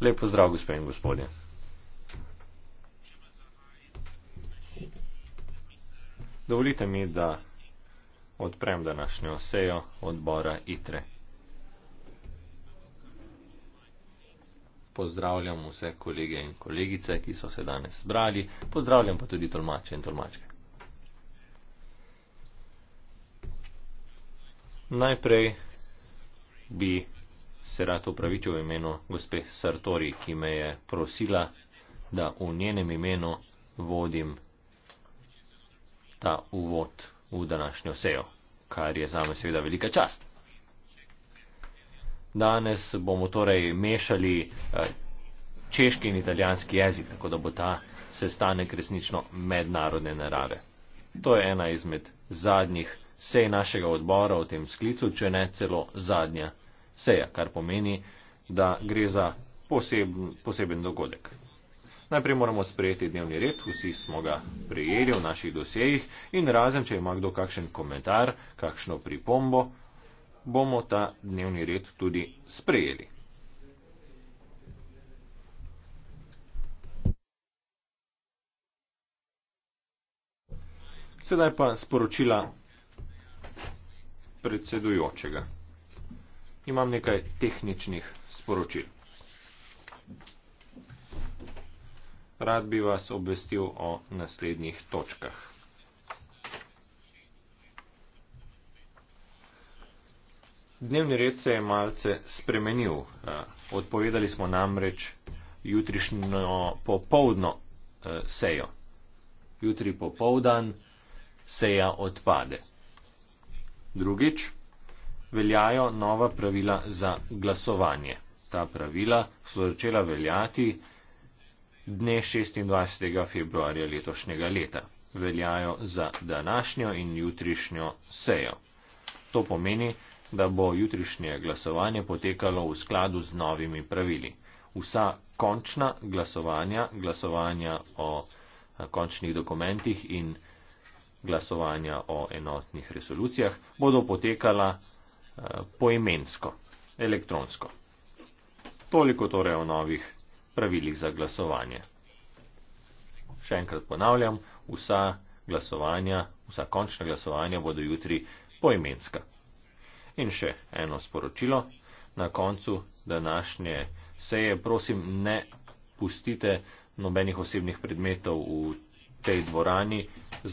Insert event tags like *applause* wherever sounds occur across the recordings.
lep pozdrav gospe in gospodje dovolite mi da odprem današnjo sejo odbora itre pozdravljam vse kolege in kolegice ki so se danes zbrali pozdravljam pa tudi tolmače in tolmačke najprej bi se rad opravičil v imenu gospe Sartori, ki me je prosila, da v njenem imenu vodim ta uvod v današnjo sejo, kar je zame seveda velika čast. Danes bomo torej mešali eh, češki in italijanski jezik, tako da bo ta sestanek resnično mednarodne narave. To je ena izmed zadnjih sej našega odbora v tem sklicu, če ne celo zadnja seja, kar pomeni, da gre za poseben, poseben dogodek. Najprej moramo sprejeti dnevni red, vsi smo ga prejeli v naših dosejih in razen, če ima kdo kakšen komentar, kakšno pripombo, bomo ta dnevni red tudi sprejeli. Sedaj pa sporočila predsedujočega imam nekaj tehničnih sporočil. Rad bi vas obvestil o naslednjih točkah. Dnevni red se je malce spremenil. Eh, odpovedali smo namreč jutrišnjo popovdno eh, sejo. Jutri popovdan seja odpade. Drugič veljajo nova pravila za glasovanje. Ta pravila so začela veljati dne 26. februarja letošnjega leta. Veljajo za današnjo in jutrišnjo sejo. To pomeni, da bo jutrišnje glasovanje potekalo v skladu z novimi pravili. Vsa končna glasovanja, glasovanja o eh, končnih dokumentih in glasovanja o enotnih resolucijah bodo potekala Eh, poimensko, elektronsko. Toliko torej o novih pravilih za glasovanje. Še enkrat ponavljam, vsa glasovanja, vsa končna glasovanja bodo jutri poimenska. In še eno sporočilo na koncu današnje seje. Prosim, ne pustite nobenih osebnih predmetov v tej dvorani,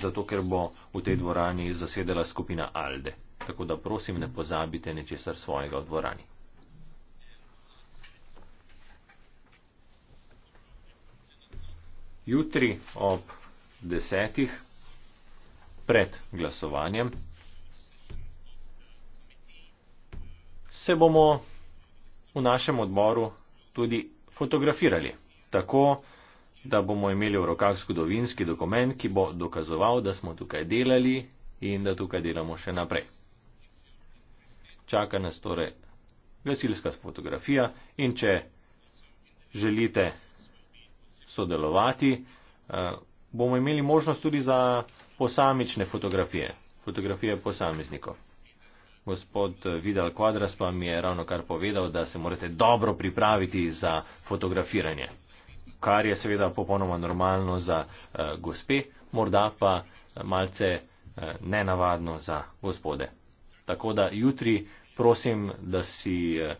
zato ker bo v tej dvorani zasedela skupina Alde tako da prosim ne pozabite nečesar svojega v dvorani. Jutri ob desetih pred glasovanjem se bomo v našem odboru tudi fotografirali, tako da bomo imeli v rokah skudovinski dokument, ki bo dokazoval, da smo tukaj delali in da tukaj delamo še naprej čaka nas torej gasilska fotografija in če želite sodelovati, eh, bomo imeli možnost tudi za posamične fotografije, fotografije posameznikov. Gospod eh, Vidal Quadras pa mi je ravno kar povedal, da se morate dobro pripraviti za fotografiranje, kar je seveda popolnoma normalno za eh, gospe, morda pa malce nenavadno za gospode. Tako da jutri prosim, da si eh,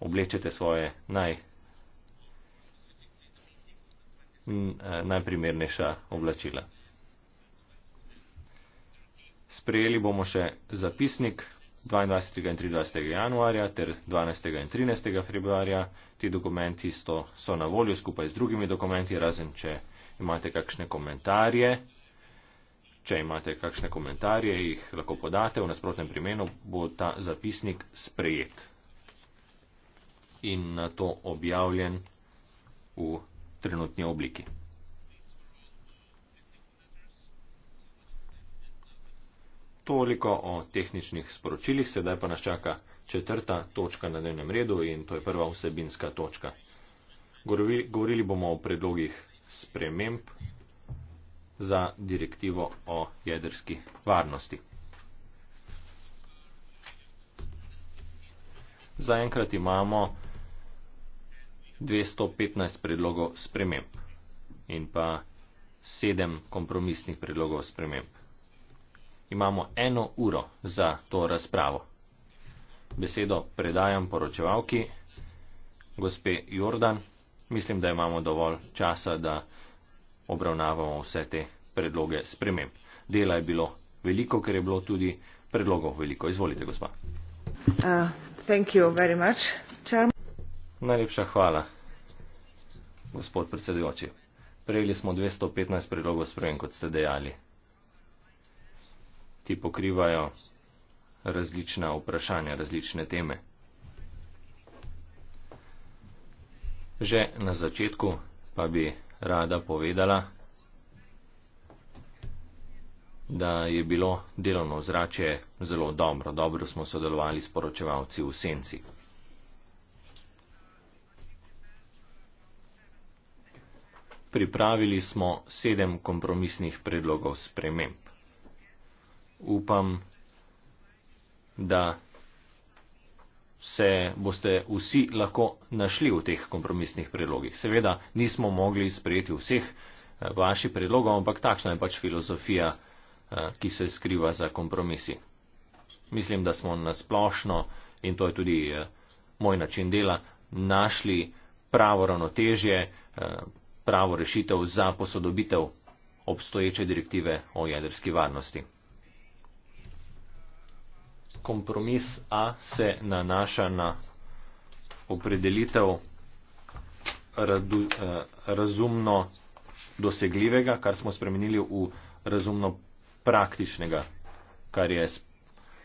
oblečete svoje naj, eh, najprimernejša oblačila. Sprejeli bomo še zapisnik 22. in 23. januarja ter 12. in 13. februarja. Ti dokumenti so na voljo skupaj z drugimi dokumenti, razen če imate kakšne komentarje. Če imate kakšne komentarje, jih lahko podate, v nasprotnem primeru bo ta zapisnik sprejet in na to objavljen v trenutni obliki. Toliko o tehničnih sporočilih, sedaj pa nas čaka četrta točka na dnevnem redu in to je prva vsebinska točka. Govorili bomo o predlogih sprememb za direktivo o jedrski varnosti. Zaenkrat imamo 215 predlogov sprememb in pa 7 kompromisnih predlogov sprememb. Imamo eno uro za to razpravo. Besedo predajam poročevalki, gospe Jordan. Mislim, da imamo dovolj časa, da obravnavamo vse te predloge sprememb. Dela je bilo veliko, ker je bilo tudi predlogov veliko. Izvolite, gospa. Uh, Najlepša hvala, gospod predsedujoči. Prejeli smo 215 predlogov sprememb, kot ste dejali. Ti pokrivajo različna vprašanja, različne teme. Že na začetku pa bi rada povedala, da je bilo delovno ozračje zelo dobro. Dobro smo sodelovali s poročevalci v senci. Pripravili smo sedem kompromisnih predlogov sprememb. Upam, da se boste vsi lahko našli v teh kompromisnih predlogih. Seveda nismo mogli sprejeti vseh eh, vaših predlogov, ampak takšna je pač filozofija, eh, ki se skriva za kompromisi. Mislim, da smo nasplošno, in to je tudi eh, moj način dela, našli pravo ravnotežje, pravo rešitev za posodobitev obstoječe direktive o jedrski varnosti kompromis A se nanaša na opredelitev radu, eh, razumno dosegljivega, kar smo spremenili v razumno praktičnega, kar je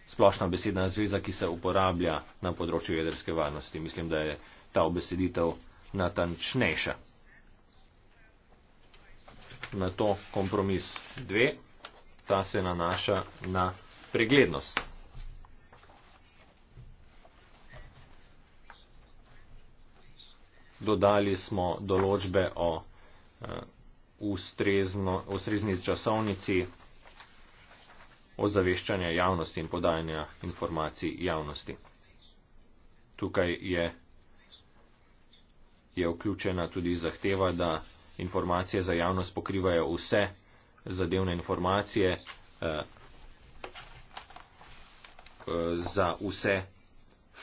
splošna besedna zveza, ki se uporablja na področju jedrske varnosti. Mislim, da je ta obeseditev natančnejša. Na to kompromis 2, ta se nanaša na preglednost. dodali smo določbe o eh, ustrezno, ustrezni časovnici ozaveščanja javnosti in podajanja informacij javnosti. Tukaj je, je vključena tudi zahteva, da informacije za javnost pokrivajo vse zadevne informacije eh, eh za vse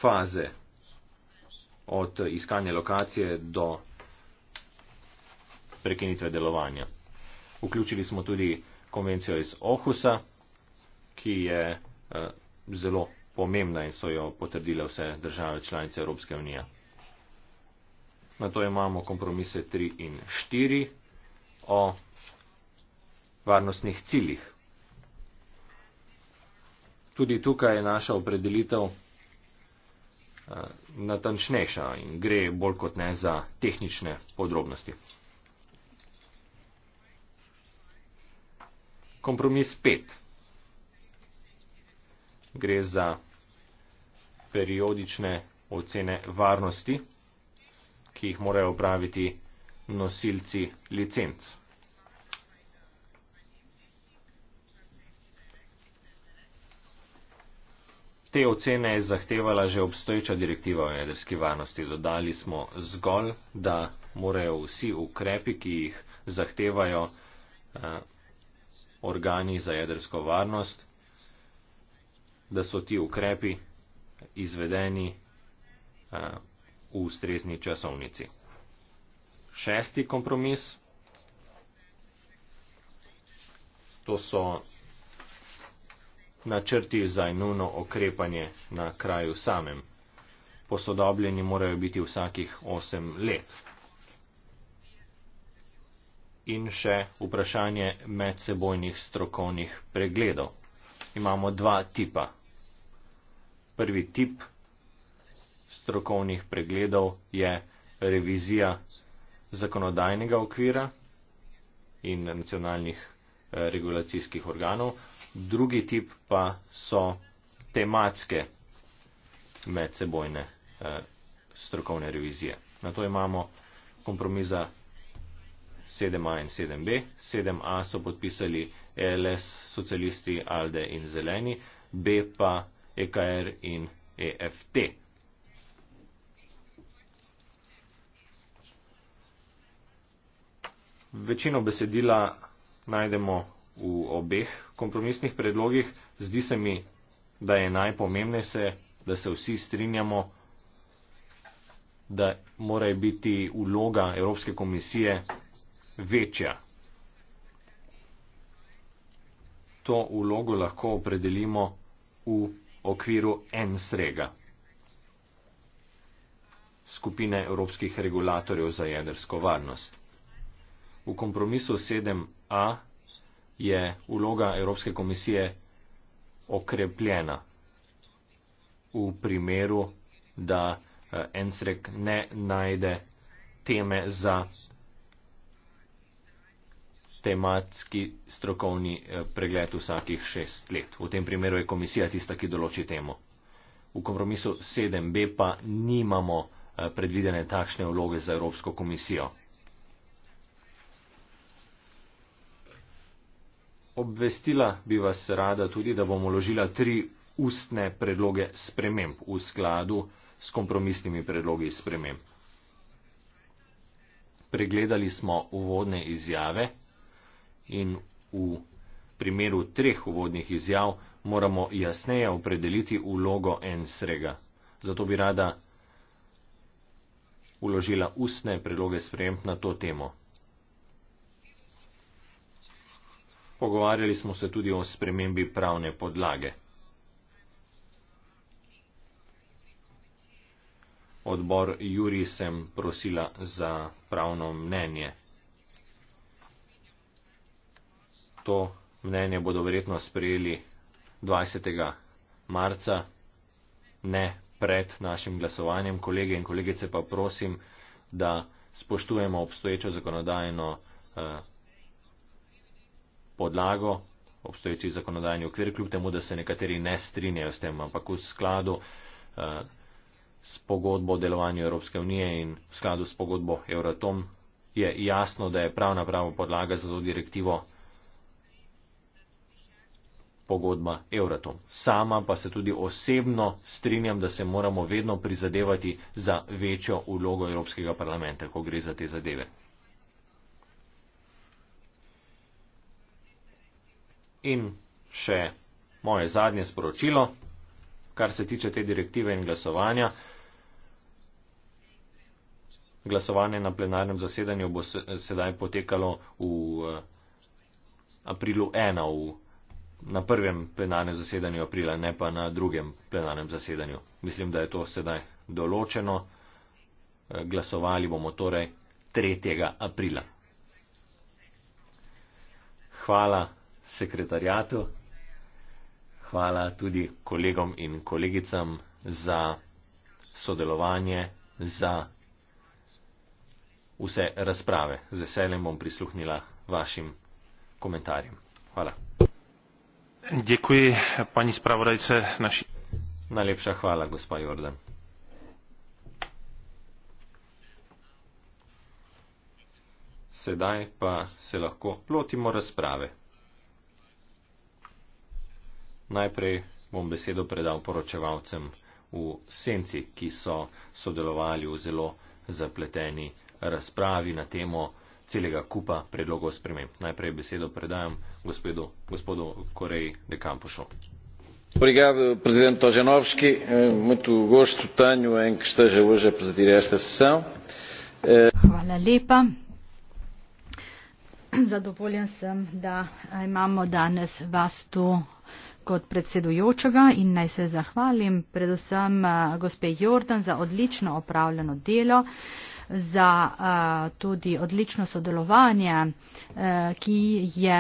faze od iskanja lokacije do prekinitve delovanja. Vključili smo tudi konvencijo iz Ohusa, ki je eh, zelo pomembna in so jo potrdile vse države članice Evropske unije. Na to imamo kompromise 3 in 4 o varnostnih ciljih. Tudi tukaj je naša opredelitev natančnejša in gre bolj kot ne za tehnične podrobnosti. Kompromis 5. Gre za periodične ocene varnosti, ki jih morajo upraviti nosilci licenc. te ocene je zahtevala že obstoječa direktiva o jedrski varnosti. Dodali smo zgolj, da morajo vsi ukrepi, ki jih zahtevajo eh, organi za jedrsko varnost, da so ti ukrepi izvedeni eh, v ustrezni časovnici. Šesti kompromis. To so načrti za nujno okrepanje na kraju samem. Posodobljeni morajo biti vsakih 8 let. In še vprašanje medsebojnih strokovnih pregledov. Imamo dva tipa. Prvi tip strokovnih pregledov je revizija zakonodajnega okvira in nacionalnih eh, regulacijskih organov, drugi tip pa so tematske medsebojne eh, strokovne revizije. Na to imamo kompromisa 7a in 7b. 7a so podpisali ELS, socialisti, ALDE in zeleni, B pa EKR in EFT. Večino besedila najdemo v obeh kompromisnih predlogih, zdi se mi, da je najpomembnejše, da se vsi strinjamo, da mora biti uloga Evropske komisije večja. To ulogo lahko opredelimo v okviru en srega skupine evropskih regulatorjev za jedrsko varnost. V kompromisu 7a je vloga Evropske komisije okrepljena v primeru, da eh, Ensrek ne najde teme za tematski strokovni eh, pregled vsakih šest let. V tem primeru je komisija tista, ki določi temu. V kompromisu 7b pa nimamo eh, predvidene takšne vloge za Evropsko komisijo. Obvestila bi vas rada tudi, da bomo ložila tri ustne predloge sprememb v skladu s kompromisnimi predlogi sprememb. Pregledali smo uvodne izjave in v primeru treh uvodnih izjav moramo jasneje opredeliti vlogo ensrega. Zato bi rada uložila ustne predloge sprememb na to temo. Pogovarjali smo se tudi o spremembi pravne podlage. Odbor Juri sem prosila za pravno mnenje. To mnenje bodo verjetno sprejeli 20. marca, ne pred našim glasovanjem. Kolege in kolegice pa prosim, da spoštujemo obstoječo zakonodajno eh, podlago, obstoječi zakonodajni okvir, kljub temu, da se nekateri ne strinjajo s tem, ampak v skladu eh, s pogodbo o delovanju Evropske unije in v skladu s pogodbo Euratom je jasno, da je pravna prava podlaga za to direktivo pogodba Euratom. Sama pa se tudi osebno strinjam, da se moramo vedno prizadevati za večjo ulogo Evropskega parlamenta, ko gre za te zadeve. In še moje zadnje sporočilo, kar se tiče te direktive in glasovanja. Glasovanje na plenarnem zasedanju bo sedaj potekalo v eh, aprilu 1, v, na prvem plenarnem zasedanju aprila, ne pa na drugem plenarnem zasedanju. Mislim, da je to sedaj določeno. Eh, glasovali bomo torej 3. aprila. Hvala sekretarjatu. Hvala tudi kolegom in kolegicam za sodelovanje, za vse razprave. Z veseljem bom prisluhnila vašim komentarjem. Hvala. Děkuji, paní zpravodajce. Naši... Najlepša hvala, gospod Jordan. Sedaj pa se lahko lotimo razprave. Najprej bom besedo predal poročevalcem v senci, ki so sodelovali v zelo zapleteni razpravi na temo celega kupa predlogov sprememb. Najprej besedo predajam gospodu, gospodu Koreji de Campošo. Obrigado, presidente Tojanovski. Eh, muito gosto tenho em que esteja hoje a presidir esta sessão. Eh, Hvala lepa. Zadovoljen sem, da imamo danes vas tu kot predsedujočega in naj se zahvalim predvsem eh, gospe Jordan za odlično opravljeno delo, za eh, tudi odlično sodelovanje, eh, ki je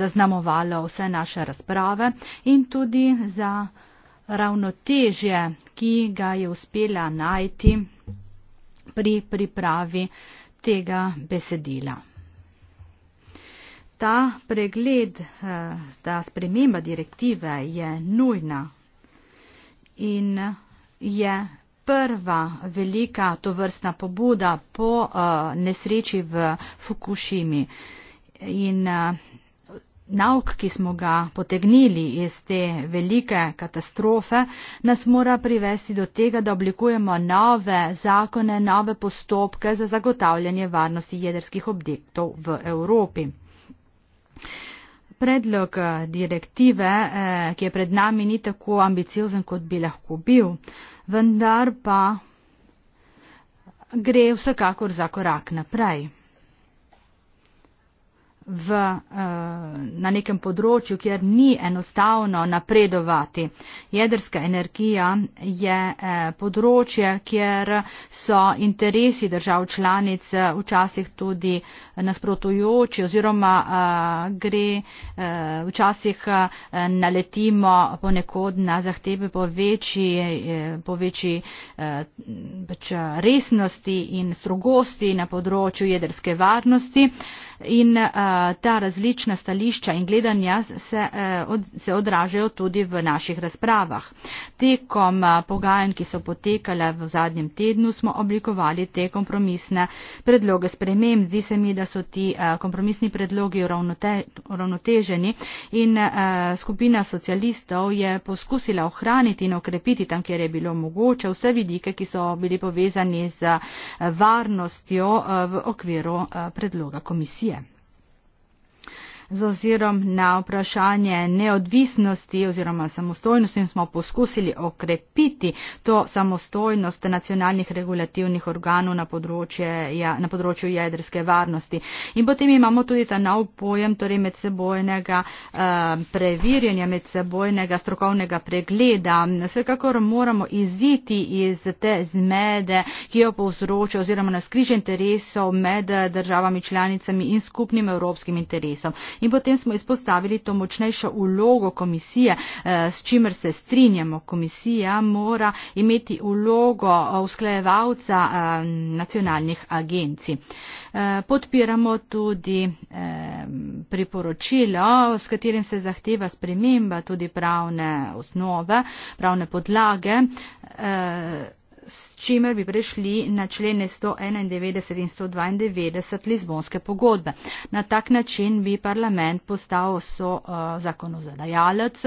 zaznamovalo vse naše razprave in tudi za ravnotežje, ki ga je uspela najti pri pripravi tega besedila. Ta pregled, eh, ta sprememba direktive je nujna in je prva velika tovrstna pobuda po eh, nesreči v Fukushimi. In eh, nauk, ki smo ga potegnili iz te velike katastrofe, nas mora privesti do tega, da oblikujemo nove zakone, nove postopke za zagotavljanje varnosti jedrskih objektov v Evropi predlog eh, direktive, eh, ki je pred nami, ni tako ambiciozen, kot bi lahko bil, vendar pa gre vsekakor za korak naprej v, eh, na nekem področju, kjer ni enostavno napredovati. Jedrska energija je eh, področje, kjer so interesi držav članic eh, včasih tudi nasprotujoči oziroma gre včasih naletimo ponekod na zahteve po večji, po večji pač, resnosti in strogosti na področju jedrske varnosti in eh, ta različna stališča in gledanja se, eh, se odražajo tudi v naših razpravah. Tekom eh, pogajanj, ki so potekale v zadnjem tednu, smo oblikovali te kompromisne predloge sprememb. Zdi se mi, da so ti kompromisni predlogi uravnoteženi in skupina socialistov je poskusila ohraniti in okrepiti tam, kjer je bilo mogoče, vse vidike, ki so bili povezani z varnostjo v okviru predloga komisije z ozirom na vprašanje neodvisnosti oziroma samostojnosti smo poskusili okrepiti to samostojnost nacionalnih regulativnih organov na, področje, ja, na področju jedrske varnosti. In potem imamo tudi ta nov pojem torej medsebojnega eh, preverjanja, medsebojnega strokovnega pregleda. Vsekakor moramo iziti iz te zmede, ki jo povzroča oziroma na skriž interesov med eh, državami članicami in skupnim evropskim interesom in potem smo izpostavili to močnejšo ulogo komisije, eh, s čimer se strinjamo. Komisija mora imeti ulogo eh, usklajevalca eh, nacionalnih agencij. Podpiramo tudi priporočilo, s katerim se zahteva sprememba tudi pravne osnove, pravne podlage s čimer bi prešli na člene 191 in 192 Lizbonske pogodbe. Na tak način bi parlament postal so uh, eh, zakonozadajalec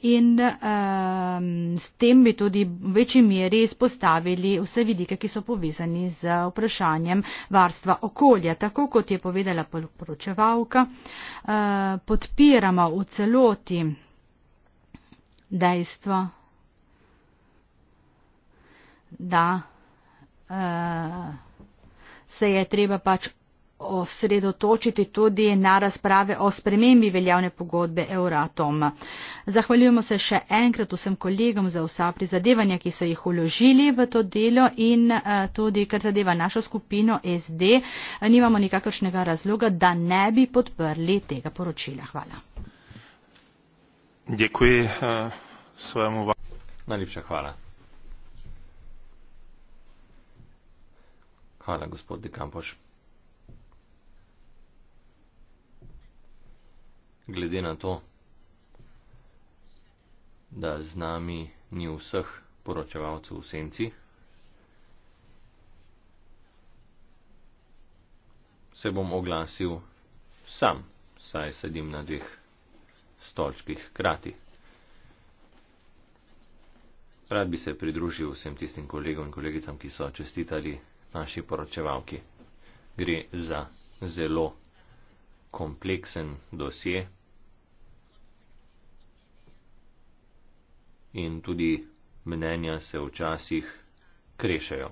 in um, s tem bi tudi v večji meri izpostavili vse vidike, ki so povezani z vprašanjem varstva okolja. Tako kot je povedala poročevalka, uh, podpiramo v celoti dejstvo, da uh, se je treba pač osredotočiti tudi na razprave o spremembi veljavne pogodbe Euratom. Zahvaljujemo se še enkrat vsem kolegom za vsa prizadevanja, ki so jih uložili v to delo in eh, tudi, kar zadeva našo skupino SD, nimamo nikakršnega razloga, da ne bi podprli tega poročila. Hvala. Dekuji, uh, eh, Najlepša hvala. Hvala, gospod De Kampoš. Glede na to, da z nami ni vseh poročevalcev v senci, se bom oglasil sam, saj sedim na dveh stolčkih krati. Rad bi se pridružil vsem tistim kolegom in kolegicam, ki so čestitali naši poročevalki. Gre za zelo kompleksen dosje in tudi mnenja se včasih krešajo.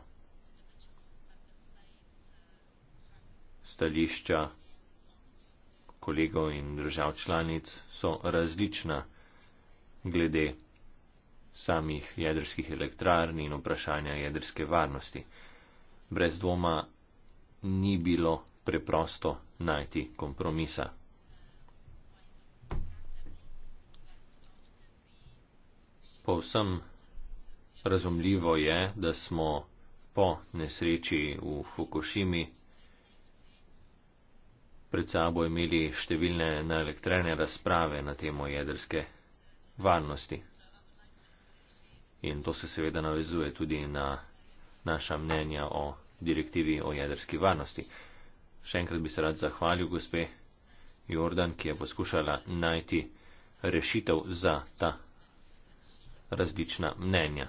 Stališča kolegov in držav članic so različna glede samih jedrskih elektrarn in vprašanja jedrske varnosti brez dvoma ni bilo preprosto najti kompromisa. Povsem razumljivo je, da smo po nesreči v Fukushimi pred sabo imeli številne naelektrene razprave na temo jedrske varnosti. In to se seveda navezuje tudi na naša mnenja o direktivi o jedrski varnosti. Še enkrat bi se rad zahvalil gospe Jordan, ki je poskušala najti rešitev za ta različna mnenja.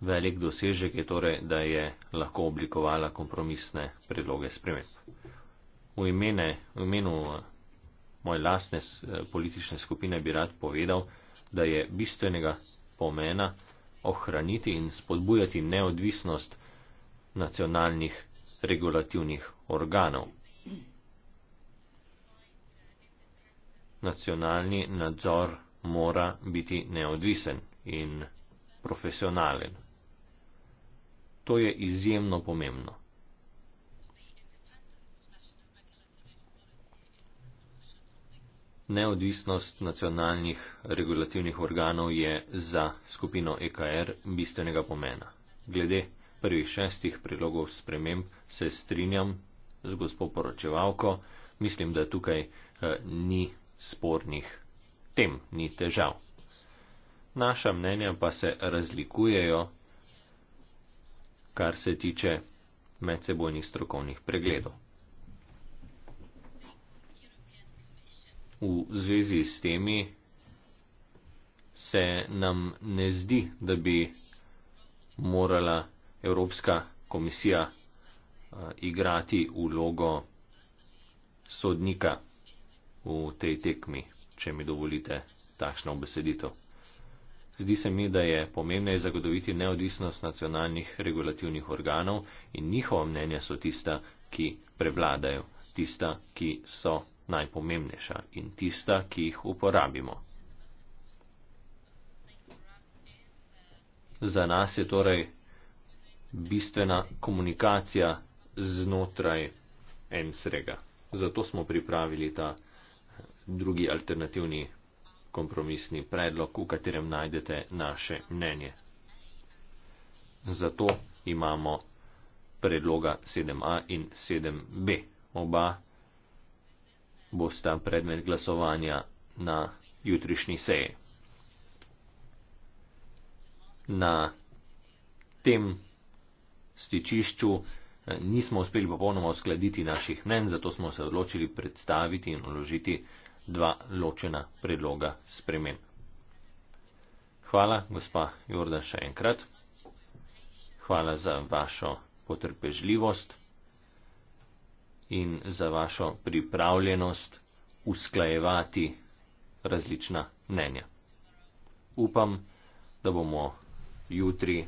Velik dosežek je torej, da je lahko oblikovala kompromisne predloge sprememb. V, imene, v imenu eh, moje lastne eh, politične skupine bi rad povedal, da je bistvenega pomena, ohraniti in spodbujati neodvisnost nacionalnih regulativnih organov. Nacionalni nadzor mora biti neodvisen in profesionalen. To je izjemno pomembno. Neodvisnost nacionalnih regulativnih organov je za skupino EKR bistvenega pomena. Glede prvih šestih predlogov sprememb se strinjam z gospod poročevalko, mislim, da tukaj eh, ni spornih tem, ni težav. Naša mnenja pa se razlikujejo, kar se tiče medsebojnih strokovnih pregledov. Yes. v zvezi s temi se nam ne zdi, da bi morala Evropska komisija eh, igrati vlogo sodnika v tej tekmi, če mi dovolite takšno obeseditev. Zdi se mi, da je pomembno zagotoviti neodvisnost nacionalnih regulativnih organov in njihova mnenja so tista, ki prevladajo, tista, ki so najpomembnejša in tista, ki jih uporabimo. Za nas je torej bistvena komunikacija znotraj ensrega. Zato smo pripravili ta eh, drugi alternativni kompromisni predlog, v katerem najdete naše mnenje. Zato imamo predloga 7a in 7b. Oba bosta predmet glasovanja na jutrišnji seji. Na tem stičišču eh, nismo uspeli popolnoma uskladiti naših mnen, zato smo se odločili predstaviti in uložiti dva ločena predloga spremen. Hvala, gospa Jorda, še enkrat. Hvala za vašo potrpežljivost in za vašo pripravljenost usklajevati različna mnenja. Upam, da bomo jutri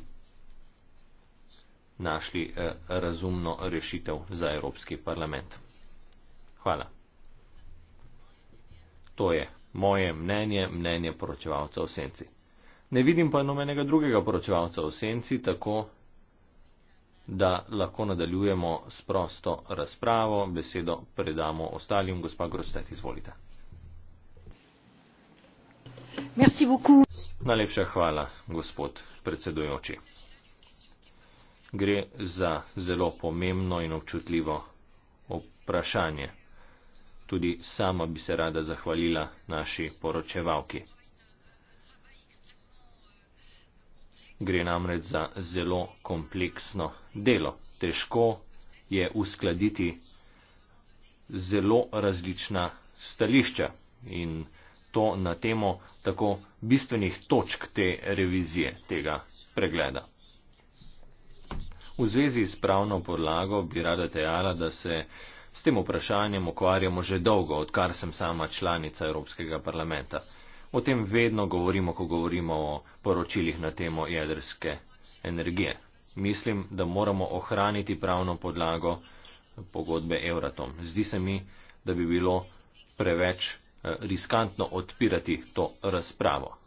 našli eh, razumno rešitev za Evropski parlament. Hvala. To je moje mnenje, mnenje poročevalca v senci. Ne vidim pa nobenega drugega poročevalca v senci, tako da lahko nadaljujemo s prosto razpravo. Besedo predamo ostalim. Gospa Grostet, izvolite. Najlepša hvala, gospod predsedujoči. Gre za zelo pomembno in občutljivo vprašanje. Tudi sama bi se rada zahvalila naši poročevalki. gre namreč za zelo kompleksno delo. Težko je uskladiti zelo različna stališča in to na temo tako bistvenih točk te revizije, tega pregleda. V zvezi s pravno podlago bi rada dejala, da se s tem vprašanjem ukvarjamo že dolgo, odkar sem sama članica Evropskega parlamenta. O tem vedno govorimo, ko govorimo o poročilih na temo jedrske energije. Mislim, da moramo ohraniti pravno podlago pogodbe Euratom. Zdi se mi, da bi bilo preveč eh, riskantno odpirati to razpravo.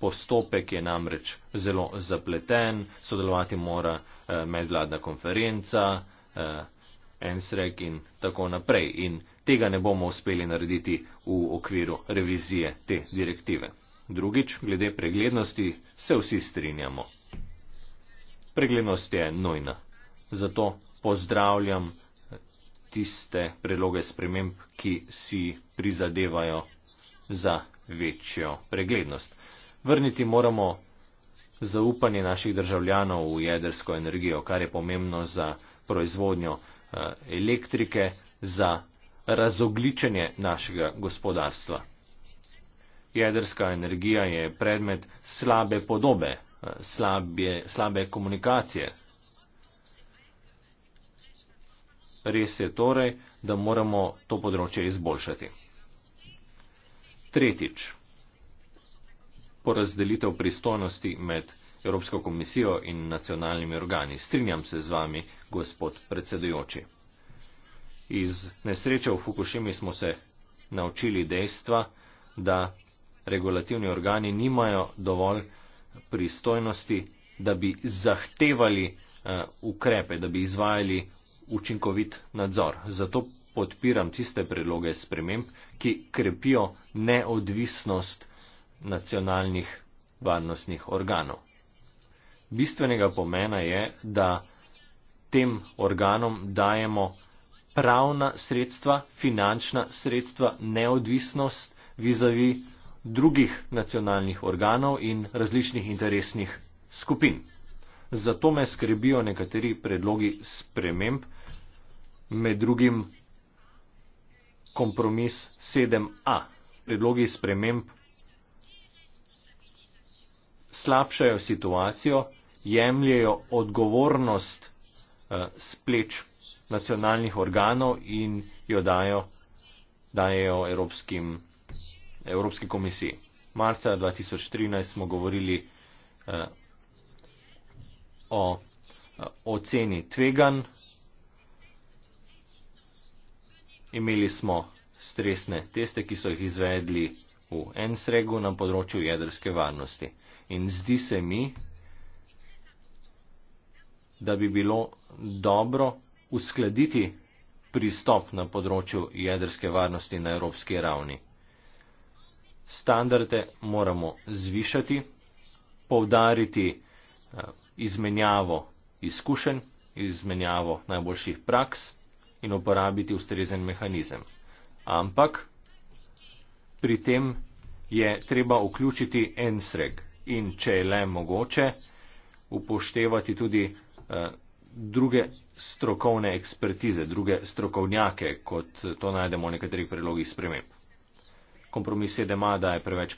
Postopek je namreč zelo zapleten, sodelovati mora eh, medvladna konferenca, eh, ensrek in tako naprej. In tega ne bomo uspeli narediti v okviru revizije te direktive. Drugič, glede preglednosti se vsi strinjamo. Preglednost je nojna. Zato pozdravljam tiste predloge sprememb, ki si prizadevajo za večjo preglednost. Vrniti moramo zaupanje naših državljanov v jedrsko energijo, kar je pomembno za proizvodnjo eh, elektrike, za razogličenje našega gospodarstva. Jedrska energija je predmet slabe podobe, slabe, slabe komunikacije. Res je torej, da moramo to področje izboljšati. Tretjič, porazdelitev pristojnosti med Evropsko komisijo in nacionalnimi organi. Strinjam se z vami, gospod predsedujoči. Iz nesreče v Fukushimi smo se naučili dejstva, da regulativni organi nimajo dovolj pristojnosti, da bi zahtevali uh, ukrepe, da bi izvajali učinkovit nadzor. Zato podpiram tiste predloge sprememb, ki krepijo neodvisnost nacionalnih varnostnih organov. Bistvenega pomena je, da tem organom dajemo pravna sredstva, finančna sredstva, neodvisnost vizavi drugih nacionalnih organov in različnih interesnih skupin. Zato me skrbijo nekateri predlogi sprememb, med drugim kompromis 7a. Predlogi sprememb slabšajo situacijo, jemljajo odgovornost eh, spleč nacionalnih organov in jo dajo, dajo Evropskim, Evropski komisiji. Marca 2013 smo govorili eh, o eh, oceni tvegan. Imeli smo stresne teste, ki so jih izvedli v NSREG-u na področju jedrske varnosti. In zdi se mi, da bi bilo dobro uskladiti pristop na področju jedrske varnosti na evropski ravni. Standarde moramo zvišati, povdariti eh, izmenjavo izkušenj, izmenjavo najboljših praks in uporabiti ustrezen mehanizem. Ampak pri tem je treba vključiti en sreg in, če je le mogoče, upoštevati tudi eh, druge strokovne ekspertize, druge strokovnjake, kot to najdemo v nekaterih predlogih sprememb. Kompromis je, da ima, da je preveč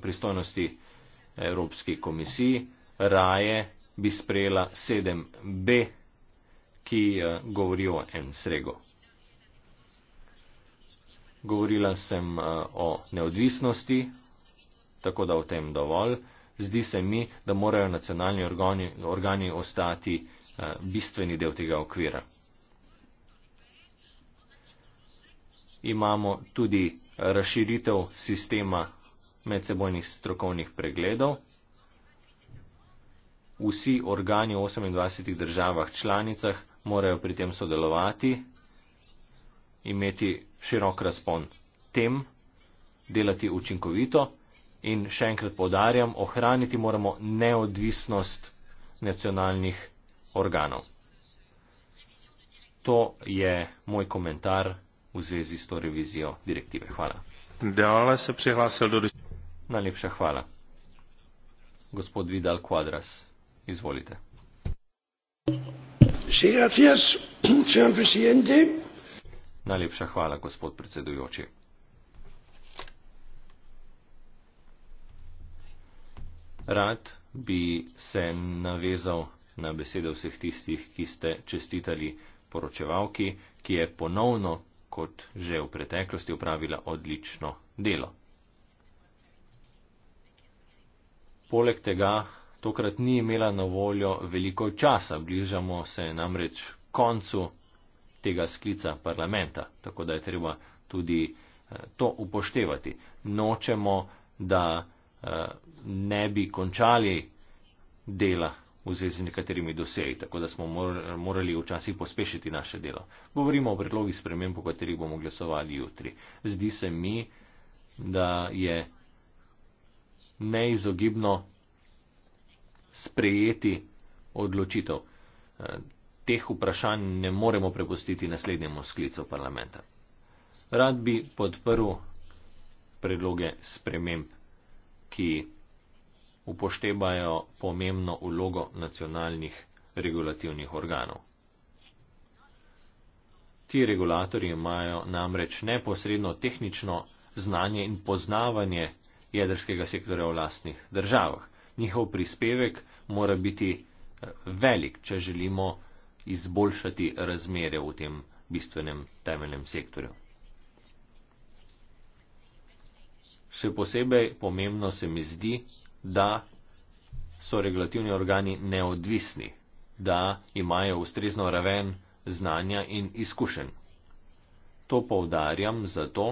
pristojnosti Evropski komisiji, raje bi sprejela 7b, ki eh, govori o en srego. Govorila sem eh, o neodvisnosti, tako da o tem dovolj. Zdi se mi, da morajo nacionalni organi, organi ostati Eh, bistveni del tega okvira. Imamo tudi razširitev sistema medsebojnih strokovnih pregledov. Vsi organi v 28 državah članicah morajo pri tem sodelovati, imeti širok razpon tem, delati učinkovito in še enkrat podarjam, ohraniti moramo neodvisnost nacionalnih organov. To je moj komentar v zvezi s to revizijo direktive. Hvala. Dale se prihlasil do diskusije. Najlepša hvala. Gospod Vidal Quadras, izvolite. Najlepša hvala, gospod predsedujoči. Rad bi se navezal na besede vseh tistih, ki ste čestitali poročevalki, ki je ponovno, kot že v preteklosti, upravila odlično delo. Poleg tega, tokrat ni imela na voljo veliko časa, bližamo se namreč koncu tega sklica parlamenta, tako da je treba tudi eh, to upoštevati. Nočemo, da eh, ne bi končali dela v zvezi z nekaterimi doseji, tako da smo morali včasih pospešiti naše delo. Govorimo o predlogih sprememb, po katerih bomo glasovali jutri. Zdi se mi, da je neizogibno sprejeti odločitev. Eh, teh vprašanj ne moremo prepustiti naslednjemu sklicu parlamenta. Rad bi podprl predloge sprememb, ki upoštevajo pomembno ulogo nacionalnih regulativnih organov. Ti regulatori imajo namreč neposredno tehnično znanje in poznavanje jedrskega sektorja v lastnih državah. Njihov prispevek mora biti eh, velik, če želimo izboljšati razmere v tem bistvenem temeljnem sektorju. Še posebej pomembno se mi zdi, da so regulativni organi neodvisni, da imajo ustrezno raven znanja in izkušenj. To poudarjam zato,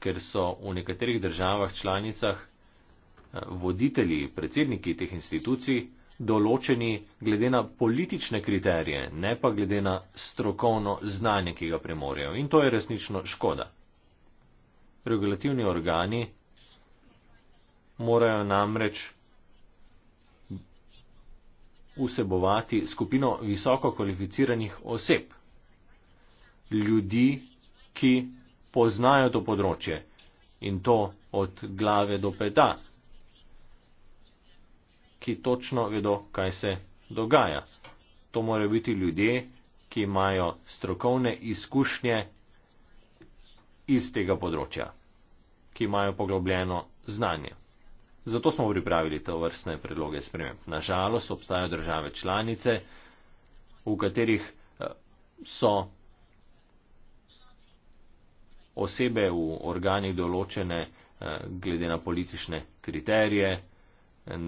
ker so v nekaterih državah članicah eh, voditelji, predsedniki teh institucij določeni glede na politične kriterije, ne pa glede na strokovno znanje, ki ga premorejo. In to je resnično škoda. Regulativni organi morajo namreč vsebovati skupino visoko kvalificiranih oseb, ljudi, ki poznajo to področje in to od glave do peta, ki točno vedo, kaj se dogaja. To morajo biti ljudje, ki imajo strokovne izkušnje iz tega področja, ki imajo poglobljeno znanje. Zato smo pripravili to vrstne predloge sprememb. Nažalost, obstajajo države članice, v katerih eh, so osebe v organih določene eh, glede na politične kriterije,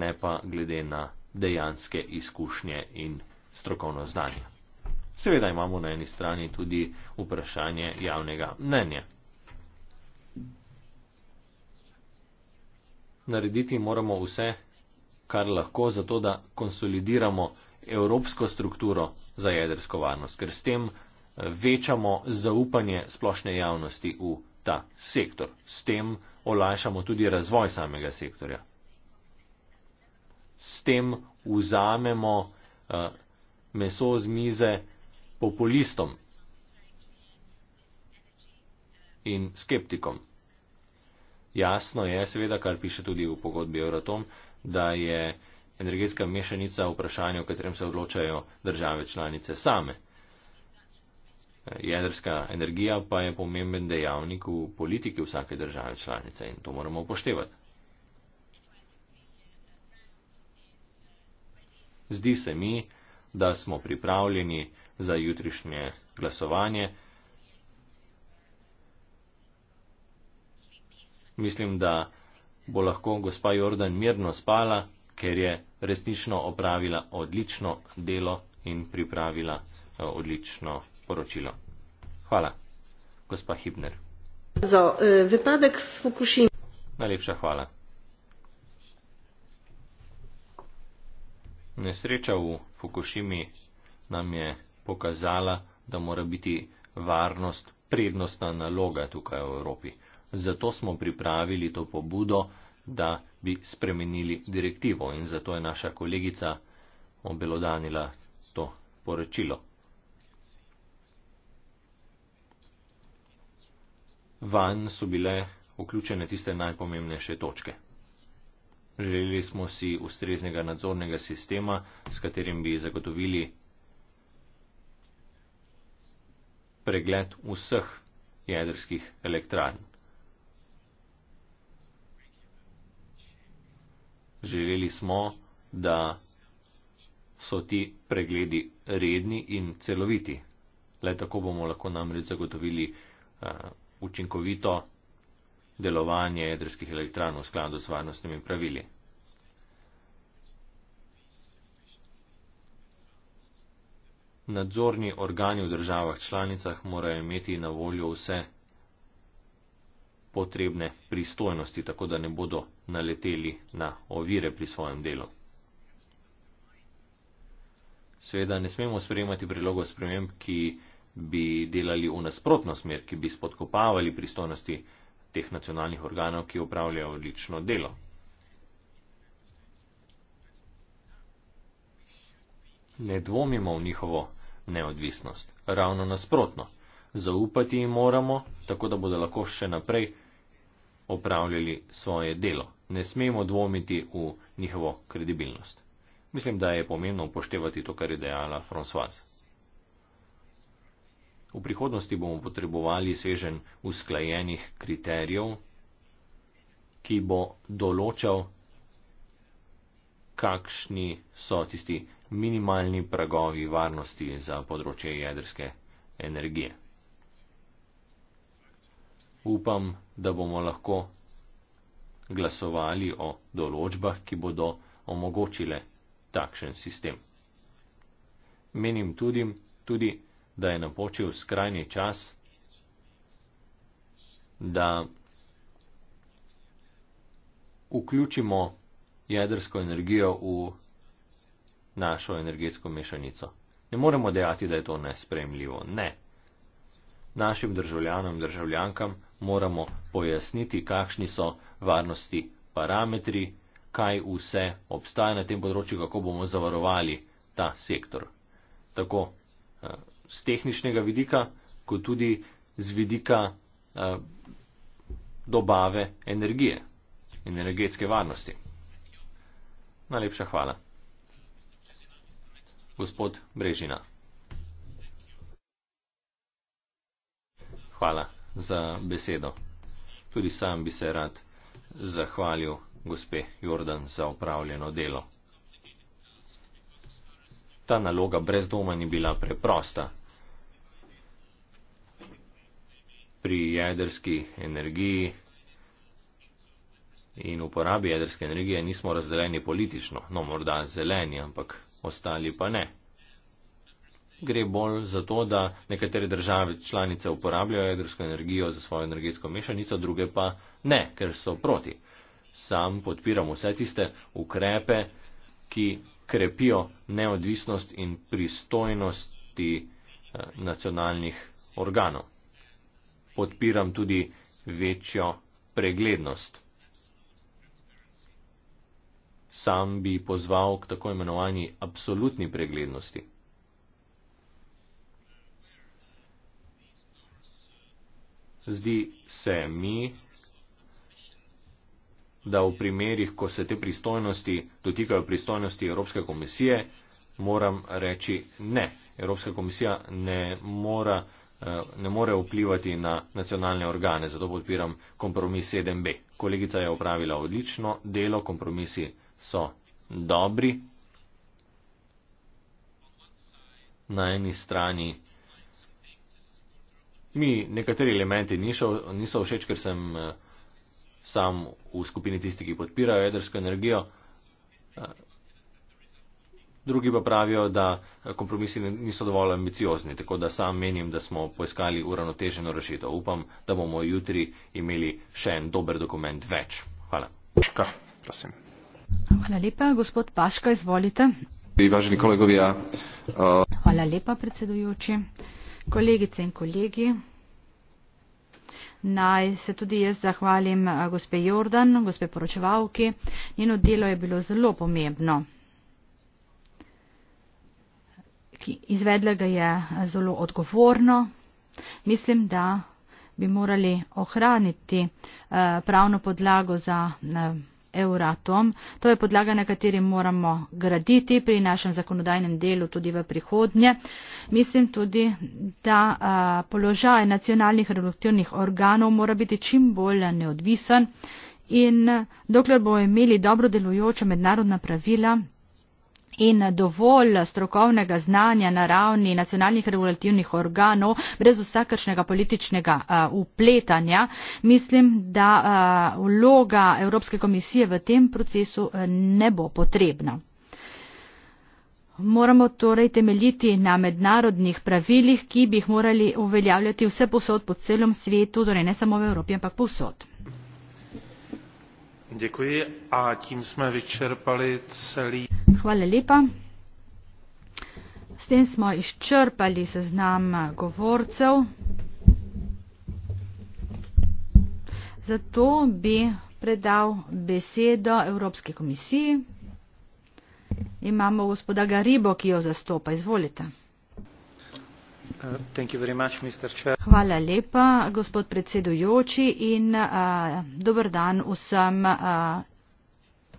ne pa glede na dejanske izkušnje in strokovno znanje. Seveda imamo na eni strani tudi vprašanje javnega mnenja. narediti moramo vse, kar lahko, zato da konsolidiramo evropsko strukturo za jedrsko varnost, ker s tem eh, večamo zaupanje splošne javnosti v ta sektor. S tem olajšamo tudi razvoj samega sektorja. S tem vzamemo eh, meso z mize populistom in skeptikom. Jasno je, seveda, kar piše tudi v pogodbi Euratom, da je energetska mešanica vprašanje, o katerem se odločajo države članice same. Jedrska energija pa je pomemben dejavnik v politiki vsake države članice in to moramo upoštevati. Zdi se mi, da smo pripravljeni za jutrišnje glasovanje. mislim, da bo lahko gospa Jordan mirno spala, ker je resnično opravila odlično delo in pripravila eh, odlično poročilo. Hvala, gospa Hibner. Za vypadek eh, Fukushima. Najlepša hvala. Nesreča v Fukushimi nam je pokazala, da mora biti varnost prednostna naloga tukaj v Evropi. Zato smo pripravili to pobudo, da bi spremenili direktivo in zato je naša kolegica obelodanila to poročilo. Van so bile vključene tiste najpomembnejše točke. Želeli smo si ustreznega nadzornega sistema, s katerim bi zagotovili pregled vseh jedrskih elektrarn. Želeli smo, da so ti pregledi redni in celoviti. Le tako bomo lahko namreč zagotovili uh, učinkovito delovanje jedrskih elektran v skladu s varnostnimi pravili. Nadzorni organi v državah članicah morajo imeti na voljo vse potrebne pristojnosti, tako da ne bodo naleteli na ovire pri svojem delu. Sveda ne smemo sprejemati predlogov sprememb, ki bi delali v nasprotno smer, ki bi spodkopavali pristojnosti teh nacionalnih organov, ki upravljajo odlično delo. Ne dvomimo v njihovo neodvisnost, ravno nasprotno zaupati jim moramo, tako da bodo lahko še naprej opravljali svoje delo. Ne smemo dvomiti v njihovo kredibilnost. Mislim, da je pomembno upoštevati to, kar je dejala Francois. V prihodnosti bomo potrebovali svežen usklajenih kriterijev, ki bo določal, kakšni so tisti minimalni pragovi varnosti za področje jedrske energije upam, da bomo lahko glasovali o določbah, ki bodo omogočile takšen sistem. Menim tudi, tudi da je napočil skrajni čas, da vključimo jedrsko energijo v našo energetsko mešanico. Ne moremo dejati, da je to nespremljivo. Ne. Našim državljanom in državljankam moramo pojasniti, kakšni so varnosti parametri, kaj vse obstaja na tem področju, kako bomo zavarovali ta sektor. Tako eh, z tehničnega vidika, kot tudi z vidika eh, dobave energije in energetske varnosti. Najlepša hvala. Gospod Brežina. Hvala za besedo. Tudi sam bi se rad zahvalil gospe Jordan za upravljeno delo. Ta naloga brez doma ni bila preprosta. Pri jedrski energiji in uporabi jedrske energije nismo razdeljeni politično, no morda zeleni, ampak ostali pa ne gre bolj za to, da nekatere države članice uporabljajo jedrsko energijo za svojo energetsko mešanico, druge pa ne, ker so proti. Sam podpiram vse tiste ukrepe, ki krepijo neodvisnost in pristojnosti eh, nacionalnih organov. Podpiram tudi večjo preglednost. Sam bi pozval k tako imenovani absolutni preglednosti. Zdi se mi, da v primerjih, ko se te pristojnosti dotikajo pristojnosti Evropske komisije, moram reči ne. Evropska komisija ne, mora, eh, ne more vplivati na nacionalne organe, zato podpiram kompromis 7b. Kolegica je opravila odlično delo, kompromisi so dobri. Na eni strani mi nekateri elementi niso, niso všeč, ker sem eh, sam v skupini tisti, ki podpirajo jedrsko energijo. Eh, drugi pa pravijo, da kompromisi niso dovolj ambiciozni, tako da sam menim, da smo poiskali uravnoteženo rešitev. Upam, da bomo jutri imeli še en dober dokument več. Hvala. Paška, prosim. Hvala lepa, gospod Paška, izvolite. Važeni kolegovi, ja. Uh... Eh, Hvala lepa, predsedujoči. Kolegice in kolegi, naj se tudi jaz zahvalim eh, gospe Jordan, gospe poročevalki. Njeno delo je bilo zelo pomembno. Izvedla ga je eh, zelo odgovorno. Mislim, da bi morali ohraniti eh, pravno podlago za Euratom. To je podlaga, na kateri moramo graditi pri našem zakonodajnem delu tudi v prihodnje. Mislim tudi, da a, položaj nacionalnih reproduktivnih organov mora biti čim bolj neodvisen in dokler bomo imeli dobro delujoče mednarodna pravila, in dovolj strokovnega znanja na ravni nacionalnih regulativnih organov, brez vsakršnega političnega upletanja. Mislim, da vloga Evropske komisije v tem procesu ne bo potrebna. Moramo torej temeljiti na mednarodnih pravilih, ki bi jih morali uveljavljati vse posod po celem svetu, torej ne samo v Evropi, ampak posod. Hvala lepa. S tem smo izčrpali seznam eh, govorcev. Zato bi predal besedo Evropski komisiji. Imamo gospoda Garibo, ki jo zastopa. Izvolite. Hvala lepa, gospod predsedujoči in uh, dober dan vsem uh,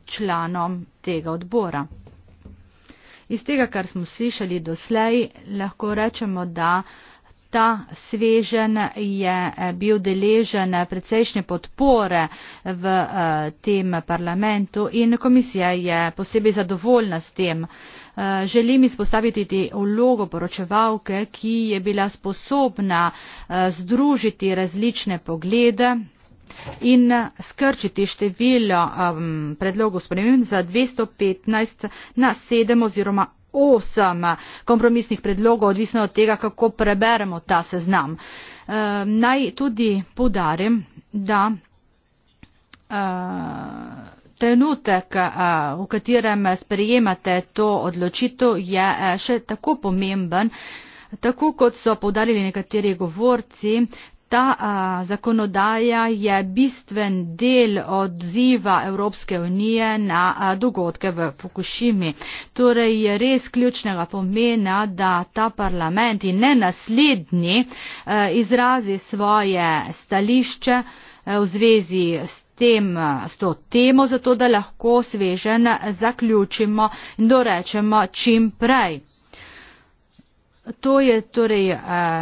članom tega odbora. Iz tega, kar smo slišali doslej, lahko rečemo, da ta svežen je bil deležen precejšnje podpore v uh, tem parlamentu in komisija je posebej zadovoljna s tem. Uh, Eh, želim izpostaviti tudi vlogo poročevalke, ki je bila sposobna eh, združiti različne poglede in skrčiti število um, predlogov sprememb za 215 na 7 oziroma 8 kompromisnih predlogov, odvisno od tega, kako preberemo ta seznam. Um, naj tudi podarim, da um, trenutek, v katerem sprejemate to odločitev, je še tako pomemben, tako kot so povdarili nekateri govorci. Ta a, zakonodaja je bistven del odziva Evropske unije na a, dogodke v Fukushimi. Torej je res ključnega pomena, da ta parlament in ne naslednji a, izrazi svoje stališče a, v zvezi s tem, eh, s to temo, zato da lahko svežen zaključimo in dorečemo čim prej. To je torej eh,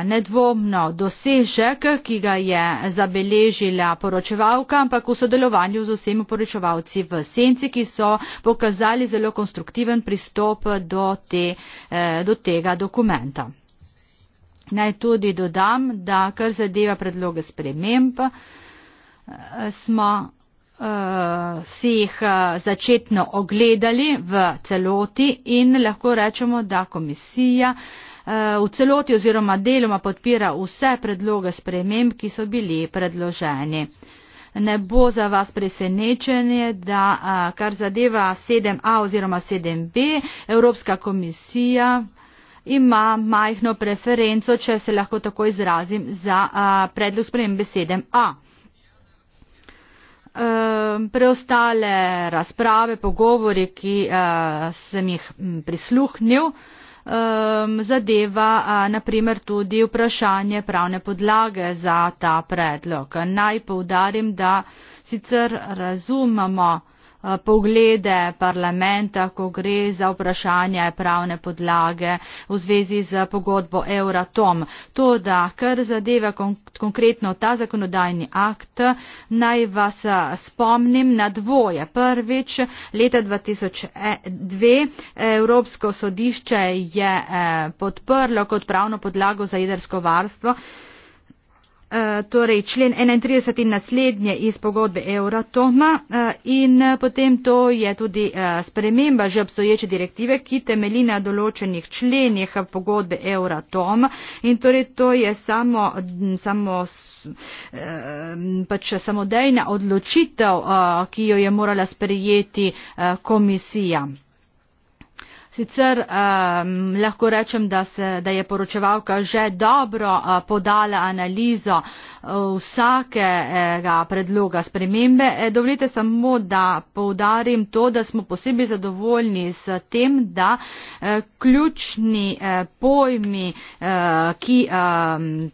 nedvomno dosežek, ki ga je zabeležila poročevalka, ampak v sodelovanju z vsemi poročevalci v senci, ki so pokazali zelo konstruktiven pristop do, te, eh, do tega dokumenta. Naj tudi dodam, da kar zadeva predloge sprememb, smo eh, si jih eh, začetno ogledali v celoti in lahko rečemo, da komisija eh, v celoti oziroma deloma podpira vse predloge sprememb, ki so bili predloženi. Ne bo za vas presenečenje, da kar zadeva 7a oziroma 7b, Evropska komisija ima majhno preferenco, če se lahko tako izrazim, za predlog sprememb 7a. Ehm, preostale razprave, pogovori, ki eh, sem jih prisluhnil, ehm, zadeva naprimer tudi vprašanje pravne podlage za ta predlog. Naj povdarim, da sicer razumemo, Eh, poglede parlamenta, ko gre za vprašanje pravne podlage v zvezi z pogodbo Euratom. To, da kar zadeva konkretno ta zakonodajni akt, naj vas eh, spomnim na dvoje. Prvič, leta 2002 eh, Evropsko sodišče je podprlo kot pravno podlago za jedrsko varstvo Eh, torej člen 31 in naslednje iz pogodbe Euratoma eh, in eh, potem to je tudi sprememba že obstoječe direktive, ki temelji na določenih členih pogodbe Euratom in torej to je samo, samo, pač samodejna odločitev, ki jo je morala sprejeti komisija. Sicer um, lahko rečem, da, se, da je poročevalka že dobro uh, podala analizo uh, vsakega predloga spremembe. E, dovolite samo, da povdarim to, da smo posebej zadovoljni s tem, da uh, ključni uh, pojmi, uh, ki, uh,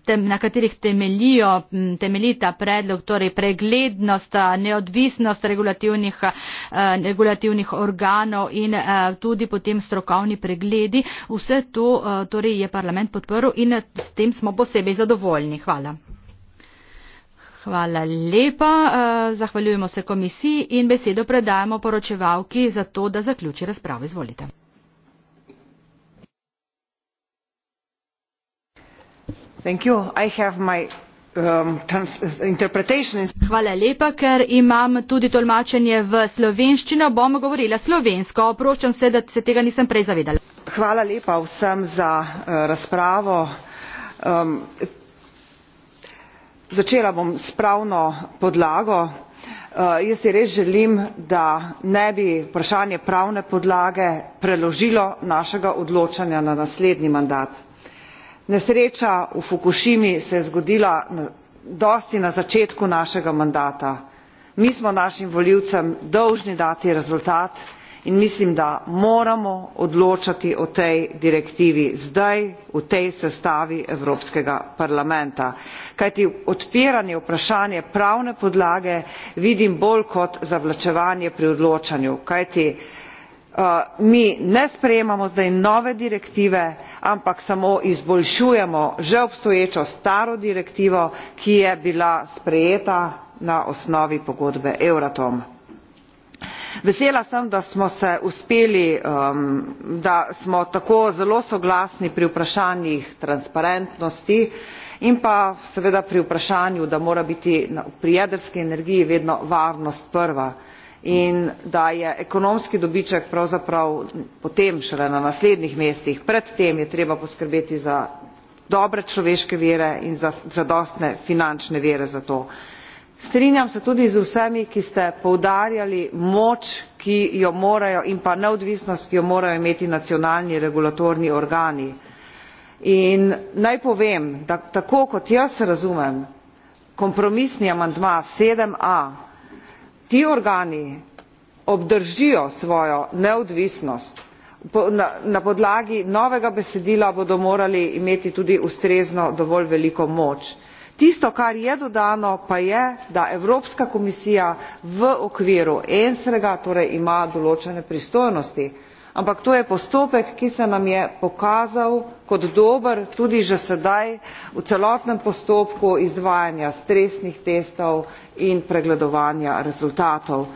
tem, na katerih temelijo, temeljita predlog, torej preglednost, neodvisnost regulativnih, uh, regulativnih organov in uh, tudi potem strokovnost, strokovni pregledi. Vse to eh, torej je parlament podprl in s tem smo posebej zadovoljni. Hvala. Hvala lepa. Eh, zahvaljujemo se komisiji in besedo predajamo poročevalki za to, da zaključi razpravo. Izvolite. Thank you. I have my Um, Hvala lepa, ker imam tudi tolmačenje v slovenščino, bom govorila slovensko. Oproščam se, da se tega nisem prej zavedala. Hvala lepa vsem za uh, razpravo. Um, začela bom s pravno podlago. Uh, jaz si res želim, da ne bi vprašanje pravne podlage preložilo našega odločanja na naslednji mandat nesreča v fukušimi se je zgodila dosti na začetku našega mandata mi smo našim volivcem dolžni dati rezultat in mislim da moramo odločati o tej direktivi zdaj v tej sestavi evropskega parlamenta kajti odpiranje vprašanja pravne podlage vidim bolj kot zavlačevanje pri odločanju kajti Eh, mi ne sprejemamo zdaj nove direktive ampak samo izboljšujemo že obstoječo staro direktivo ki je bila sprejeta na osnovi pogodbe euratom. vesela sem da smo se uspeli da smo tako zelo soglasni pri vprašanjih transparentnosti in pa seveda pri vprašanju da mora biti pri jedrski energiji vedno varnost prva in da je ekonomski dobiček pravzaprav potem šele na naslednjih mestih pred tem je treba poskrbeti za dobre človeške vire in za zadostne finančne vire za to. strinjam se tudi z vsemi ki ste poudarjali moč ki jo morajo in pa neodvisnost ki jo morajo imeti nacionalni regulatorni organi in naj povem da tako kot jaz razumem kompromisni amandma sedem a ti organi obdržijo svojo neodvisnost na podlagi novega besedila bodo morali imeti tudi ustrezno dovolj veliko moč. tisto kar je dodano pa je da evropska komisija v okviru ensrega torej ima določene pristojnosti ampak to je postopek ki se nam je pokazal kot dober tudi že sedaj v celotnem postopku izvajanja stresnih testov in pregledovanja rezultatov.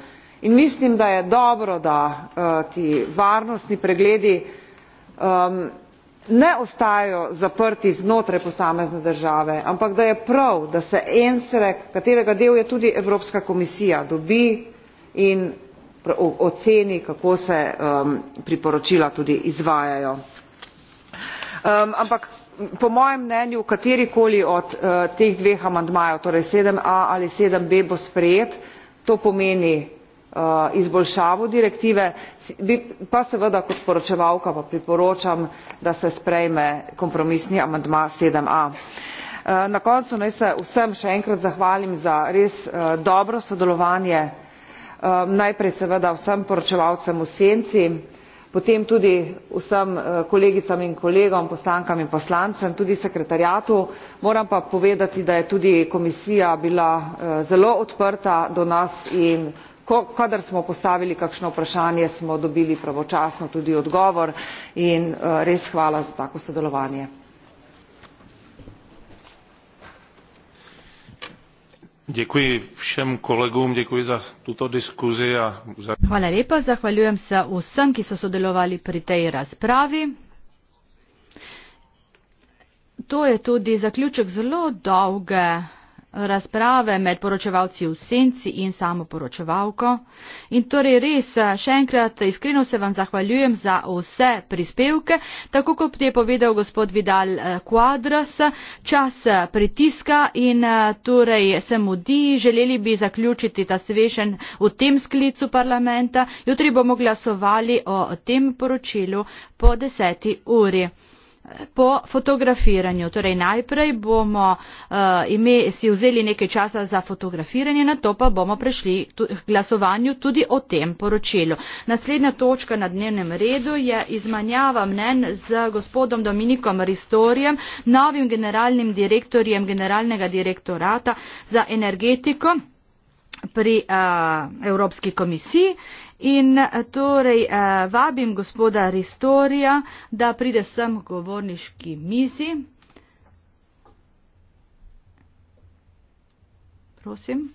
in mislim da je dobro da eh, ti varnostni pregledi ehm, ne ostajajo zaprti znotraj posamezne države ampak da je prav da se ensreg katerega del je tudi evropska komisija dobi in oceni kako se um, priporočila tudi izvajajo. Um, ampak po mojem mnenju katerikoli od uh, teh dveh amandmajev torej sedem a ali sedem b bo sprejet to pomeni uh, izboljšavo direktive bi pa seveda kot poročevalka pa priporočam da se sprejme kompromisni amandma sedem a. Uh, na koncu naj se vsem še enkrat zahvalim za res dobro sodelovanje Ehm, najprej seveda vsem poročevalcem v senci potem tudi vsem eh, kolegicam in kolegom poslankam in poslancem tudi sekretariatu moram pa povedati da je tudi komisija bila eh, zelo odprta do nas in kadar smo postavili kakšno vprašanje smo dobili pravočasno tudi odgovor in eh, res hvala za tako sodelovanje. děkuji všem kolegům děkuji za tuto diskusi a za. hvala lepa zahvaljujem se vsem ki so sodelovali pri tej razpravi to je tudi zaključek zelo dolge razprave med poročevalci v senci in samo poročevalko. In torej res, še enkrat iskreno se vam zahvaljujem za vse prispevke. Tako kot je povedal gospod Vidal eh, Quadras, čas eh, pritiska in eh, torej se mudi, želeli bi zaključiti ta svešen v tem sklicu parlamenta. Jutri bomo glasovali o tem poročilu po deseti uri po fotografiranju. Torej najprej bomo uh, ime, si vzeli nekaj časa za fotografiranje, na to pa bomo prešli k glasovanju tudi o tem poročilu. Naslednja točka na dnevnem redu je izmanjava mnen z gospodom Dominikom Ristorjem, novim generalnim direktorjem generalnega direktorata za energetiko pri uh, Evropski komisiji In eh, torej eh, vabim gospoda Ristorija, da pride sem k govorniški mizi. Prosim.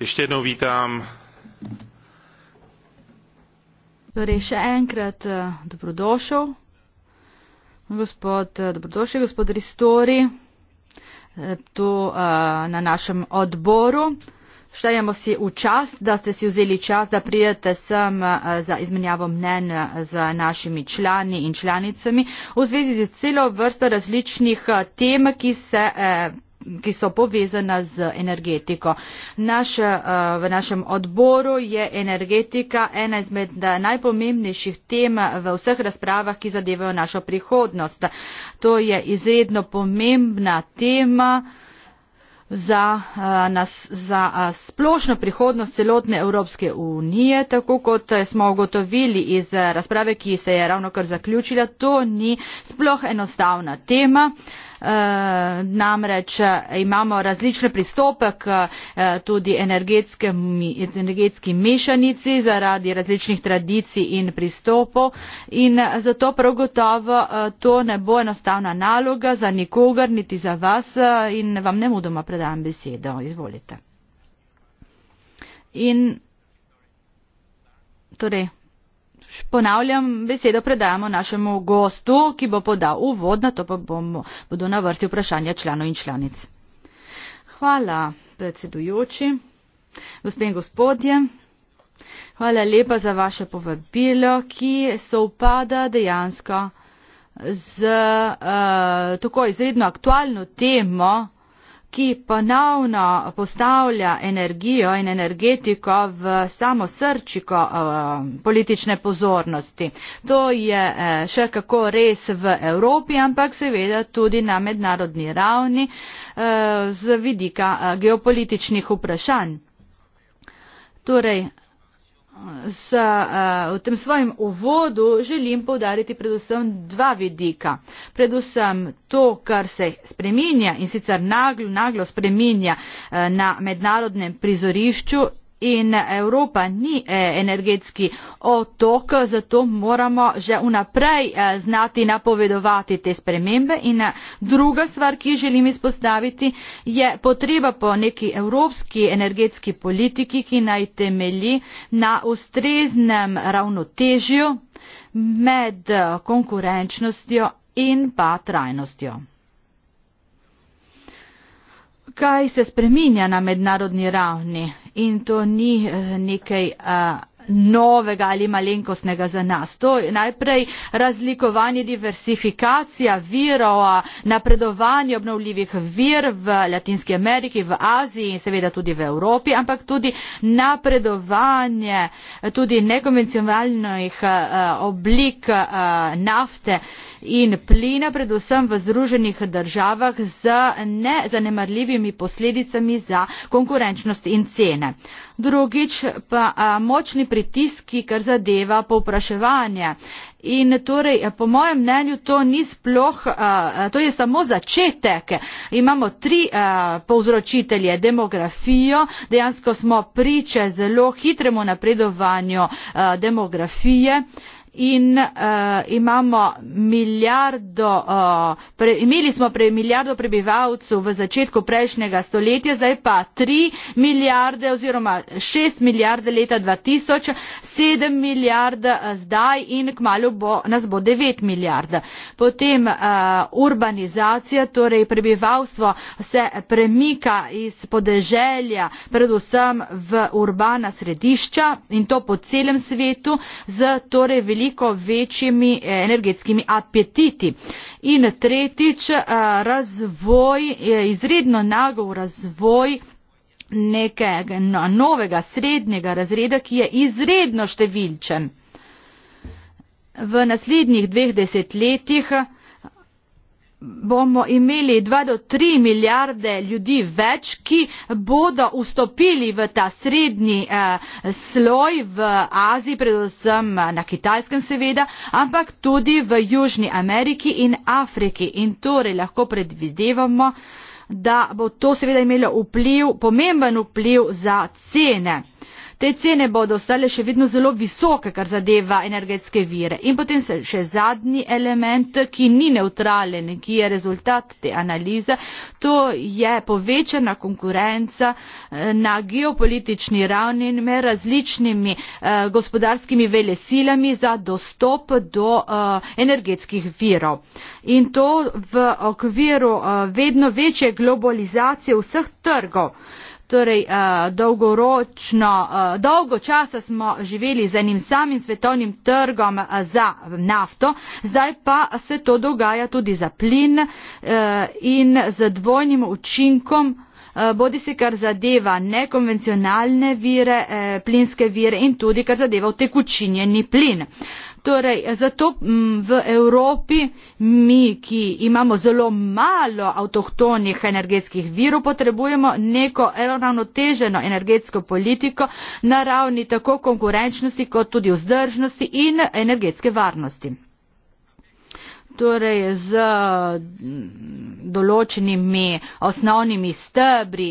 Ještě jednou vítám Torej, še enkrat uh, dobrodošel, gospod, uh, eh, dobrodošel, gospod Ristori, uh, tu uh, na našem odboru. Štejemo si v čas, da ste si vzeli čas, da prijete sem za izmenjavo mnen z našimi člani in članicami v zvezi z celo vrsto različnih tem, ki se eh, ki so povezana z energetiko. Naš, eh, v našem odboru je energetika ena izmed eh, najpomembnejših tem eh, v vseh razpravah, ki zadevajo našo prihodnost. To je izredno pomembna tema za, nas, za splošno prihodnost celotne Evropske unije, tako kot smo ugotovili iz razprave, ki se je ravno kar zaključila, to ni sploh enostavna tema. Eh, namreč eh, imamo različne pristope k eh, tudi energetski mešanici zaradi različnih tradicij in pristopov in zato prav gotovo to ne bo enostavna naloga za nikogar niti za vas in vam ne mudoma predajam besedo. Izvolite. In torej ponavljam besedo predajamo našemu gostu ki bo podal uvod na to pa bomo, bodo na vrsti vprašanja članov in članic. Hvala predsedujoči, gospe in gospodje. Hvala lepa za vaše povabilo, ki se upada dejansko z uh, tako izredno aktualno temo ki ponovno postavlja energijo in energetiko v samo srčiko eh, politične pozornosti. To je eh, še kako res v Evropi, ampak seveda tudi na mednarodni ravni eh, z vidika geopolitičnih vprašanj. Torej, Sa, uh, eh, v tem svojem uvodu želim povdariti predvsem dva vidika. Predvsem to, kar se spreminja in sicer naglo, naglo spreminja uh, na mednarodnem prizorišču in evropa ni eh, energetski otok zato moramo že vnaprej eh, znati napovedovati te spremembe in eh, druga stvar ki želim izpostaviti je potreba po neki evropski energetski politiki ki naj temelji na ustreznem ravnotežju med konkurenčnostjo in pa trajnostjo kaj se spreminja na mednarodni ravni in to ni eh, nekaj a, eh, novega ali malenkostnega za nas. To je najprej razlikovanje, diversifikacija virov, napredovanje obnovljivih vir v Latinski Ameriki, v Aziji in seveda tudi v Evropi, ampak tudi napredovanje tudi nekonvencionalnih eh, oblik eh, nafte in plina, predvsem v Združenih državah, z nezanemarljivimi posledicami za konkurenčnost in cene. Drugič pa eh, močni pristop pritiski, kar zadeva povpraševanje. In torej, po mojem mnenju, to ni sploh, eh, to je samo začetek. Imamo tri eh, povzročitelje demografijo, dejansko smo priče zelo hitremu napredovanju eh, demografije in uh, imamo milijardo, uh, pre, imeli smo pre, milijardo prebivalcev v začetku prejšnjega stoletja, zdaj pa tri milijarde oziroma šest milijarde leta 2000, sedem milijard uh, zdaj in kmalo bo, nas bo devet milijard. Potem uh, urbanizacija, torej prebivalstvo se premika iz podeželja predvsem v urbana središča in to po celem svetu z torej veliko veliko večjimi eh, energetskimi apetiti. In tretjič, eh, razvoj, eh, izredno nagov razvoj nekega no, novega srednjega razreda, ki je izredno številčen. V naslednjih dveh desetletjih bomo imeli dva do tri milijarde ljudi več ki bodo vstopili v ta srednji eh, sloj v aziji predvsem eh, na kitajskem seveda ampak tudi v južni ameriki in afriki in torej lahko predvidevamo da bo to seveda imelo vpliv pomemben vpliv za cene. Te cene bodo ostale še vedno zelo visoke, kar zadeva energetske vire. In potem še zadnji element, ki ni neutralen, ki je rezultat te analize, to je povečana konkurenca eh, na geopolitični ravni med različnimi eh, gospodarskimi velesilami za dostop do eh, energetskih virov. In to v okviru eh, vedno večje globalizacije vseh trgov torej eh, dolgoročno eh, dolgo časa smo živeli z enim samim svetovnim trgom eh, za nafto zdaj pa se to dogaja tudi za plin in z dvojnim učinkom bodi si kar zadeva nekonvencionalne vire plinske vire in tudi kar zadeva utekočinjeni plin. Torej, zato mm, v Evropi mi, ki imamo zelo malo avtohtonih energetskih virov, potrebujemo neko ravnoteženo energetsko politiko na ravni tako konkurenčnosti kot tudi vzdržnosti in energetske varnosti torej z mm, določenimi osnovnimi stebri.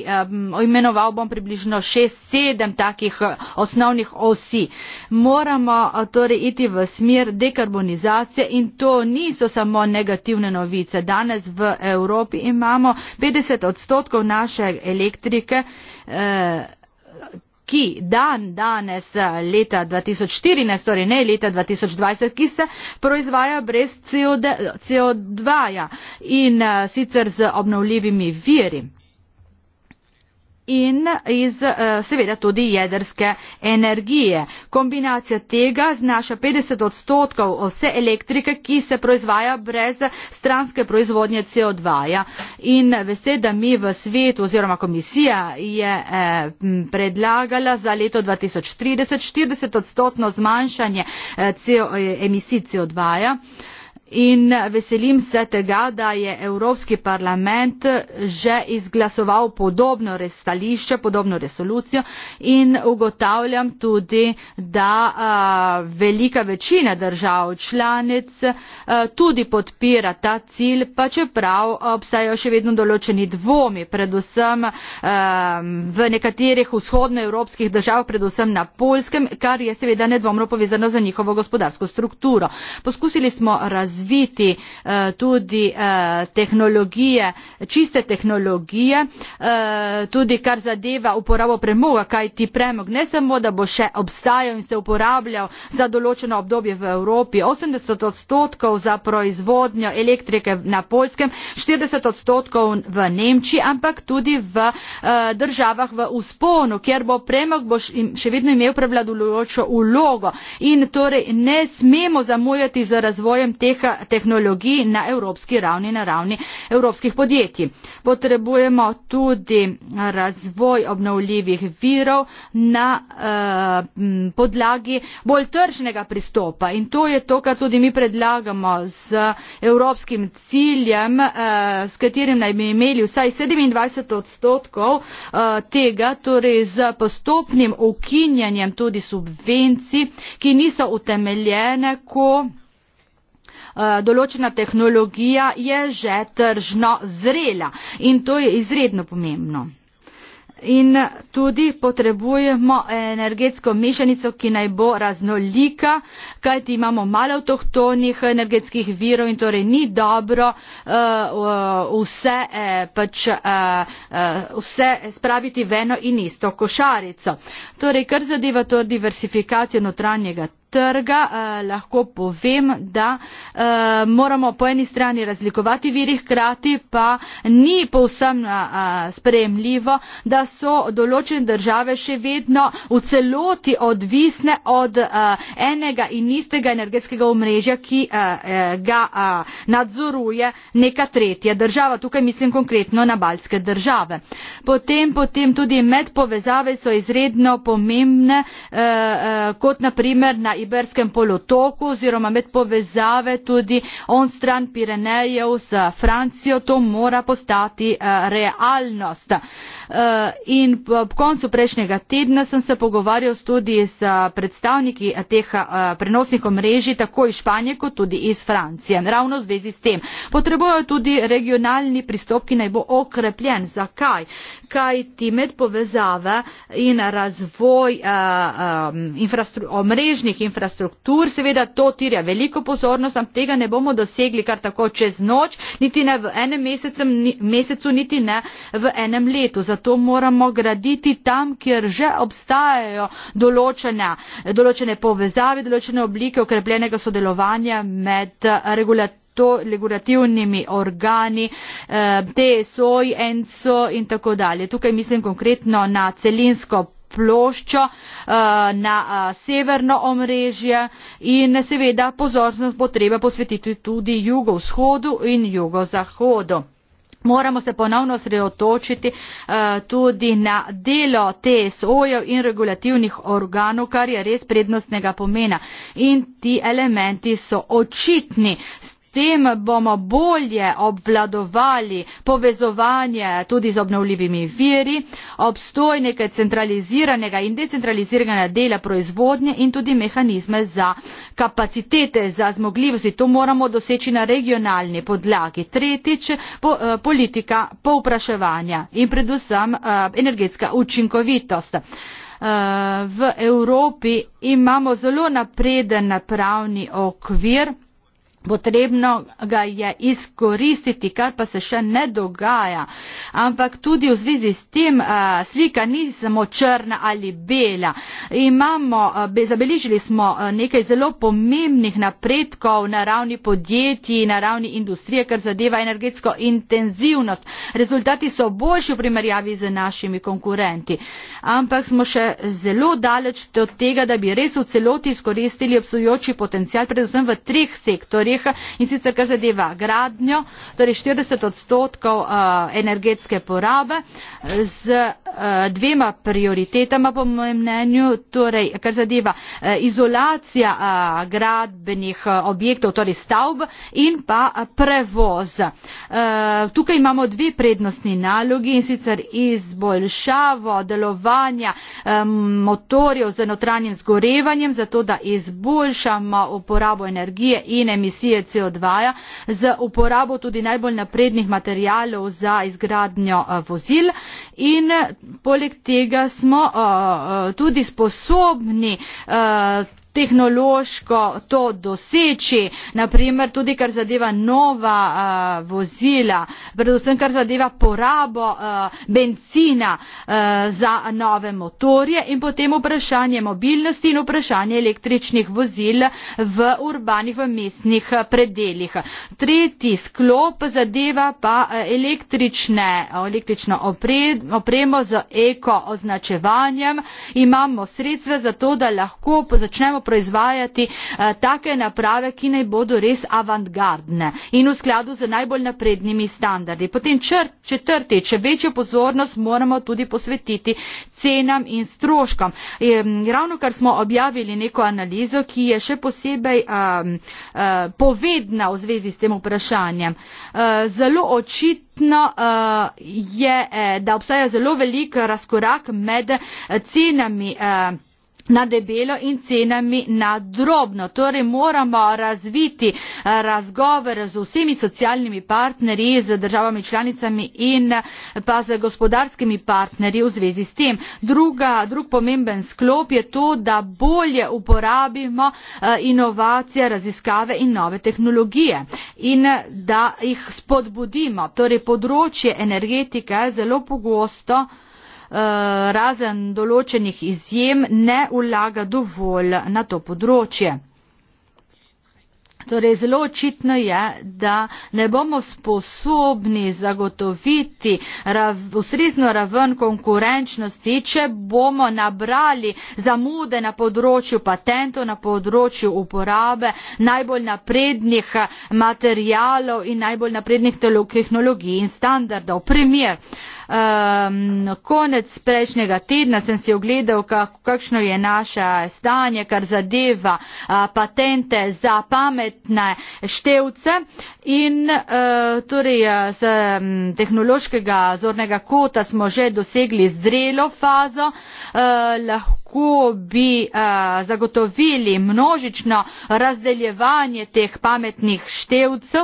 Imenoval bom približno 6-7 takih eh, osnovnih osi. Moramo eh, torej iti v smer dekarbonizacije in to niso samo negativne novice. Danes v Evropi imamo 50 odstotkov naše elektrike. Eh, ki dan danes eh, leta 2014, torej ne leta 2020, ki se proizvaja brez CO2 in eh, sicer z obnovljivimi viri in iz eh, seveda tudi jedrske energije. Kombinacija tega znaša 50 odstotkov vse elektrike, ki se proizvaja brez stranske proizvodnje CO2. -ja. In veste, da mi v svetu oziroma komisija je eh, predlagala za leto 2030 40 odstotno zmanjšanje eh, CO, eh, emisij CO2. -ja in veselim se tega da je evropski parlament že izglasoval podobno stališče podobno resolucijo in ugotavljam tudi da a, velika večina držav članic a, tudi podpira ta cilj pa čeprav obstajajo še vedno določeni dvomi predvsem a, v nekaterih vzhodnoevropskih držav predvsem na polskem kar je seveda nedvomno povezano z njihovo gospodarsko strukturo. poskusili smo razvijati razviti eh, tudi eh, tehnologije, čiste tehnologije, eh, tudi kar zadeva uporabo premoga, kaj ti premog ne samo, da bo še obstajal in se uporabljal za določeno obdobje v Evropi, 80 odstotkov za proizvodnjo elektrike na Poljskem, 40 odstotkov v Nemčiji, ampak tudi v državah v usponu, kjer bo premog bo še vedno imel prevladujočo ulogo. In torej ne smemo zamujati z razvojem teh razvitka tehnologij na evropski ravni na ravni evropskih podjetij. Potrebujemo tudi razvoj obnovljivih virov na eh, podlagi bolj tržnega pristopa in to je to, kar tudi mi predlagamo z evropskim ciljem, eh, s katerim naj bi imeli vsaj 27 odstotkov eh, tega, torej z postopnim ukinjanjem tudi subvencij, ki niso utemeljene, ko Eh, določena tehnologija je že tržno zrela in to je izredno pomembno. In tudi potrebujemo energetsko mešanico, ki naj bo raznolika, kajti imamo malo avtohtonih energetskih virov in torej ni dobro uh, vse, eh, pač, uh, uh, vse spraviti v eno in isto košarico. Torej, kar zadeva to diversifikacijo notranjega trga, trga eh, lahko povem da eh, moramo po eni strani razlikovati viri hkrati pa ni povsem eh, sprejemljivo da so določene države še vedno v celoti odvisne od enega in istega energetskega omrežja ki ga nadzoruje neka tretja država tukaj mislim konkretno na baltske države potem potem tudi medpovezave so izredno pomembne kot na primer na iberskem polotoku oziroma med povezave tudi onstran pirenejev s francijo to mora postati eh, realnost. Eh, in ob koncu prejšnjega tedna sem se pogovarjal tudi s predstavniki eh, teh eh, prenosnih omrežij tako iz španije kot tudi iz francije ravno v zvezi s tem potrebujejo tudi regionalni pristop ki naj bo okrepljen zakaj kajti medpovezave in razvoj omrežnih infrastruktur seveda to tirja veliko pozornost ampak tega ne bomo dosegli kar tako čez noč niti ne v enem mesecu niti ne v enem letu zato moramo graditi tam, kjer že obstajajo določene, določene povezave, določene oblike okrepljenega sodelovanja med eh, regulatorji to regulativnimi organi, eh, TSO, ENCO in tako dalje. Tukaj mislim konkretno na celinsko ploščo, eh, na severno omrežje in seveda pozornost bo treba posvetiti tudi jugovzhodu in jugozahodu moramo se ponovno sreotočiti eh, tudi na delo TSO-jev in regulativnih organov, kar je res prednostnega pomena. In ti elementi so očitni tem bomo bolje obvladovali povezovanje tudi z obnovljivimi viri obstoj nekega centraliziranega in decentraliziranega dela proizvodnje in tudi mehanizme za kapacitete za zmogljivosti to moramo doseči na regionalni podlagi tretjič po, eh, politika povpraševanja in predvsem eh, energetska učinkovitost eh, v evropi imamo zelo napreden pravni okvir potrebno ga je izkoristiti, kar pa se še ne dogaja. Ampak tudi v zvezi s tem eh, slika ni samo črna ali bela. Imamo, eh, zabeležili smo eh, nekaj zelo pomembnih napredkov na ravni podjetij, na ravni industrije, kar zadeva energetsko intenzivnost. Rezultati so boljši v primerjavi z našimi konkurenti. Ampak smo še zelo daleč od tega, da bi res v celoti izkoristili obsojoči potencial, predvsem v treh sektorjih podjetjih in sicer kar zadeva gradnjo torej štirideset odstotkov eh, energetske porabe z eh, dvema prioritetama po mojem mnenju torej kar zadeva eh, izolacija gradbenih objektov torej stavb in pa prevoz tukaj imamo dve prednostni nalogi in sicer izboljšavo delovanja motorjev z notranjim zgorevanjem zato da izboljšamo uporabo energije in emisije emisije co dva -ja z uporabo tudi najbolj naprednih materialov za izgradnjo eh, vozil in eh, poleg tega smo eh, tudi sposobni tehnološko to doseči, naprimer tudi kar zadeva nova uh, vozila, predvsem kar zadeva porabo uh, benzina uh, za nove motorje in potem vprašanje mobilnosti in vprašanje električnih vozil v urbanih, v mestnih predeljih. Tretji sklop zadeva pa električne, električno opremo z eko označevanjem. Imamo sredstva za to, da lahko začnemo proizvajati eh, take naprave, ki naj bodo res avantgardne in v skladu z najbolj naprednimi standardi. Potem četrtič, večjo pozornost moramo tudi posvetiti cenam in stroškom. E, ravno kar smo objavili neko analizo, ki je še posebej um, uh, povedna v zvezi s tem vprašanjem. Uh, zelo očitno uh, je, da obstaja zelo velik razkorak med cenami uh, na debelo in cenami na drobno. Torej moramo razviti eh, razgovor z vsemi socialnimi partnerji, z državami članicami in eh, pa z gospodarskimi partnerji v zvezi s tem. Druga, drug pomemben sklop je to, da bolje uporabimo eh, inovacije, raziskave in nove tehnologije in da jih spodbudimo. Torej področje energetike je zelo pogosto Eh, razen določenih izjem ne ulaga dovolj na to področje. Torej, zelo očitno je, da ne bomo sposobni zagotoviti rav, ustrezno raven konkurenčnosti, če bomo nabrali zamude na področju patentov, na področju uporabe najbolj naprednih materijalov in najbolj naprednih tehnologij in standardov. Primer. Uh, um, konec prejšnjega tedna sem si ogledal, kakšno je naše stanje, kar zadeva uh, patente za pametne števce in uh, torej z e, um, tehnološkega zornega kota smo že dosegli zrelo fazo. Uh, kako bi zagotovili množično razdeljevanje teh pametnih števcev,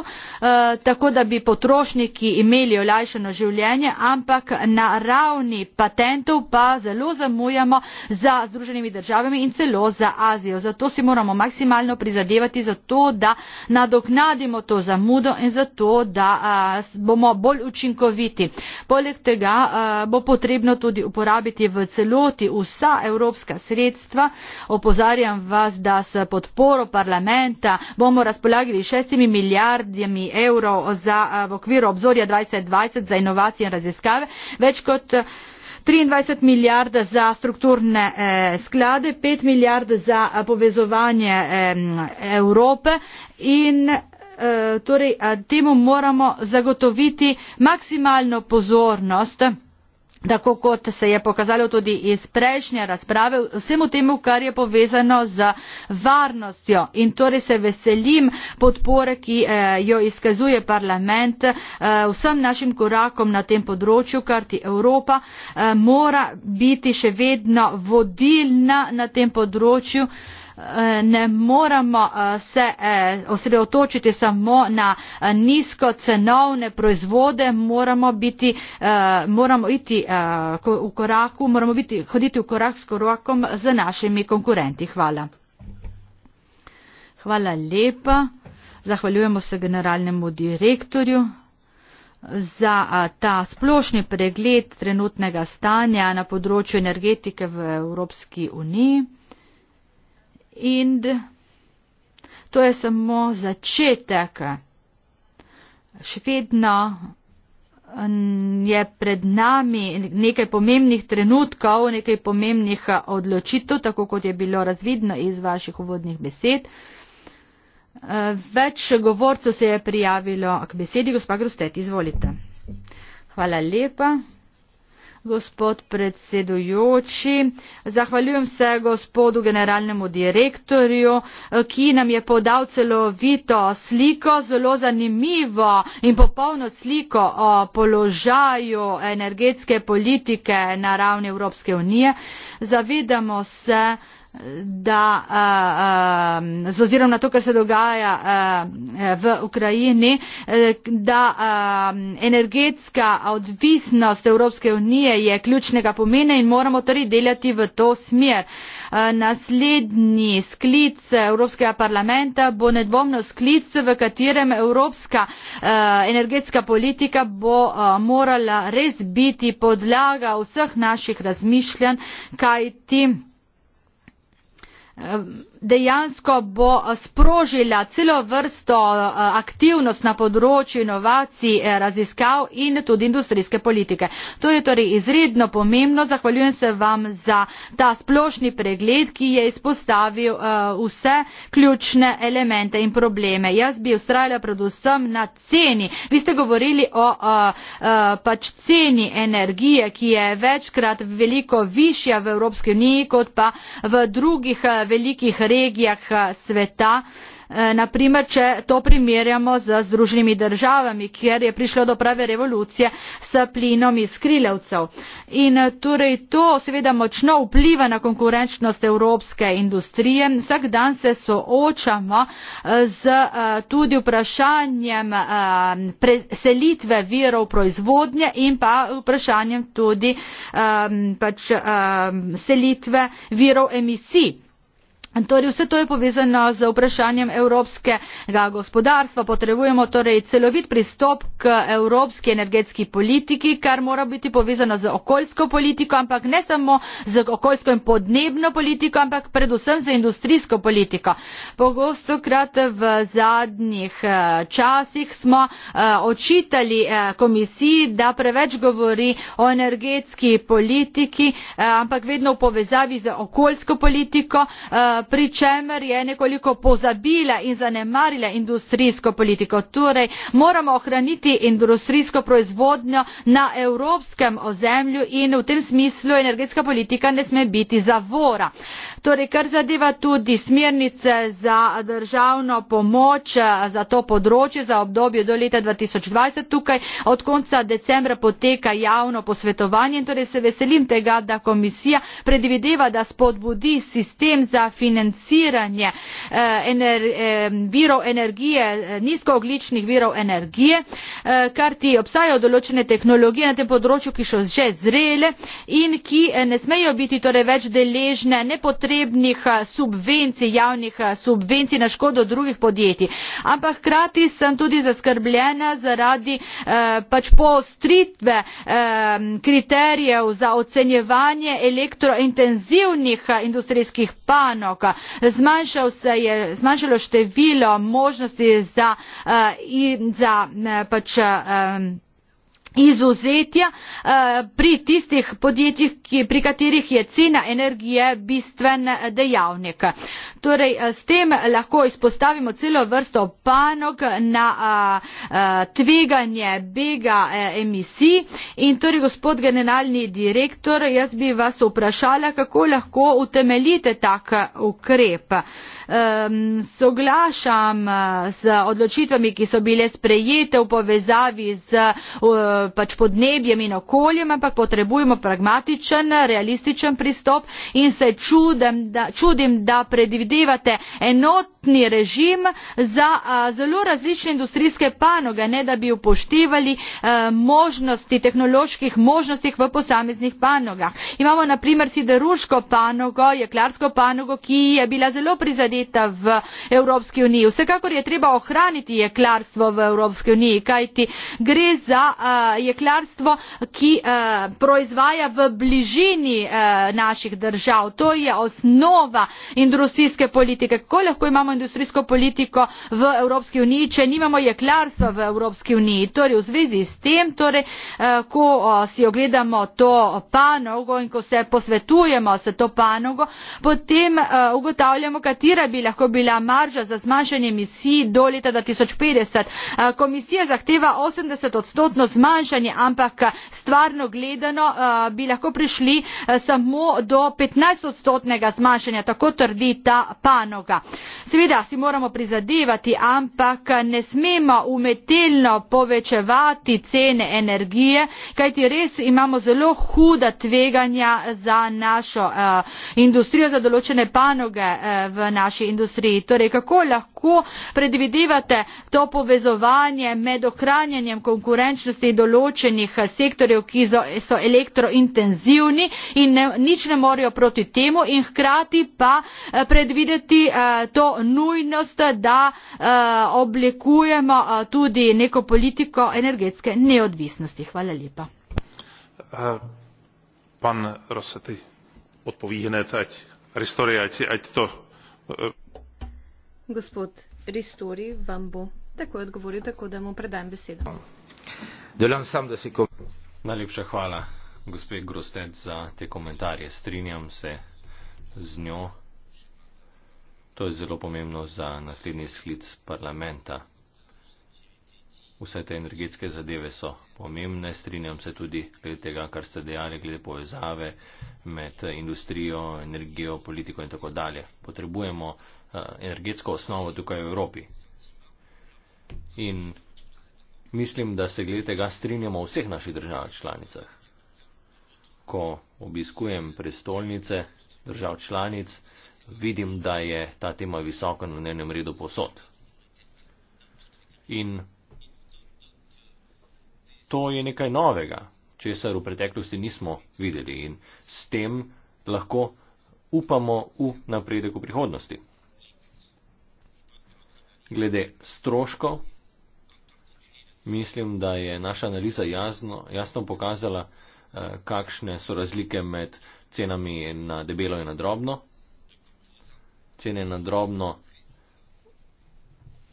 tako da bi potrošniki imeli olajšano življenje, ampak na ravni patentov pa zelo zamujamo za Združenimi državami in celo za Azijo. Zato si moramo maksimalno prizadevati za to, da nadoknadimo to zamudo in za to, da bomo bolj učinkoviti. Poleg tega bo potrebno tudi uporabiti v celoti vsa evropska evropska sredstva opozarjam vas da s podporo parlamenta bomo razpolagali s šestimi milijardami evrov za eh, v okviru obzorja dva tisoč dvajset za inovacije in raziskave več kot eh, triindvajset milijard za strukturne eh, sklade pet milijard za povezovanje evrope in torej temu moramo zagotoviti maksimalno pozornost tako kot se je pokazalo tudi iz prejšnje razprave vsemu temu kar je povezano z varnostjo in torej se veselim podpore ki eh, jo izkazuje parlament eh, vsem našim korakom na tem področju karti evropa eh, mora biti še vedno vodilna na tem področju Eh, ne moremo eh, se eh, osredotočiti samo na nizkocenovne proizvode, moramo biti, moramo iti v koraku, moramo biti, hoditi v korak s korakom z našimi konkurenti. Hvala. Hvala lepa. Zahvaljujemo se generalnemu direktorju za ta splošni pregled trenutnega stanja na področju energetike v Evropski uniji in to je samo začetek. Še vedno je pred nami nekaj pomembnih trenutkov, nekaj pomembnih odločitev, tako kot je bilo razvidno iz vaših uvodnih besed. Več govorcev se je prijavilo k besedi, gospod Grostet, izvolite. Hvala lepa gospod predsedujoči. Zahvaljujem se gospodu generalnemu direktorju, ki nam je podal celovito sliko, zelo zanimivo in popolno sliko o položaju energetske politike na ravni Evropske unije. Zavedamo se, da eh, eh, z ozirom na to, kar se dogaja eh, v Ukrajini, da energetska odvisnost Evropske unije je ključnega pomena in moramo torej delati v to smer. Naslednji sklic Evropskega parlamenta bo nedvomno sklic, v katerem Evropska energetska politika bo morala res biti podlaga vseh naših razmišljanj, kaj tim um, dejansko bo eh, sprožila celo vrsto eh, aktivnosti na področju inovacij eh, raziskav in tudi industrijske politike. to je torej izredno pomembno zahvaljujem se vam za ta splošni pregled ki je izpostavil vse ključne elemente in probleme. jaz bi vztrajala predvsem na ceni. vi ste govorili o pač ceni energije ki je večkrat veliko višja v evropski uniji kot pa v drugih velikih regijah regijah eh, sveta eh, na primer če to primerjamo z združenimi državami kjer je prišlo do prave revolucije s plinom iz krilavcev in eh, torej to seveda močno vpliva na konkurenčnost evropske industrije vsak dan se soočamo z tudi vprašanjem preselitve virov proizvodnje in pa vprašanjem tudi pač selitve virov emisij Torej, vse to je povezano z vprašanjem evropskega gospodarstva. Potrebujemo torej celovit pristop k evropski energetski politiki, kar mora biti povezano z okoljsko politiko, ampak ne samo z okoljsko in podnebno politiko, ampak predvsem z industrijsko politiko. Pogosto krat v zadnjih eh, časih smo eh, očitali eh, komisiji, da preveč govori o energetski politiki, ampak vedno v povezavi z okoljsko politiko pri čemer je nekoliko pozabila in zanemarila industrijsko politiko. Torej moramo ohraniti industrijsko proizvodnjo na evropskem ozemlju in v tem smislu energetska politika ne sme biti zavora torej kar zadeva tudi smernice za državno pomoč eh, za to področje za obdobje do leta dva tisoč dvajset tukaj od konca decembra poteka javno posvetovanje in torej se veselim tega da komisija predvideva da spodbudi sistem za financiranje eh, virov energije eh, nizkoogljičnih virov energije karti obstajajo določene tehnologije na tem področju ki so že zrele in ki ne smejo biti torej več deležne nepotrebnih nepotrebnih eh, subvencij javnih eh, subvencij na škodo drugih podjetij ampak hkrati sem tudi zaskrbljena zaradi eh, pač poostritve eh, kriterijev za ocenjevanje elektrointenzivnih eh, industrijskih panog zmanjšal se je zmanjšalo število možnosti za, eh, in za eh, pač eh, izuzetja eh, pri tistih podjetjih pri katerih je cena energije bistven eh, dejavnik. Torej eh, s tem lahko izpostavimo celo vrsto panog na tveganje bega emisij in torej gospod generalni direktor jaz bi vas vprašala kako lahko utemeljite tak ukrep um, soglašam eh, z odločitvami, ki so bile sprejete v povezavi z uh, pač podnebjem in okoljem, ampak potrebujemo pragmatičen, realističen pristop in se čudem, da, čudim, da predvidevate enotno kvotni režim za zelo različne industrijske panoge ne da bi upoštevali možnosti tehnoloških možnosti v posameznih panogah imamo na primer siderurško panogo jeklarsko panogo ki je bila zelo prizadeta v evropski uniji vsekakor je treba ohraniti jeklarstvo v evropski uniji kajti gre za jeklarstvo ki proizvaja v bližini naših držav to je osnova industrijske politike kako lahko imamo industrijsko politiko v evropski uniji če nimamo jeklarstva v evropski uniji. torej v zvezi s tem torej eh, ko eh, si ogledamo to panogo in ko se posvetujemo s to panogo potem eh, ugotavljamo katera bi lahko bila marža za zmanjšanje emisij do leta dva tisoč petdeset komisija zahteva osemdeset odstotno zmanjšanje ampak stvarno gledano bi lahko prišli samo do petnajst odstotnega zmanjšanja tako trdi ta panoga seveda si moramo prizadevati, ampak ne smemo umetelno povečevati cene energije, kajti res imamo zelo huda tveganja za našo uh, industrijo, za določene panoge uh, v naši industriji. Torej, kako lahko lahko predvidevate to povezovanje med ohranjanjem konkurenčnosti določenih sektorjev ki so elektrointenzivni in ne, nič ne morejo proti temu in hkrati pa eh, predvideti eh, to nujnost da eh, oblikujemo tudi neko politiko energetske neodvisnosti hvala lepa pan Rosati odpovi hned, ať, Ristori, ať, ať to uh, Gospod Ristori vam bo takoj odgovoril, tako da mu predajem besedo. Delam sam, da si ko. Najlepša hvala, gospe Grostet, za te komentarje. Strinjam se z njo. To je zelo pomembno za naslednji sklic parlamenta. Vse te energetske zadeve so pomembne. Strinjam se tudi glede tega, kar ste dejali, glede povezave med industrijo, energijo, politiko in tako dalje. Potrebujemo Eh, energetsko osnovo tukaj v Evropi. In mislim, da se glede tega strinjamo v vseh naših držav članicah. Ko obiskujem prestolnice držav članic, vidim, da je ta tema visoka na njenem redu posod. In to je nekaj novega, česar v preteklosti nismo videli in s tem lahko upamo v napredek v prihodnosti glede stroškov, mislim, da je naša analiza jasno, jasno pokazala, eh, kakšne so razlike med cenami na debelo in na drobno. Cene na drobno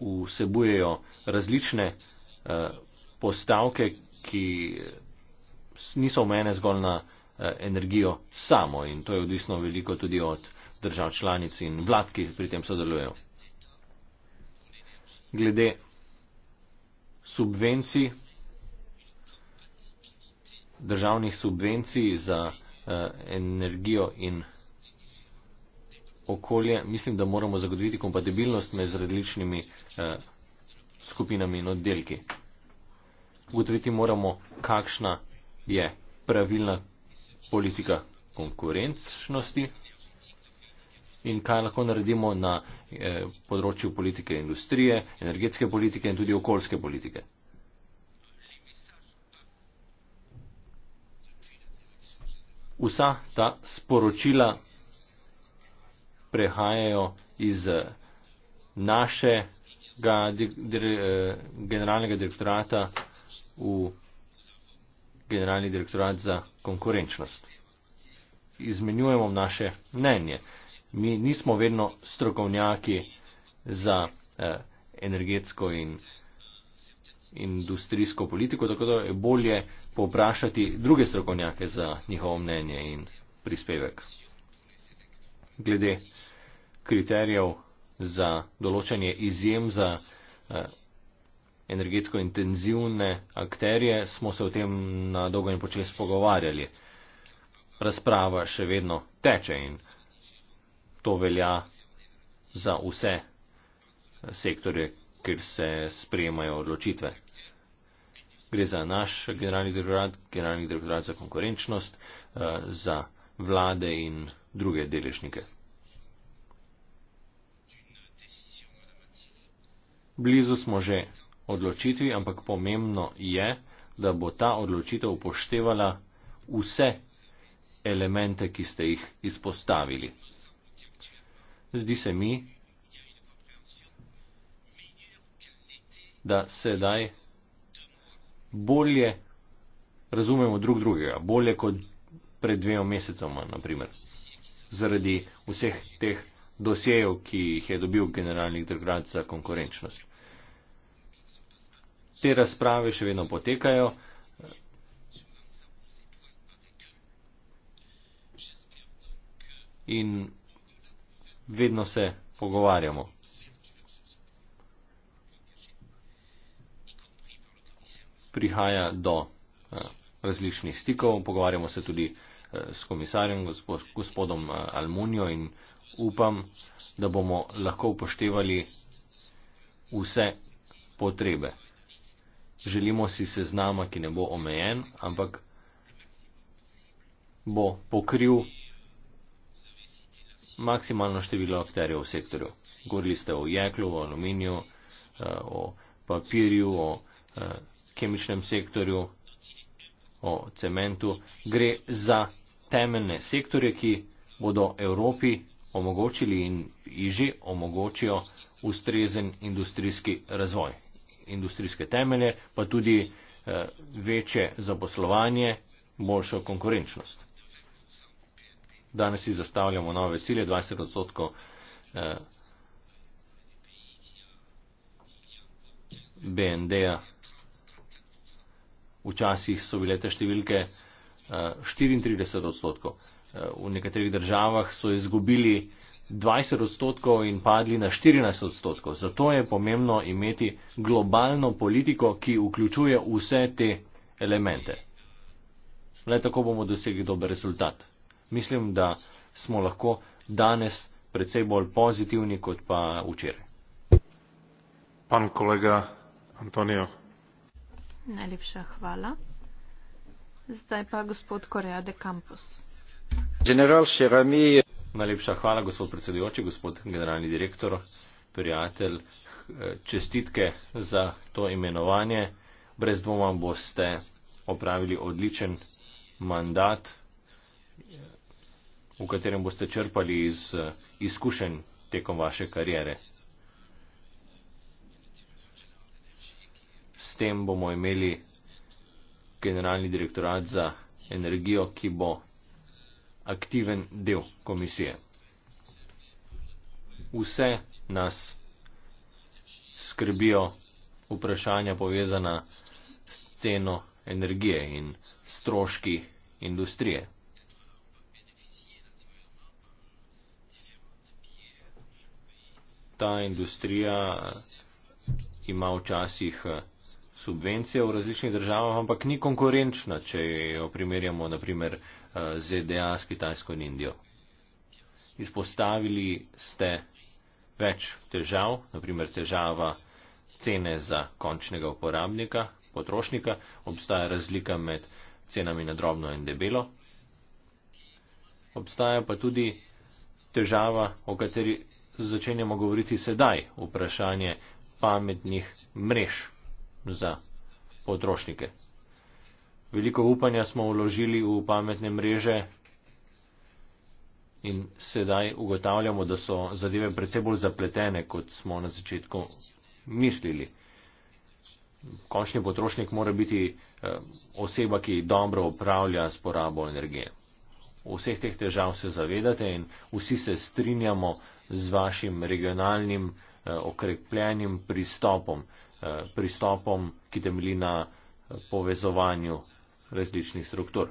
vsebujejo različne eh, postavke, ki niso omejene zgolj na eh, energijo samo in to je odvisno veliko tudi od držav članic in vlad, ki pri tem sodelujejo glede subvencij, državnih subvencij za uh, energijo in okolje, mislim, da moramo zagotoviti kompatibilnost med različnimi uh, skupinami in oddelki. Ugotoviti moramo, kakšna je pravilna politika konkurenčnosti in kaj lahko naredimo na eh, področju politike industrije, energetske politike in tudi okoljske politike. Vsa ta sporočila prehajajo iz eh, našega eh, generalnega direktorata v generalni direktorat za konkurenčnost. Izmenjujemo naše mnenje mi nismo vedno strokovnjaki za eh, energetsko in industrijsko politiko, tako da je bolje povprašati druge strokovnjake za njihovo mnenje in prispevek. Glede kriterijev za določanje izjem za eh, energetsko intenzivne akterje smo se o tem na dolgo in počes pogovarjali. Razprava še vedno teče in to velja za vse sektorje, kjer se sprejemajo odločitve. Gre za naš generalni direktorat, generalni direktorat za konkurenčnost, eh, za vlade in druge deležnike. Blizu smo že odločitvi, ampak pomembno je, da bo ta odločitev upoštevala vse elemente, ki ste jih izpostavili zdi se mi, da sedaj bolje razumemo drug drugega, bolje kot pred dvema mesecoma, naprimer, zaradi vseh teh dosejev, ki jih je dobil generalni trgovac za konkurenčnost. Te razprave še vedno potekajo. In vedno se pogovarjamo. Prihaja do eh, različnih stikov, pogovarjamo se tudi eh, s komisarjem, gospod, gospodom eh, Almunijo in upam, da bomo lahko upoštevali vse potrebe. Želimo si seznama, ki ne bo omejen, ampak bo pokril maksimalno število akterjev v sektorju. Govorili ste o jeklu, o aluminiju, eh, o papirju, o eh, kemičnem sektorju, o cementu. Gre za temeljne sektorje, ki bodo Evropi omogočili in iži omogočijo ustrezen industrijski razvoj. Industrijske temelje pa tudi eh, večje zaposlovanje, boljšo konkurenčnost danes si zastavljamo nove cilje, 20 odstotkov eh, BND-ja. Včasih so bile te številke 34 eh, odstotkov. Eh, v nekaterih državah so izgubili 20 odstotkov in padli na 14 odstotkov. Zato je pomembno imeti globalno politiko, ki vključuje vse te elemente. Le tako bomo dosegli dober rezultat mislim, da smo lahko danes predvsej bolj pozitivni kot pa včeraj. Pan kolega Antonijo. Najlepša hvala. Zdaj pa gospod Korea de Campos. General Šerami. Najlepša hvala, gospod predsedujoči, gospod generalni direktor, prijatelj. Eh, čestitke za to imenovanje. Brez dvoma boste opravili odličen mandat v katerem boste črpali iz eh, izkušenj tekom vaše karijere. S tem bomo imeli generalni direktorat za energijo, ki bo aktiven del komisije. Vse nas skrbijo vprašanja povezana s ceno energije in stroški industrije. ta industrija eh, ima včasih eh, subvencije v različnih državah, ampak ni konkurenčna, če jo primerjamo naprimer eh, z ZDA, s Kitajsko in Indijo. Izpostavili ste več težav, naprimer težava cene za končnega uporabnika, potrošnika, obstaja razlika med cenami na drobno in debelo. Obstaja pa tudi težava, o kateri začenjamo govoriti sedaj, vprašanje pametnih mrež za potrošnike. Veliko upanja smo vložili v pametne mreže in sedaj ugotavljamo, da so zadeve predvsej bolj zapletene, kot smo na začetku mislili. Končni potrošnik mora biti eh, oseba, ki dobro upravlja s porabo energije vseh teh težav se zavedate in vsi se strinjamo z vašim regionalnim eh, okrepljenim pristopom, eh, pristopom, ki temeli na eh, povezovanju različnih struktur.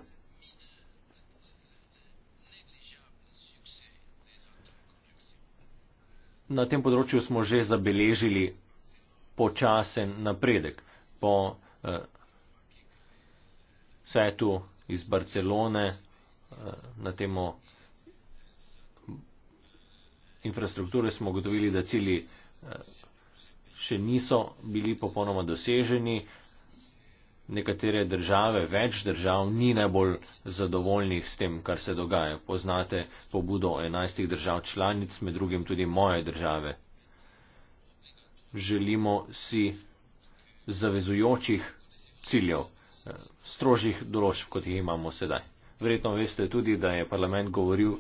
Na tem področju smo že zabeležili počasen napredek. Po eh, svetu iz Barcelone Eh, na temo infrastrukture smo ugotovili, da cilji eh, še niso bili popolnoma doseženi. Nekatere države, več držav, ni najbolj zadovoljnih s tem, kar se dogaja. Poznate pobudo enajstih držav članic, med drugim tudi moje države. Želimo si zavezujočih ciljev, eh, strožjih določb, kot jih imamo sedaj. Verjetno veste tudi, da je parlament govoril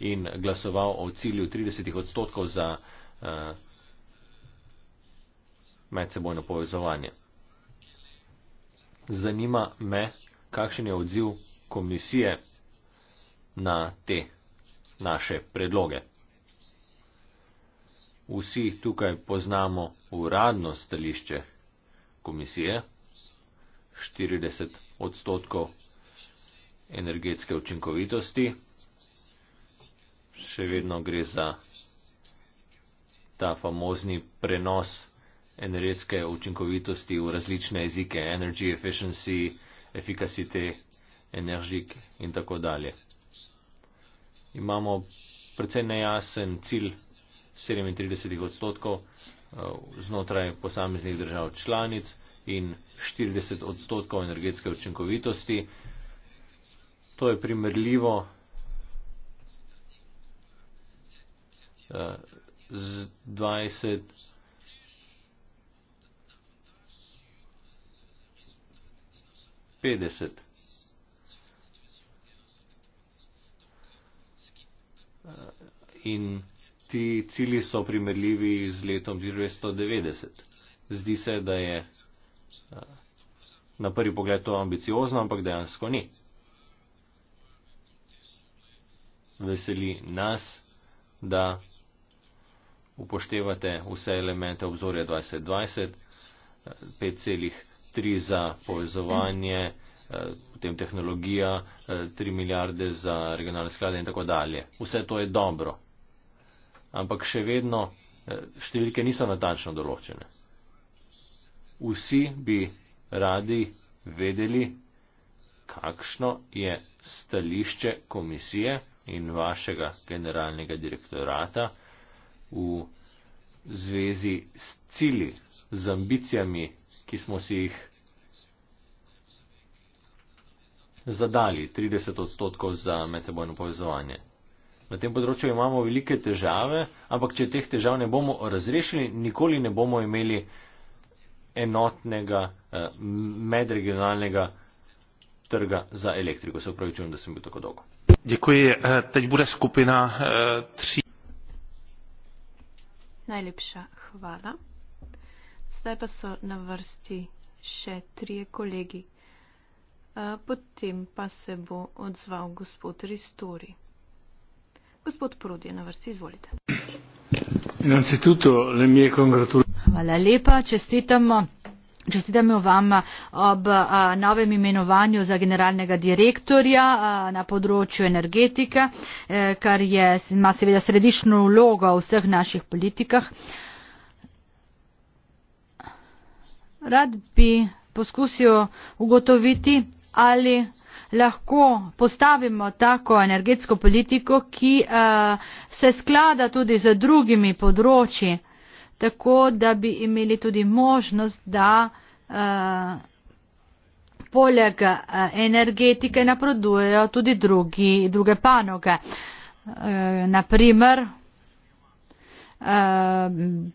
in glasoval o cilju 30 odstotkov za uh, medsebojno povezovanje. Zanima me, kakšen je odziv komisije na te naše predloge. Vsi tukaj poznamo uradno stališče komisije, 40 odstotkov energetske učinkovitosti. Še vedno gre za ta famozni prenos energetske učinkovitosti v različne jezike, energy efficiency, efikasite, energik in tako dalje. Imamo predvsej nejasen cilj 37 odstotkov eh, znotraj posameznih držav članic in 40 odstotkov energetske učinkovitosti, to je primerljivo eh, z 20 50 eh, in ti cili so primerljivi z letom 1990. Zdi se, da je eh, na prvi pogled to ambiciozno, ampak dejansko ni. veseli nas, da upoštevate vse elemente obzorja 2020, 5,3 za povezovanje, potem tehnologija, 3 milijarde za regionalne sklade in tako dalje. Vse to je dobro. Ampak še vedno številke niso natančno določene. Vsi bi radi vedeli, kakšno je stališče komisije, in vašega generalnega direktorata v zvezi s cili, z ambicijami, ki smo si jih zadali 30 odstotkov za medsebojno povezovanje. Na tem področju imamo velike težave, ampak če teh težav ne bomo razrešili, nikoli ne bomo imeli enotnega eh, medregionalnega trga za elektriko. Se upravičujem, da sem bil tako dolgo. Eh, eh, najlepša hvala zdaj pa so na vrsti še trije kolegi eh, potem pa se bo odzval gospod ristori gospod prodi je na vrsti izvolite hvala lepa čestitamo Čestitamo vam eh, ob eh, novem imenovanju za generalnega direktorja eh, na področju energetike, kar je, ima seveda središnjo vlogo v vseh naših politikah. Rad bi poskusil ugotoviti, ali lahko postavimo tako energetsko politiko, ki se sklada tudi z drugimi področji tako da bi imeli tudi možnost, da uh, poleg eh, energetike napredujejo tudi drugi, druge panoge. Uh, eh, naprimer, Uh,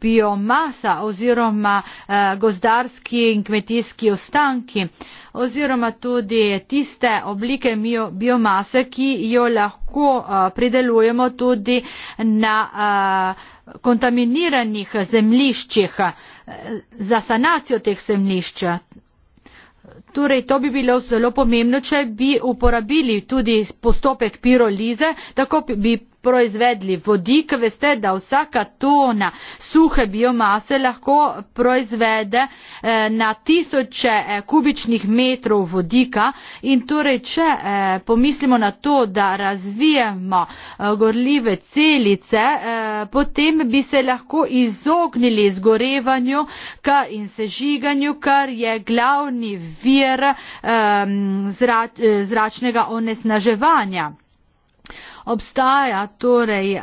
biomasa oziroma uh, gozdarski in kmetijski ostanki oziroma tudi tiste oblike bio, biomase, ki jo lahko uh, pridelujemo tudi na uh, kontaminiranih zemljiščih, eh, za sanacijo teh zemljišč. Torej, to bi bilo zelo pomembno, če bi uporabili tudi postopek pirolize, tako bi proizvedli vodik veste da vsaka tona suhe biomase lahko proizvede eh, na tisoče eh, kubičnih metrov vodika in torej če eh, pomislimo na to da razvijemo gorljive celice potem bi se lahko izognili zgorevanju in sežiganju kar je glavni vir zračnega onesnaževanja obstaja torej eh,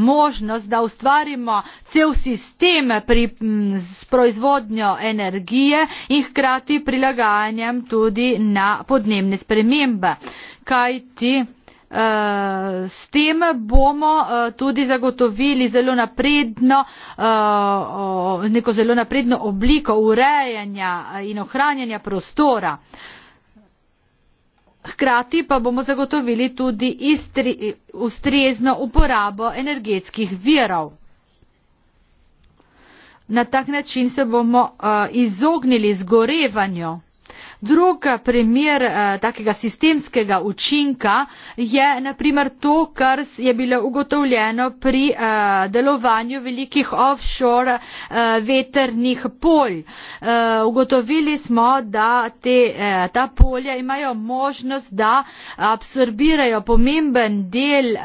možnost, da ustvarimo cel sistem pri, m, s proizvodnjo energije in hkrati prilagajanjem tudi na podnebne spremembe. Kaj ti? Eh, s tem bomo eh, tudi zagotovili zelo napredno, eh, neko zelo napredno obliko urejanja in ohranjanja prostora hkrati pa bomo zagotovili tudi istri, ustrezno uporabo energetskih virov. Na tak način se bomo uh, izognili zgorevanju. Drug eh, primer eh, takega sistemskega učinka je naprimer to, kar je bilo ugotovljeno pri eh, delovanju velikih offshore eh, veternih polj. Eh, ugotovili smo, da te, eh, ta polja imajo možnost, da absorbirajo pomemben del eh,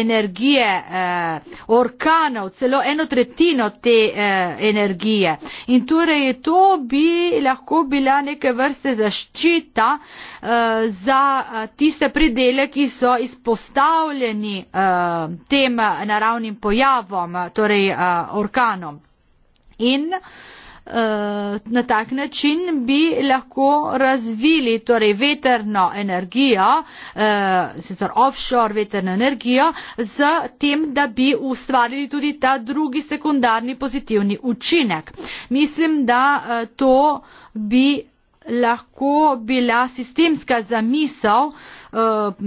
energije eh, orkanov, celo eno tretjino te eh, energije. In torej to bi lahko bila neke vrste veste, zaščita eh, za eh, tiste pridele, ki so izpostavljeni eh, tem naravnim pojavom, torej orkanom. In na tak način bi lahko razvili torej veterno energijo, sicer offshore veterno energijo, z tem, da bi ustvarili tudi ta drugi sekundarni pozitivni učinek. Mislim, da to bi lahko bila sistemska zamisel eh,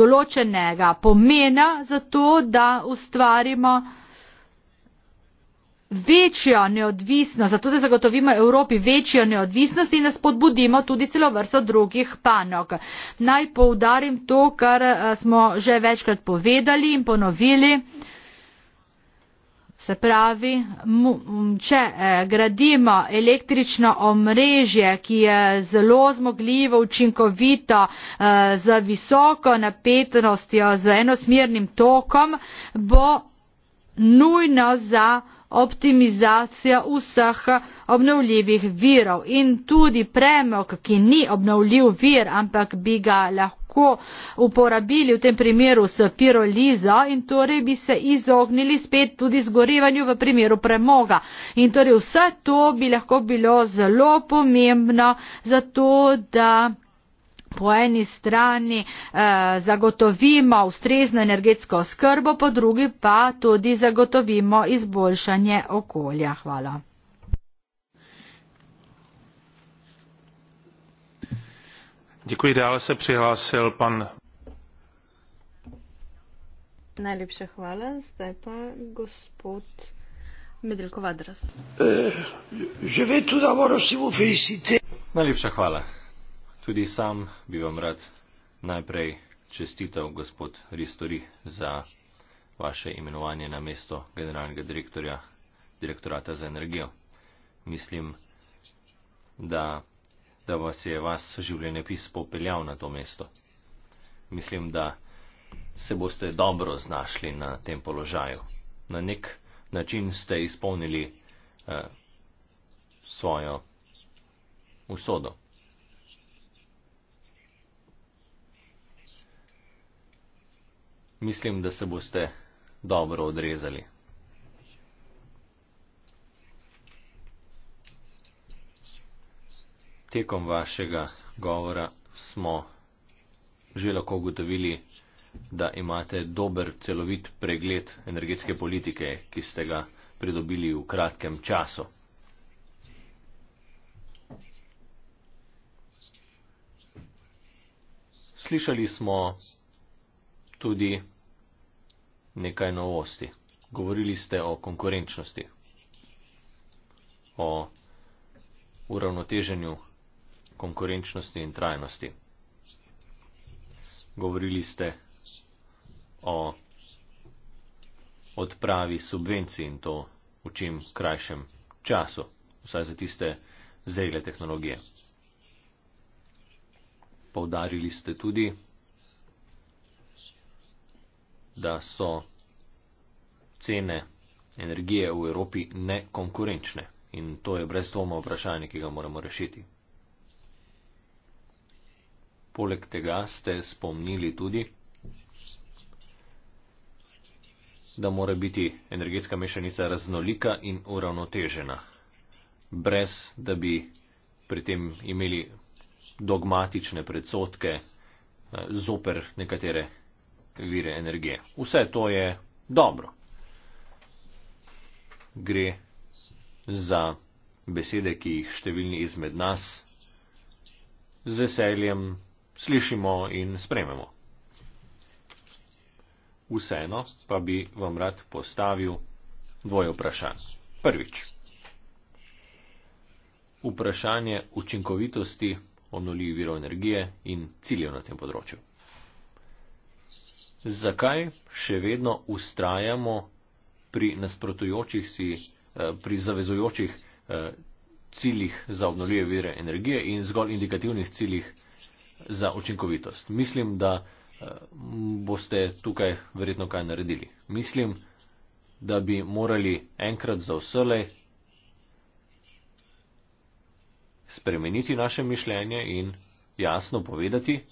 določenega pomena za to, da ustvarimo večjo neodvisnost, zato da zagotovimo Evropi večjo neodvisnost in da spodbudimo tudi celo vrsto drugih panog. Naj poudarim to, kar eh, smo že večkrat povedali in ponovili. Se pravi, če eh, gradimo električno omrežje, ki je zelo zmogljivo, učinkovito, eh, z visoko napetnostjo, z enosmernim tokom, bo nujno za optimizacijo vseh obnovljivih virov. In tudi premog, ki ni obnovljiv vir, ampak bi ga lahko lahko uporabili v tem primeru s piroliza in torej bi se izognili spet tudi zgorevanju v primeru premoga. In torej vse to bi lahko bilo zelo pomembno za to, da po eni strani eh, zagotovimo ustrezno energetsko skrbo, po drugi pa tudi zagotovimo izboljšanje okolja. Hvala. dále se přihlásil pan Najlepša hvala. Zdaj pa gospod Medelko Vadras. Eh, že ve tu, da moram si mu felicite. Najlepša hvala. Tudi sam bi vam rad najprej čestital, gospod Ristori, za vaše imenovanje na mesto generalnega direktorja direktorata za energijo. Mislim, da da vas je vas življenjepis popeljal na to mesto. Mislim, da se boste dobro znašli na tem položaju. Na nek način ste izpolnili eh, svojo usodo. Mislim, da se boste dobro odrezali. tekom vašega govora smo že lahko ugotovili, da imate dober celovit pregled energetske politike, ki ste ga pridobili v kratkem času. Slišali smo tudi nekaj novosti. Govorili ste o konkurenčnosti, o uravnoteženju konkurenčnosti in trajnosti. Govorili ste o odpravi subvencij in to v čim krajšem času, vsaj za tiste zrele tehnologije. Povdarili ste tudi, da so cene energije v Evropi nekonkurenčne in to je brez dvoma vprašanje, ki ga moramo rešiti. Poleg tega ste spomnili tudi, da mora biti energetska mešanica raznolika in uravnotežena, brez da bi pri tem imeli dogmatične predsotke eh, zoper nekatere vire energije. Vse to je dobro. Gre za besede, ki jih številni izmed nas z veseljem slišimo in sprememo. Vseeno pa bi vam rad postavil dvoje vprašanj. Prvič. Vprašanje učinkovitosti onoljivih virov energije in ciljev na tem področju. Zakaj še vedno ustrajamo pri nasprotujočih si, eh, pri zavezujočih eh, ciljih za obnovljive vire energije in zgolj indikativnih ciljih za učinkovitost. Mislim, da eh, boste tukaj verjetno kaj naredili. Mislim, da bi morali enkrat za vselej spremeniti naše mišljenje in jasno povedati,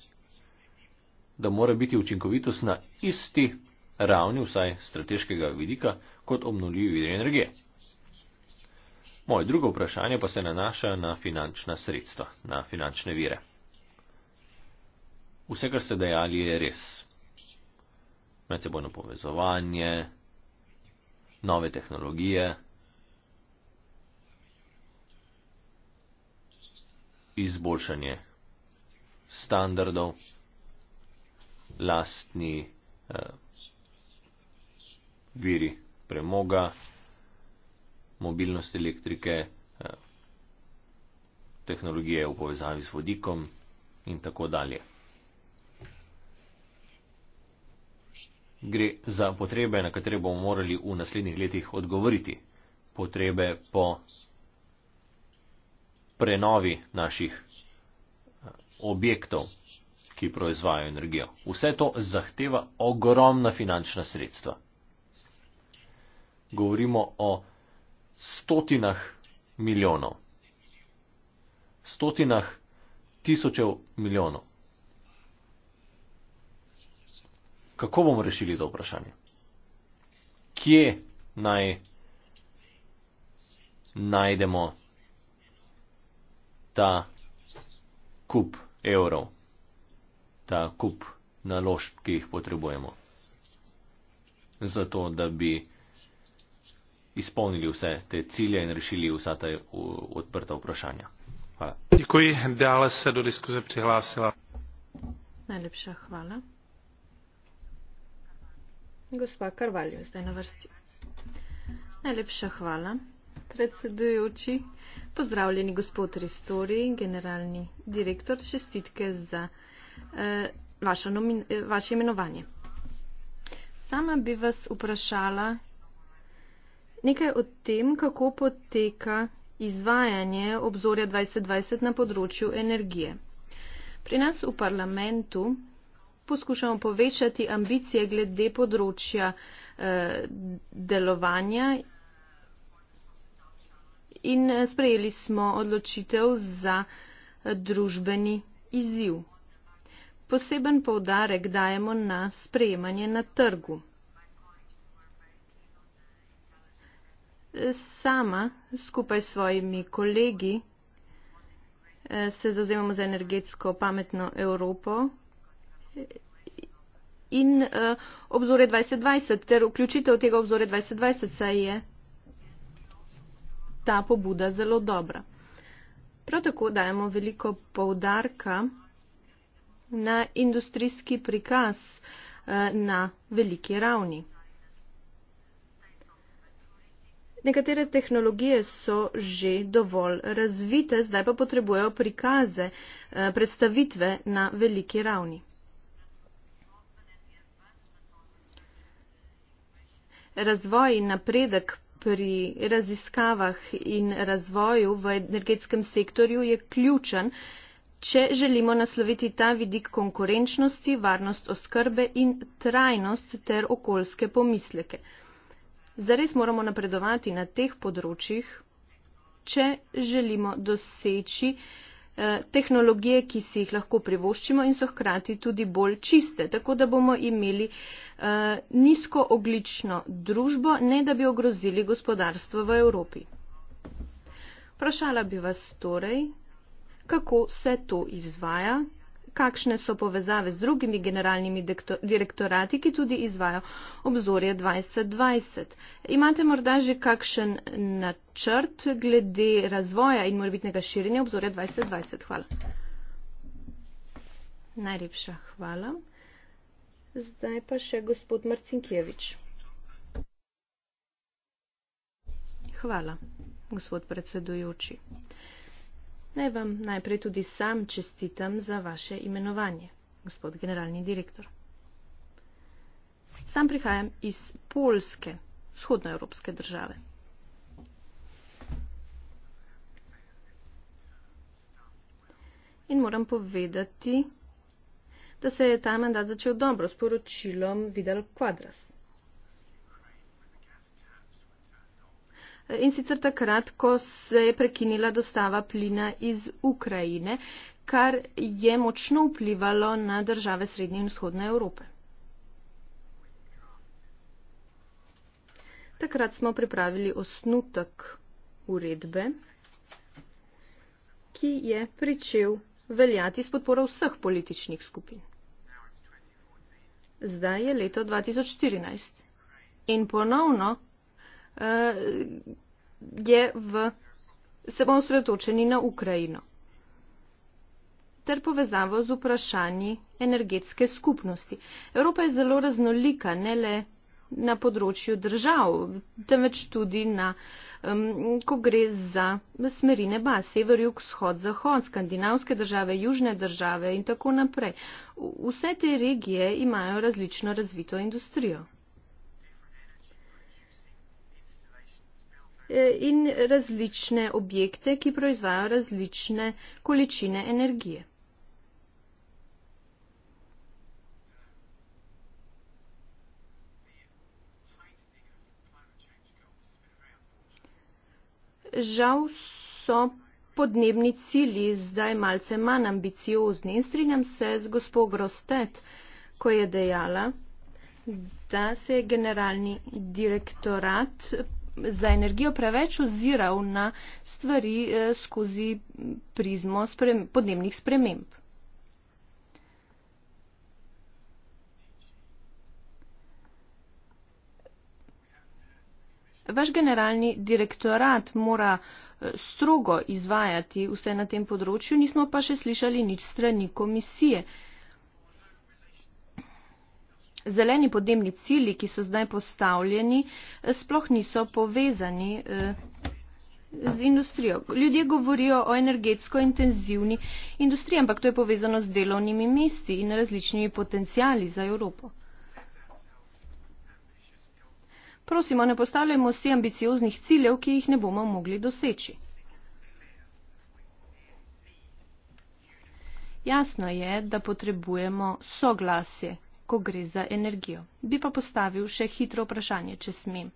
da mora biti učinkovitost na isti ravni vsaj strateškega vidika kot obnovljivi vir energije. Moje drugo vprašanje pa se nanaša na finančna sredstva, na finančne vire. Vse, kar ste dejali, je res. Medsebojno povezovanje, nove tehnologije, izboljšanje standardov, lastni eh, viri premoga, mobilnost elektrike, eh, tehnologije v povezavi z vodikom in tako dalje. gre za potrebe, na katere bomo morali v naslednjih letih odgovoriti. Potrebe po prenovi naših eh, objektov, ki proizvajajo energijo. Vse to zahteva ogromna finančna sredstva. Govorimo o stotinah milijonov. Stotinah tisočev milijonov. kako bomo rešili to vprašanje? Kje naj najdemo ta kup evrov, ta kup naložb, ki jih potrebujemo, zato da bi izpolnili vse te cilje in rešili vsa ta odprta vprašanja? Hvala. Děkuji, dále se do diskuze přihlásila. Najlepša hvala. Gospa Karvaljo, zdaj na vrsti. Najlepša hvala, predsedujoči. Pozdravljeni gospod Ristori, generalni direktor. Čestitke za eh, vaše, eh, vaše imenovanje. Sama bi vas vprašala nekaj o tem, kako poteka izvajanje obzorja 2020 na področju energije. Pri nas v parlamentu poskušamo povečati ambicije glede področja eh, delovanja in eh, sprejeli smo odločitev za eh, družbeni izziv. Poseben povdarek dajemo na sprejemanje na trgu. Sama skupaj s svojimi kolegi eh, se zazemamo za energetsko pametno Evropo, in uh, obzore 2020 ter vključitev tega obzore 2020, saj je ta pobuda zelo dobra. Prav tako dajemo veliko poudarka na industrijski prikaz eh, na veliki ravni. Nekatere tehnologije so že dovolj razvite, zdaj pa potrebujejo prikaze, eh, predstavitve na veliki ravni. razvoj in napredek pri raziskavah in razvoju v energetskem sektorju je ključen, če želimo nasloviti ta vidik konkurenčnosti, varnost oskrbe in trajnost ter okoljske pomisleke. Zares moramo napredovati na teh področjih, če želimo doseči Eh, tehnologije, ki si jih lahko privoščimo in so hkrati tudi bolj čiste, tako da bomo imeli eh, nizkooglično družbo, ne da bi ogrozili gospodarstvo v Evropi. Vprašala bi vas torej, kako se to izvaja, kakšne so povezave z drugimi generalnimi direktorati, ki tudi izvajo obzorje 2020. Imate morda že kakšen načrt glede razvoja in morbitnega širjenja obzorja 2020? Hvala. Najlepša hvala. Zdaj pa še gospod Marcinkjevič. Hvala, gospod predsedujoči. Naj vam najprej tudi sam čestitam za vaše imenovanje, gospod generalni direktor. Sam prihajam iz Polske, vzhodnoevropske države. In moram povedati, da se je ta mandat začel dobro s poročilom Vidal Quadras. in sicer takrat, ko se je prekinila dostava plina iz Ukrajine, kar je močno vplivalo na države Srednje in Vzhodne Evrope. Takrat smo pripravili osnutek uredbe, ki je pričel veljati s podporo vseh političnih skupin. Zdaj je leto 2014 in ponovno Eh, je v, se bomo sredotočeni na Ukrajino ter povezavo z vprašanji energetske skupnosti. Evropa je zelo raznolika, ne le na področju držav, temveč tudi na, um, ko gre za smeri neba, sever, jug, vzhod, zahod, skandinavske države, južne države in tako naprej. Vse te regije imajo različno razvito industrijo. Eh, in različne objekte, ki proizvajajo različne količine energije. Žal so podnebni cilji zdaj malce manj ambiciozni in strinjam se z gospod Grostet, ko je dejala, da se je generalni direktorat za energijo preveč oziral na stvari eh, skozi prizmo sprem, podnebnih sprememb. Vaš generalni direktorat mora eh, strogo izvajati vse na tem področju, nismo pa še slišali nič strani komisije zeleni podnebni cilji, ki so zdaj postavljeni, eh, sploh niso povezani eh, z industrijo. Ljudje govorijo o energetsko intenzivni industriji, ampak to je povezano z delovnimi mesti in različnimi potencijali za Evropo. Prosimo, ne postavljamo si ambicioznih ciljev, ki jih ne bomo mogli doseči. Jasno je, da potrebujemo soglasje ko gre za energijo. Bi pa postavil še hitro vprašanje, če smem.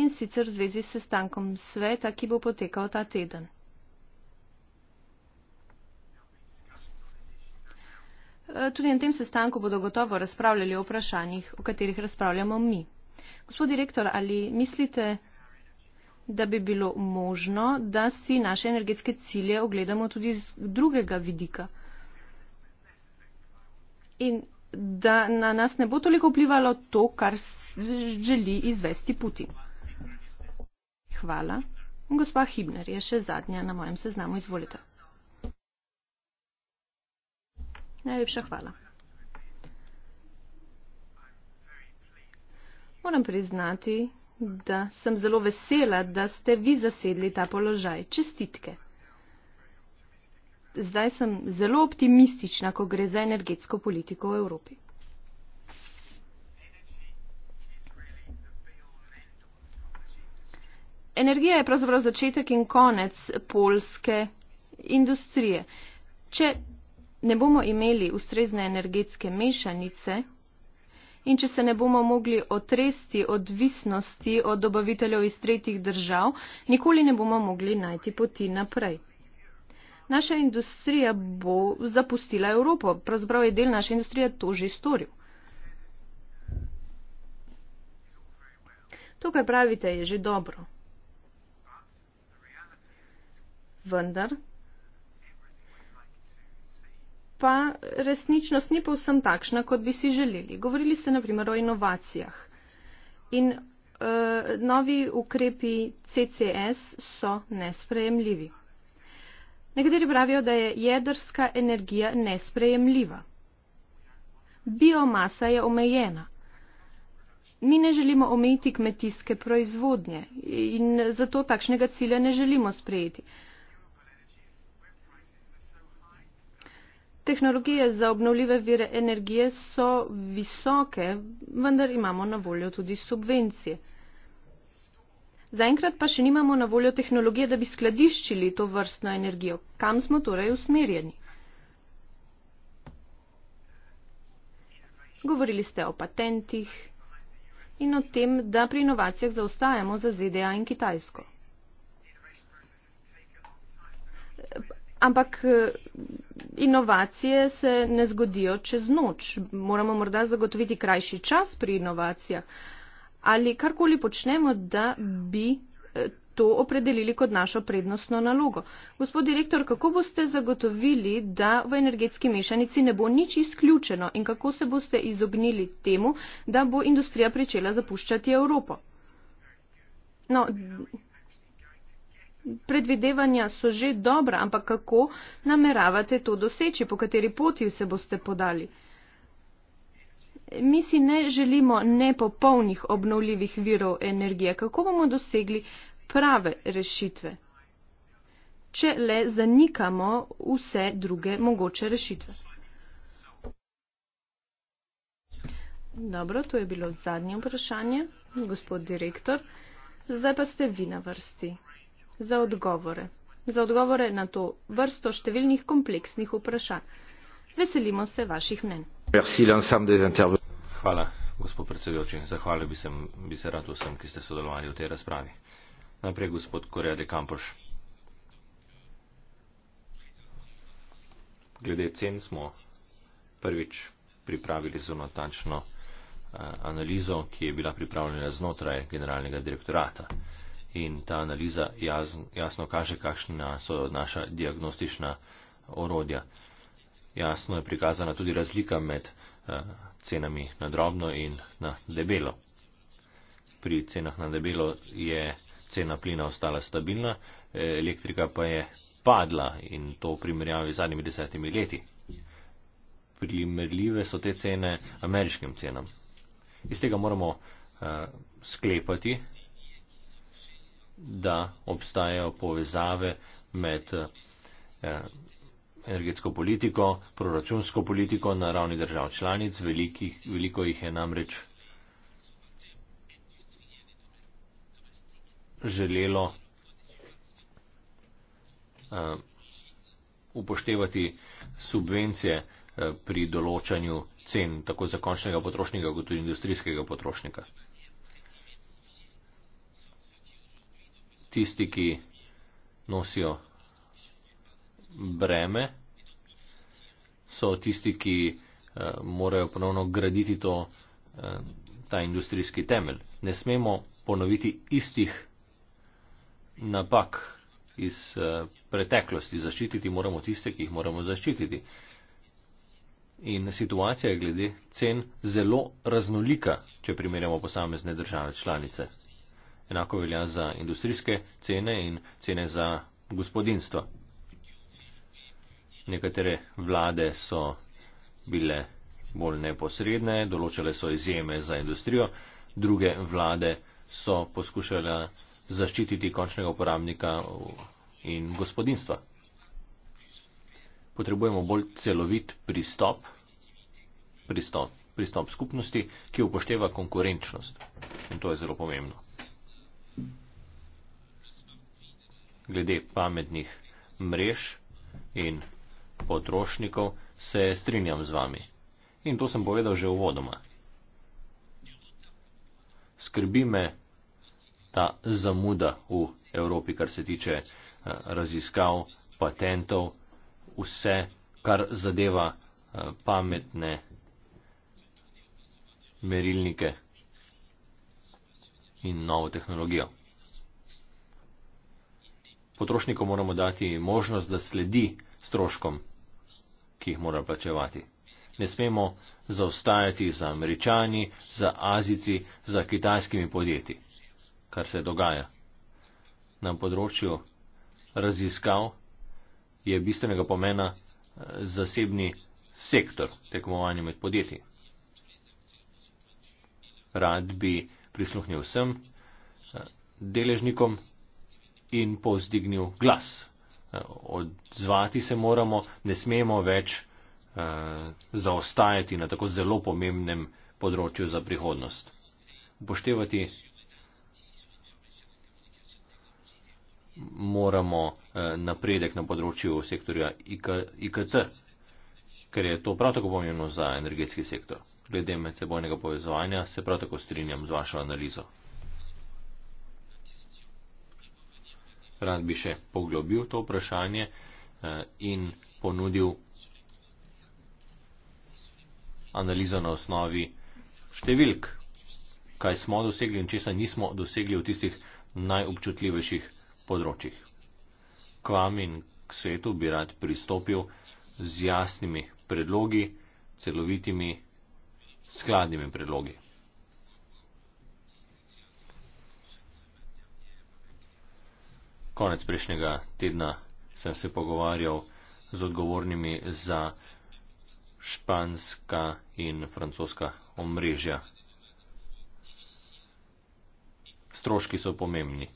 In sicer v zvezi s sestankom sveta, ki bo potekal ta teden. E, tudi na tem sestanku bodo gotovo razpravljali o vprašanjih, o katerih razpravljamo mi. Gospod direktor, ali mislite, da bi bilo možno, da si naše energetske cilje ogledamo tudi z drugega vidika? In da na nas ne bo toliko vplivalo to, kar želi izvesti Putin. Hvala. Gospa Hibner je še zadnja na mojem seznamu. Izvolite. Najlepša hvala. Moram priznati, da sem zelo vesela, da ste vi zasedli ta položaj. Čestitke zdaj sem zelo optimistična, ko gre za energetsko politiko v Evropi. Energija je pravzaprav začetek in konec polske industrije. Če ne bomo imeli ustrezne energetske mešanice in če se ne bomo mogli otresti odvisnosti od dobaviteljev iz tretjih držav, nikoli ne bomo mogli najti poti naprej naša industrija bo zapustila Evropo. Pravzaprav je del naše industrije to že storil. To, kar pravite, je že dobro. Vendar pa resničnost ni povsem takšna, kot bi si želeli. Govorili ste naprimer o inovacijah. In uh, novi ukrepi CCS so nesprejemljivi. Nekateri pravijo, da je jedrska energija nesprejemljiva. Biomasa je omejena. Mi ne želimo omejiti kmetijske proizvodnje in zato takšnega cilja ne želimo sprejeti. Tehnologije za obnovljive vire energije so visoke, vendar imamo na voljo tudi subvencije. Zaenkrat pa še nimamo na voljo tehnologije, da bi skladiščili to vrstno energijo. Kam smo torej usmerjeni? Govorili ste o patentih in o tem, da pri inovacijah zaostajamo za ZDA in Kitajsko. Ampak eh, inovacije se ne zgodijo čez noč. Moramo morda zagotoviti krajši čas pri inovacijah ali karkoli počnemo, da bi eh, to opredelili kot našo prednostno nalogo. Gospod direktor, kako boste zagotovili, da v energetski mešanici ne bo nič izključeno in kako se boste izognili temu, da bo industrija pričela zapuščati Evropo? No, predvidevanja so že dobra, ampak kako nameravate to doseči, po kateri poti se boste podali? Mi si ne želimo nepopolnih obnovljivih virov energije. Kako bomo dosegli prave rešitve, če le zanikamo vse druge mogoče rešitve? Dobro, to je bilo zadnje vprašanje, gospod direktor. Zdaj pa ste vi na vrsti za odgovore. Za odgovore na to vrsto številnih kompleksnih vprašanj. Veselimo se vaših mnen. Merci l'ensemble des intervenants. Hvala, gospod predsedujoči. Zahvalil bi, sem, bi se rad vsem, ki ste sodelovali v tej razpravi. Najprej gospod Koreja de Kampoš. Glede cen smo prvič pripravili zelo natančno eh, analizo, ki je bila pripravljena znotraj generalnega direktorata. In ta analiza jasno kaže, kakšna so naša diagnostična orodja. Jasno je prikazana tudi razlika med eh, cenami na drobno in na debelo. Pri cenah na debelo je cena plina ostala stabilna, elektrika pa je padla in to v primerjavi z zadnjimi desetimi leti. Primerljive so te cene ameriškim cenam. Iz tega moramo uh, sklepati, da obstajajo povezave med uh, energetsko politiko, proračunsko politiko na ravni držav članic, velikih, veliko jih je namreč želelo uh, upoštevati subvencije uh, pri določanju cen tako za končnega potrošnika kot tudi industrijskega potrošnika. Tisti, ki nosijo breme, so tisti, ki eh, morajo ponovno graditi to, eh, ta industrijski temelj. Ne smemo ponoviti istih napak iz eh, preteklosti, zaščititi moramo tiste, ki jih moramo zaščititi. In situacija je glede cen zelo raznolika, če primerjamo posamezne države članice. Enako velja za industrijske cene in cene za gospodinstva nekatere vlade so bile bolj neposredne, določale so izjeme za industrijo, druge vlade so poskušale zaščititi končnega uporabnika in gospodinstva. Potrebujemo bolj celovit pristop, pristop, pristop skupnosti, ki upošteva konkurenčnost. In to je zelo pomembno. Glede pametnih mrež in potrošnikov, se strinjam z vami. In to sem povedal že uvodoma. Skrbi me ta zamuda v Evropi, kar se tiče eh, raziskav, patentov, vse, kar zadeva eh, pametne merilnike in novo tehnologijo. Potrošnikom moramo dati možnost, da sledi stroškom ki jih mora plačevati. Ne smemo zaostajati za američani, za azici, za kitajskimi podjetji, kar se dogaja. Na področju raziskav je bistvenega pomena eh, zasebni sektor tekmovanja med podjetji. Rad bi prisluhnil vsem eh, deležnikom in povzdignil glas. Eh, odzvati se moramo, ne smemo več eh, zaostajati na tako zelo pomembnem področju za prihodnost. Upoštevati moramo eh, napredek na področju sektorja IKT, ker je to prav tako pomembno za energetski sektor. Glede medsebojnega povezovanja se prav tako strinjam z vašo analizo. rad bi še poglobil to vprašanje eh, in ponudil analizo na osnovi številk, kaj smo dosegli in česa nismo dosegli v tistih najobčutljivejših področjih. K vam in k svetu bi rad pristopil z jasnimi predlogi, celovitimi, skladnimi predlogi. konec prejšnjega tedna sem se pogovarjal z odgovornimi za španska in francoska omrežja. Stroški so pomembni.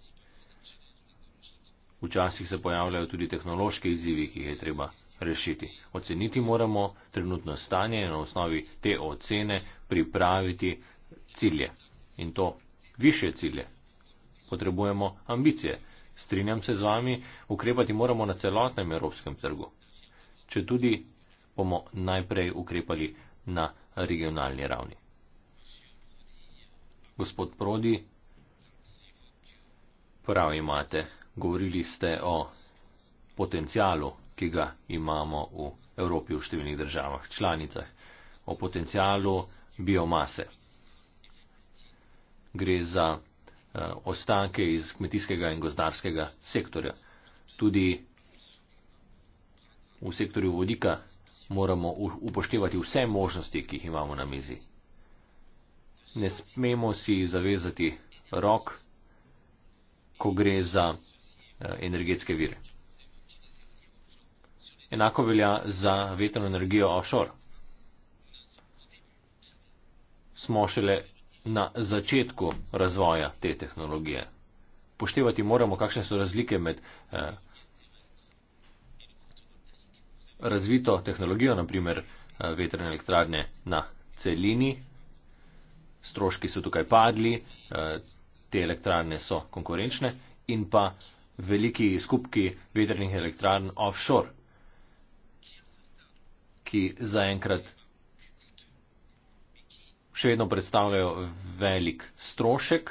Včasih se pojavljajo tudi tehnološki izzivi, ki jih je treba rešiti. Oceniti moramo trenutno stanje in na osnovi te ocene pripraviti cilje. In to više cilje. Potrebujemo ambicije strinjam se z vami, ukrepati moramo na celotnem evropskem trgu, če tudi bomo najprej ukrepali na regionalni ravni. Gospod Prodi, prav imate, govorili ste o potencijalu, ki ga imamo v Evropi v številnih državah, članicah, o potencijalu biomase. Gre za Eh, ostanke iz kmetijskega in gozdarskega sektorja. Tudi v sektorju vodika moramo upoštevati vse možnosti, ki jih imamo na mizi. Ne smemo si zavezati rok, ko gre za eh, energetske vire. Enako velja za vetrno energijo offshore. Smo šele na začetku razvoja te tehnologije. Poštevati moramo, kakšne so razlike med eh, razvito tehnologijo, naprimer eh, vetrne elektrarne na celini. Stroški so tukaj padli, eh, te elektrarne so konkurenčne in pa veliki skupki vetrnih elektrarn offshore, ki zaenkrat še vedno predstavljajo velik strošek.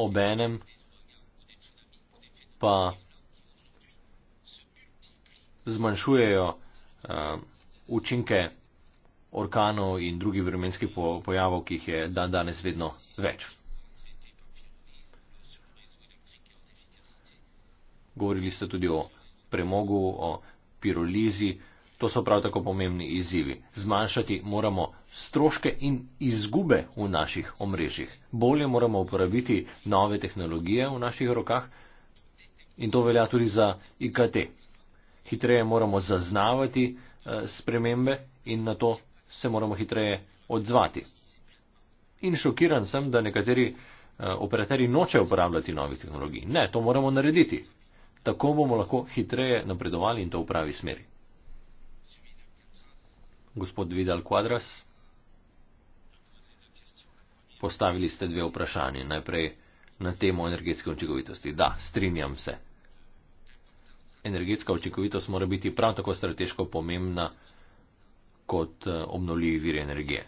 Obenem pa zmanjšujejo uh, učinke orkanov in drugih vremenskih pojavov, ki jih je dan danes vedno več. Govorili ste tudi o premogu, o pirolizi. Uh, To so prav tako pomembni izzivi. Zmanjšati moramo stroške in izgube v naših omrežjih. Bolje moramo uporabiti nove tehnologije v naših rokah in to velja tudi za IKT. Hitreje moramo zaznavati eh, spremembe in na to se moramo hitreje odzvati. In šokiran sem, da nekateri eh, operaterji noče uporabljati novih tehnologij. Ne, to moramo narediti. Tako bomo lahko hitreje napredovali in to v pravi smeri. Gospod Vidal Quadras, postavili ste dve vprašanje. Najprej na temo energetske učinkovitosti. Da, strinjam se. Energetska učinkovitost mora biti prav tako strateško pomembna kot eh, obnovljivi viri energije.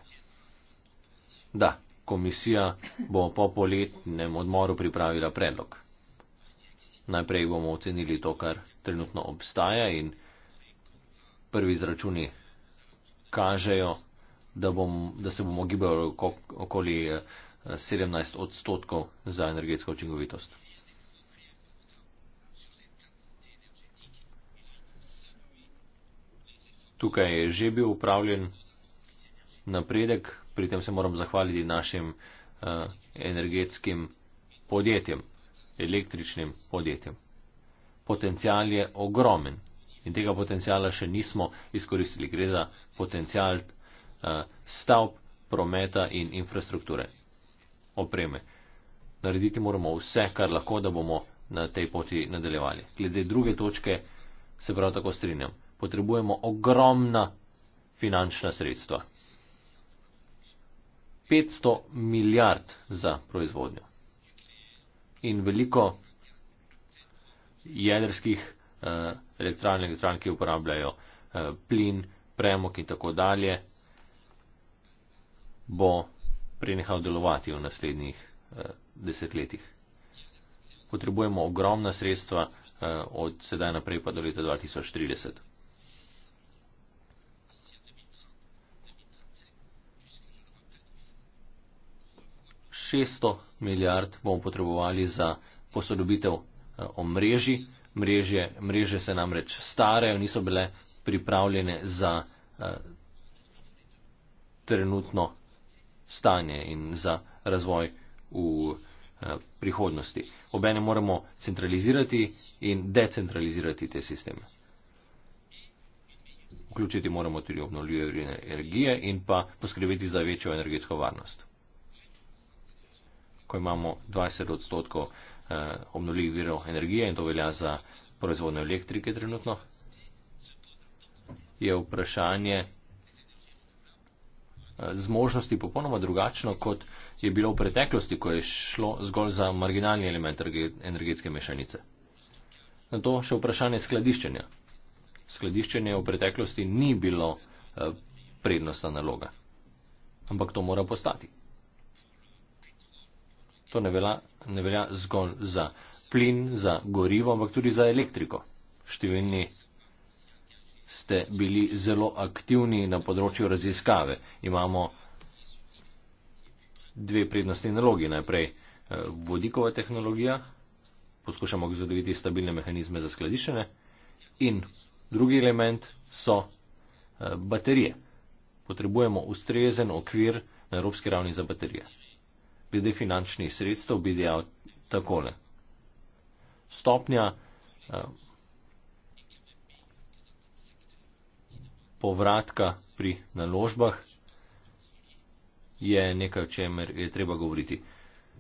Da, komisija bo po poletnem odmoru pripravila predlog. Najprej bomo ocenili to, kar trenutno obstaja in prvi izračuni kažejo, da, bom, da se bomo gibali okoli 17 eh, odstotkov za energetsko učinkovitost. Tukaj je že bil upravljen napredek, pri tem se moram zahvaliti našim uh, energetskim podjetjem, električnim podjetjem. Potencial je ogromen in tega potencijala še nismo izkoristili. Gre za potencijal eh, stavb, prometa in infrastrukture, opreme. Narediti moramo vse, kar lahko, da bomo na tej poti nadaljevali. Glede druge točke se prav tako strinjam. Potrebujemo ogromna finančna sredstva. 500 milijard za proizvodnjo. In veliko jedrskih uh, elektrarn, elektrarn, ki uporabljajo uh, plin, uh, premok in tako dalje, bo prenehal delovati v naslednjih eh, desetletjih. Potrebujemo ogromna sredstva eh, od sedaj naprej pa do leta 2030. Šesto milijard bomo potrebovali za posodobitev eh, omrežji. Mreže, mreže se namreč starejo, niso bile pripravljene za eh, trenutno stanje in za razvoj v eh, prihodnosti. Obene moramo centralizirati in decentralizirati te sisteme. Vključiti moramo tudi obnovljive energije in pa poskrbeti za večjo energetsko varnost. Ko imamo 20 odstotkov eh, obnovljivih virov energije in to velja za proizvodnjo elektrike trenutno, je vprašanje eh, zmožnosti popolnoma drugačno, kot je bilo v preteklosti, ko je šlo zgolj za marginalni element energetske mešanice. Na to še vprašanje skladiščenja. Skladiščenje v preteklosti ni bilo eh, prednostna naloga. Ampak to mora postati. To ne velja, ne velja zgolj za plin, za gorivo, ampak tudi za elektriko. Številni ste bili zelo aktivni na področju raziskave. Imamo dve prednostni nalogi. Najprej eh, vodikova tehnologija, poskušamo zadoviti stabilne mehanizme za skladišene in drugi element so eh, baterije. Potrebujemo ustrezen okvir na evropski ravni za baterije. Glede finančnih sredstev bi dejal takole. Stopnja eh, povratka pri naložbah je nekaj, o čemer je treba govoriti.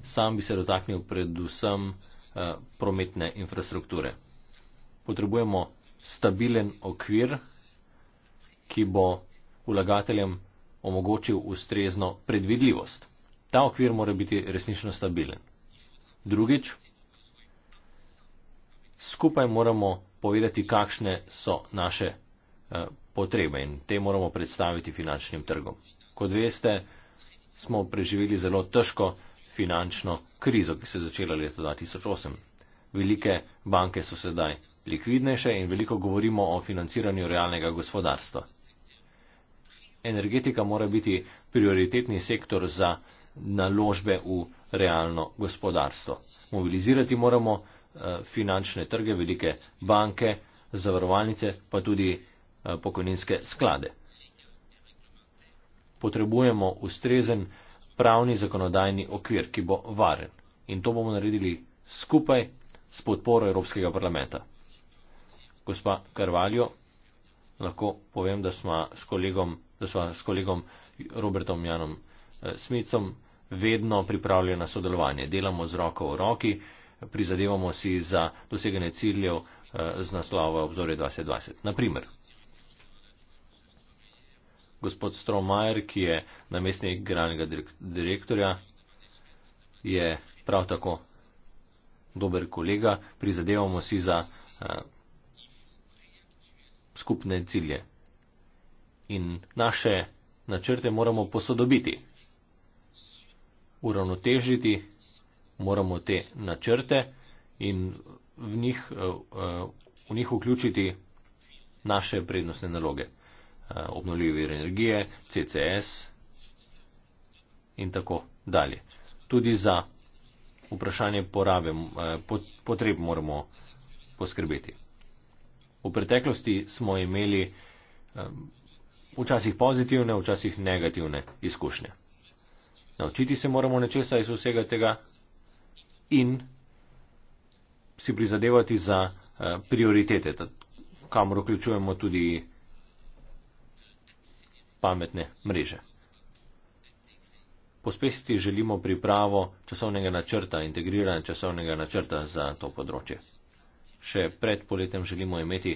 Sam bi se dotaknil predvsem eh, prometne infrastrukture. Potrebujemo stabilen okvir, ki bo vlagateljem omogočil ustrezno predvidljivost. Ta okvir mora biti resnično stabilen. Drugič, skupaj moramo povedati, kakšne so naše Eh, potrebe in te moramo predstaviti finančnim trgom. Kot veste, smo preživeli zelo težko finančno krizo, ki se je začela leta 2008. Velike banke so sedaj likvidnejše in veliko govorimo o financiranju realnega gospodarstva. Energetika mora biti prioritetni sektor za naložbe v realno gospodarstvo. Mobilizirati moramo eh, finančne trge, velike banke, zavarovalnice, pa tudi Eh, pokojninske sklade. Potrebujemo ustrezen pravni zakonodajni okvir, ki bo varen. In to bomo naredili skupaj s podporo Evropskega parlamenta. Gospa Karvaljo, lahko povem, da smo s kolegom, da smo s kolegom Robertom Janom eh, Smicom vedno pripravljeni na sodelovanje. Delamo z roko v roki, prizadevamo si za doseganje ciljev eh, z naslova obzorja 2020. Naprimer, gospod Stromajer, ki je namestnik generalnega direktorja, je prav tako dober kolega, prizadevamo si za uh, skupne cilje. In naše načrte moramo posodobiti, uravnotežiti, moramo te načrte in v njih, uh, uh, v njih vključiti naše prednostne naloge. Eh, obnoljivi vir energije, CCS in tako dalje. Tudi za vprašanje porabe eh, potreb moramo poskrbeti. V preteklosti smo imeli eh, včasih pozitivne, včasih negativne izkušnje. Naučiti se moramo nečesa iz vsega tega in si prizadevati za prioritete, kamor vključujemo tudi pametne mreže. Pospešiti želimo pripravo časovnega načrta, integriranja časovnega načrta za to področje. Še pred poletjem želimo imeti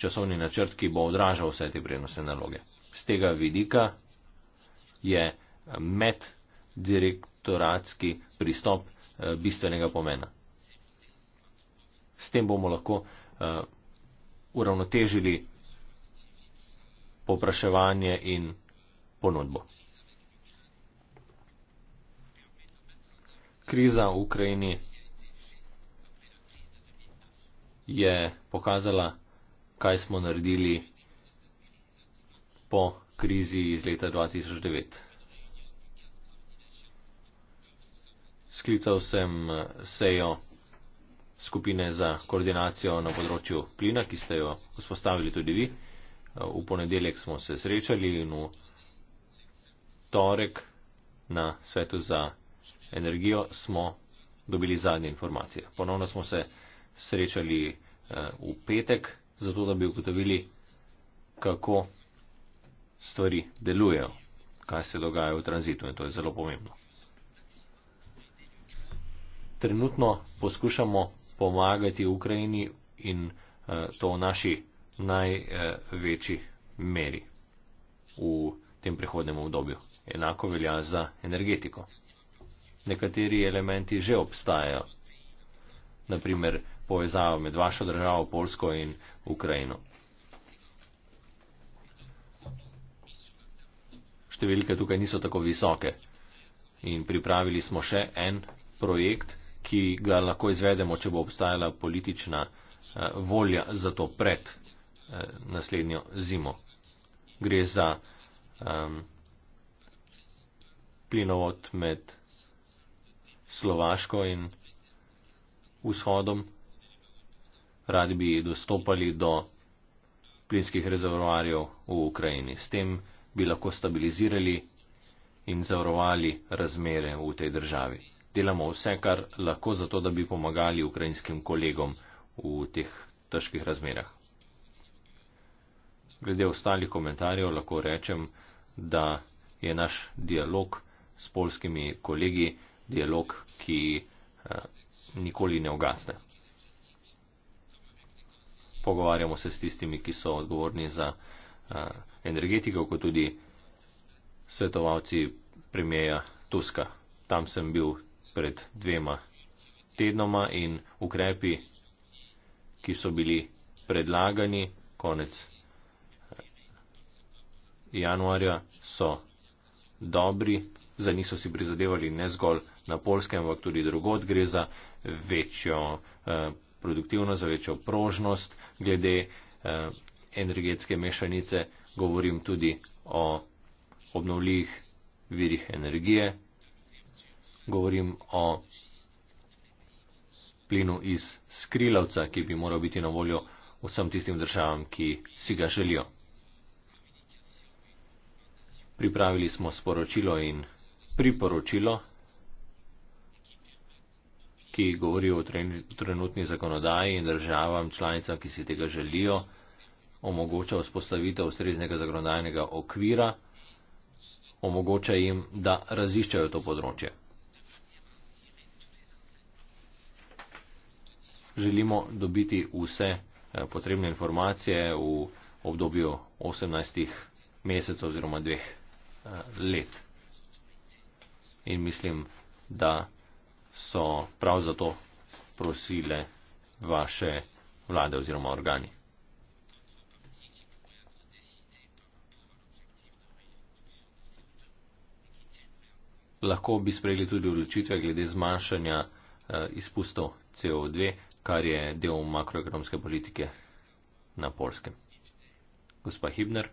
časovni načrt, ki bo odražal vse te prednostne naloge. Z tega vidika je meddirektoratski pristop eh, bistvenega pomena. S tem bomo lahko eh, uravnotežili povpraševanje in ponudbo. Kriza v Ukrajini je pokazala, kaj smo naredili po krizi iz leta 2009. Sklical sem eh, sejo skupine za koordinacijo na področju plina, ki ste jo vzpostavili tudi vi. V ponedeljek smo se srečali in v torek na svetu za energijo smo dobili zadnje informacije. Ponovno smo se srečali eh, v petek, zato da bi ugotovili, kako stvari delujejo, kaj se dogaja v tranzitu in to je zelo pomembno. Trenutno poskušamo pomagati Ukrajini in eh, to v naši največji meri v tem prihodnem obdobju. Enako velja za energetiko. Nekateri elementi že obstajajo, naprimer povezava med vašo državo Polsko in Ukrajino. Številke tukaj niso tako visoke in pripravili smo še en projekt, ki ga lahko izvedemo, če bo obstajala politična eh, volja za to pred Eh, naslednjo zimo. Gre za um, plinovod med Slovaško in vzhodom. Radi bi dostopali do plinskih rezervoarjev v Ukrajini. S tem bi lahko stabilizirali in zavarovali razmere v tej državi. Delamo vse, kar lahko, zato da bi pomagali ukrajinskim kolegom v teh težkih razmerah. Glede ostalih komentarjev lahko rečem, da je naš dialog s polskimi kolegi dialog, ki eh, nikoli ne ogasne. Pogovarjamo se s tistimi, ki so odgovorni za eh, energetiko, kot tudi svetovalci premijeja Tuska. Tam sem bil pred dvema tednoma in ukrepi, ki so bili predlagani konec januarja so dobri, za njih so si prizadevali ne zgolj na polskem, ampak tudi drugod gre za večjo eh, produktivnost, za večjo prožnost glede eh, energetske mešanice. Govorim tudi o obnovljivih virih energije, govorim o plinu iz skrilavca, ki bi moral biti na voljo vsem tistim državam, ki si ga želijo pripravili smo sporočilo in priporočilo, ki govori o trenutni zakonodaji in državam članicam, ki si tega želijo, omogoča vzpostavitev ustreznega zakonodajnega okvira, omogoča jim, da raziščajo to področje. Želimo dobiti vse eh, potrebne informacije v obdobju 18 mesecev oziroma dveh let. In mislim, da so prav zato prosile vaše vlade oziroma organi. Lahko bi sprejeli tudi odločitve glede zmanjšanja eh, izpustov CO2, kar je del makroekonomske politike na polskem. Gospa Hibner.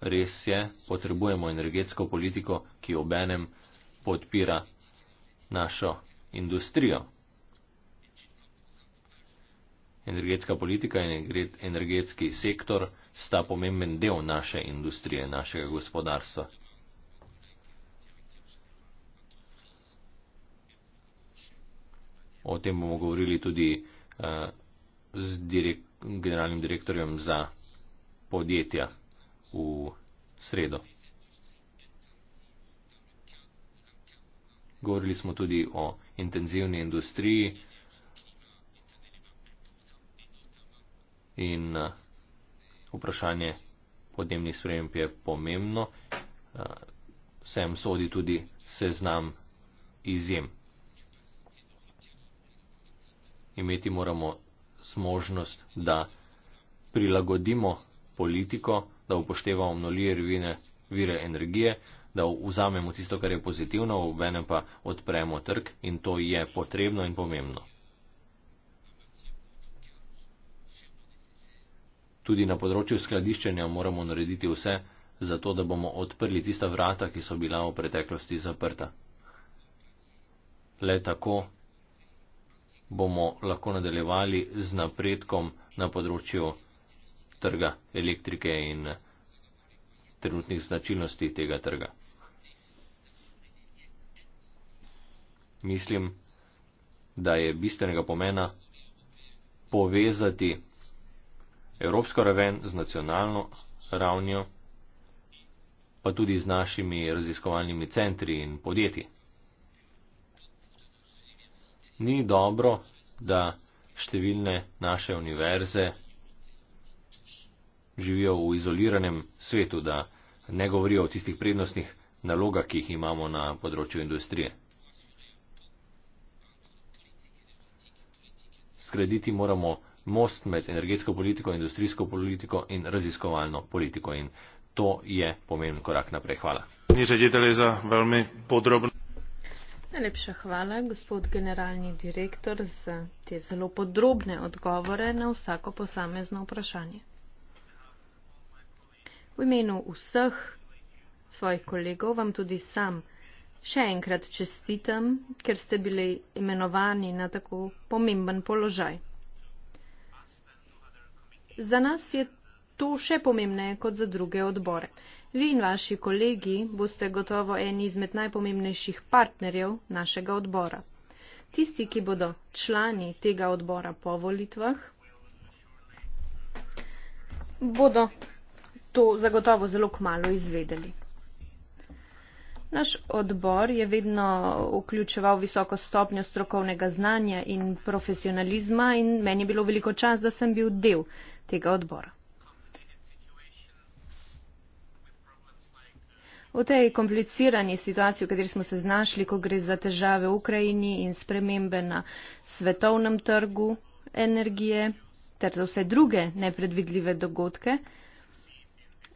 res je, potrebujemo energetsko politiko, ki obenem podpira našo industrijo. Energetska politika in energetski sektor sta pomemben del naše industrije, našega gospodarstva. O tem bomo govorili tudi uh, z direk generalnim direktorjem za podjetja v sredo. Govorili smo tudi o intenzivni industriji in eh, vprašanje podnebnih sprememb je pomembno. Eh, Sem sodi tudi seznam izjem. Imeti moramo zmožnost, da prilagodimo politiko da upoštevamo mnolije rivine, vire energije, da vzamemo tisto, kar je pozitivno, obenem pa odpremo trg in to je potrebno in pomembno. Tudi na področju skladiščenja moramo narediti vse, zato da bomo odprli tista vrata, ki so bila v preteklosti zaprta. Le tako bomo lahko nadaljevali z napredkom na področju skladiščenja trga elektrike in trenutnih značilnosti tega trga. Mislim, da je bistvenega pomena povezati evropsko raven z nacionalno ravnjo, pa tudi z našimi raziskovalnimi centri in podjetji. Ni dobro, da številne naše univerze živijo v izoliranem svetu, da ne govorijo o tistih prednostnih nalogah, ki jih imamo na področju industrije. Skrediti moramo most med energetsko politiko, industrijsko politiko in raziskovalno politiko in to je pomemben korak naprej. Hvala. Najlepša hvala, gospod generalni direktor, za te zelo podrobne odgovore na vsako posamezno vprašanje. V imenu vseh svojih kolegov vam tudi sam še enkrat čestitam, ker ste bili imenovani na tako pomemben položaj. Za nas je to še pomembneje kot za druge odbore. Vi in vaši kolegi boste gotovo eni izmed najpomembnejših partnerjev našega odbora. Tisti, ki bodo člani tega odbora po volitvah, bodo to zagotovo zelo kmalo izvedeli. Naš odbor je vedno vključeval visoko stopnjo strokovnega znanja in profesionalizma in meni je bilo veliko čas, da sem bil del tega odbora. V tej komplicirani situaciji, v kateri smo se znašli, ko gre za težave v Ukrajini in spremembe na svetovnem trgu energije ter za vse druge nepredvidljive dogodke,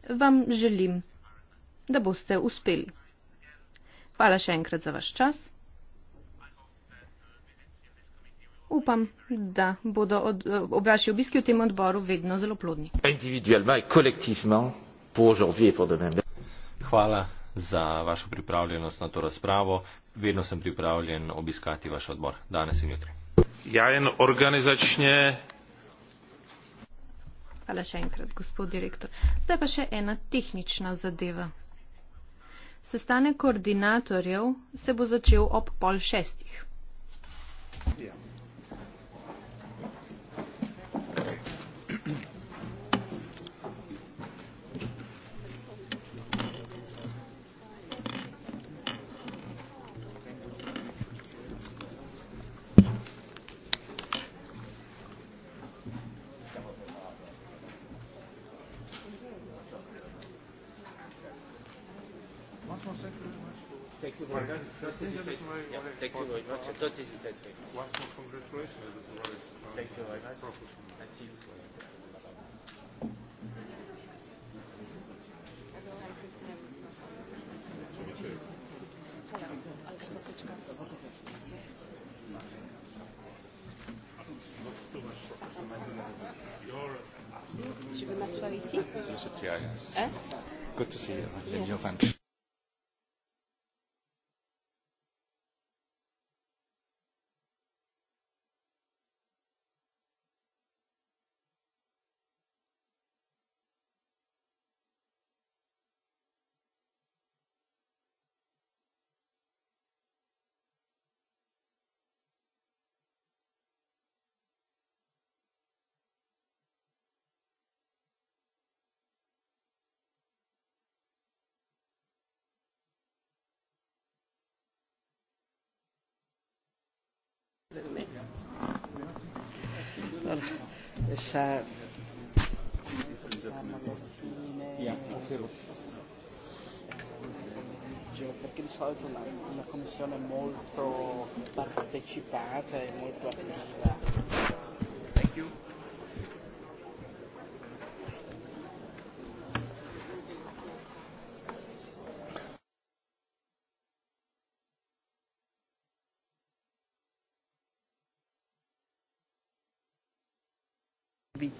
vam želim, da boste uspeli. Hvala še enkrat za vaš čas. Upam, da bodo od, ob vaši obiski v tem odboru vedno zelo plodni. Hvala za vašo pripravljenost na to razpravo. Vedno sem pripravljen obiskati vaš odbor, danes in jutri. Ja, en organizačne. Hvala še enkrat, gospod direktor. Zdaj pa še ena tehnična zadeva. Sestanek koordinatorjev se bo začel ob pol šestih. Ja. Good to see you. Yes. Let me open. commissaire. Perché di solito una, una commissione molto partecipata e molto attiva.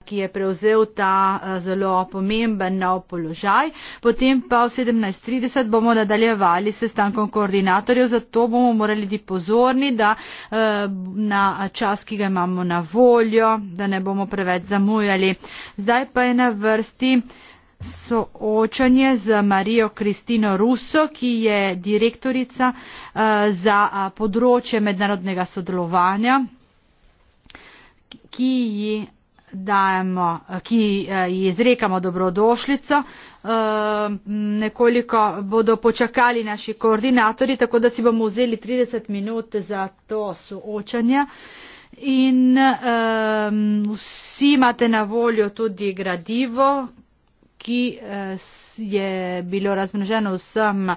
ki je prevzel ta eh, zelo pomemben nov položaj. Potem pa v 17.30 bomo nadaljevali s stankom koordinatorjev, zato bomo morali biti pozorni, da eh, na čas, ki ga imamo na voljo, da ne bomo preveč zamujali. Zdaj pa je na vrsti soočanje z Marijo Kristino Russo, ki je direktorica eh, za področje mednarodnega sodelovanja, ki ji dajemo, ki ji eh, izrekamo dobrodošljico. Eh, nekoliko bodo počakali naši koordinatori, tako da si bomo vzeli 30 minut za to soočanje. In um, vsi imate na voljo tudi gradivo, ki je bilo razmnoženo vsem uh,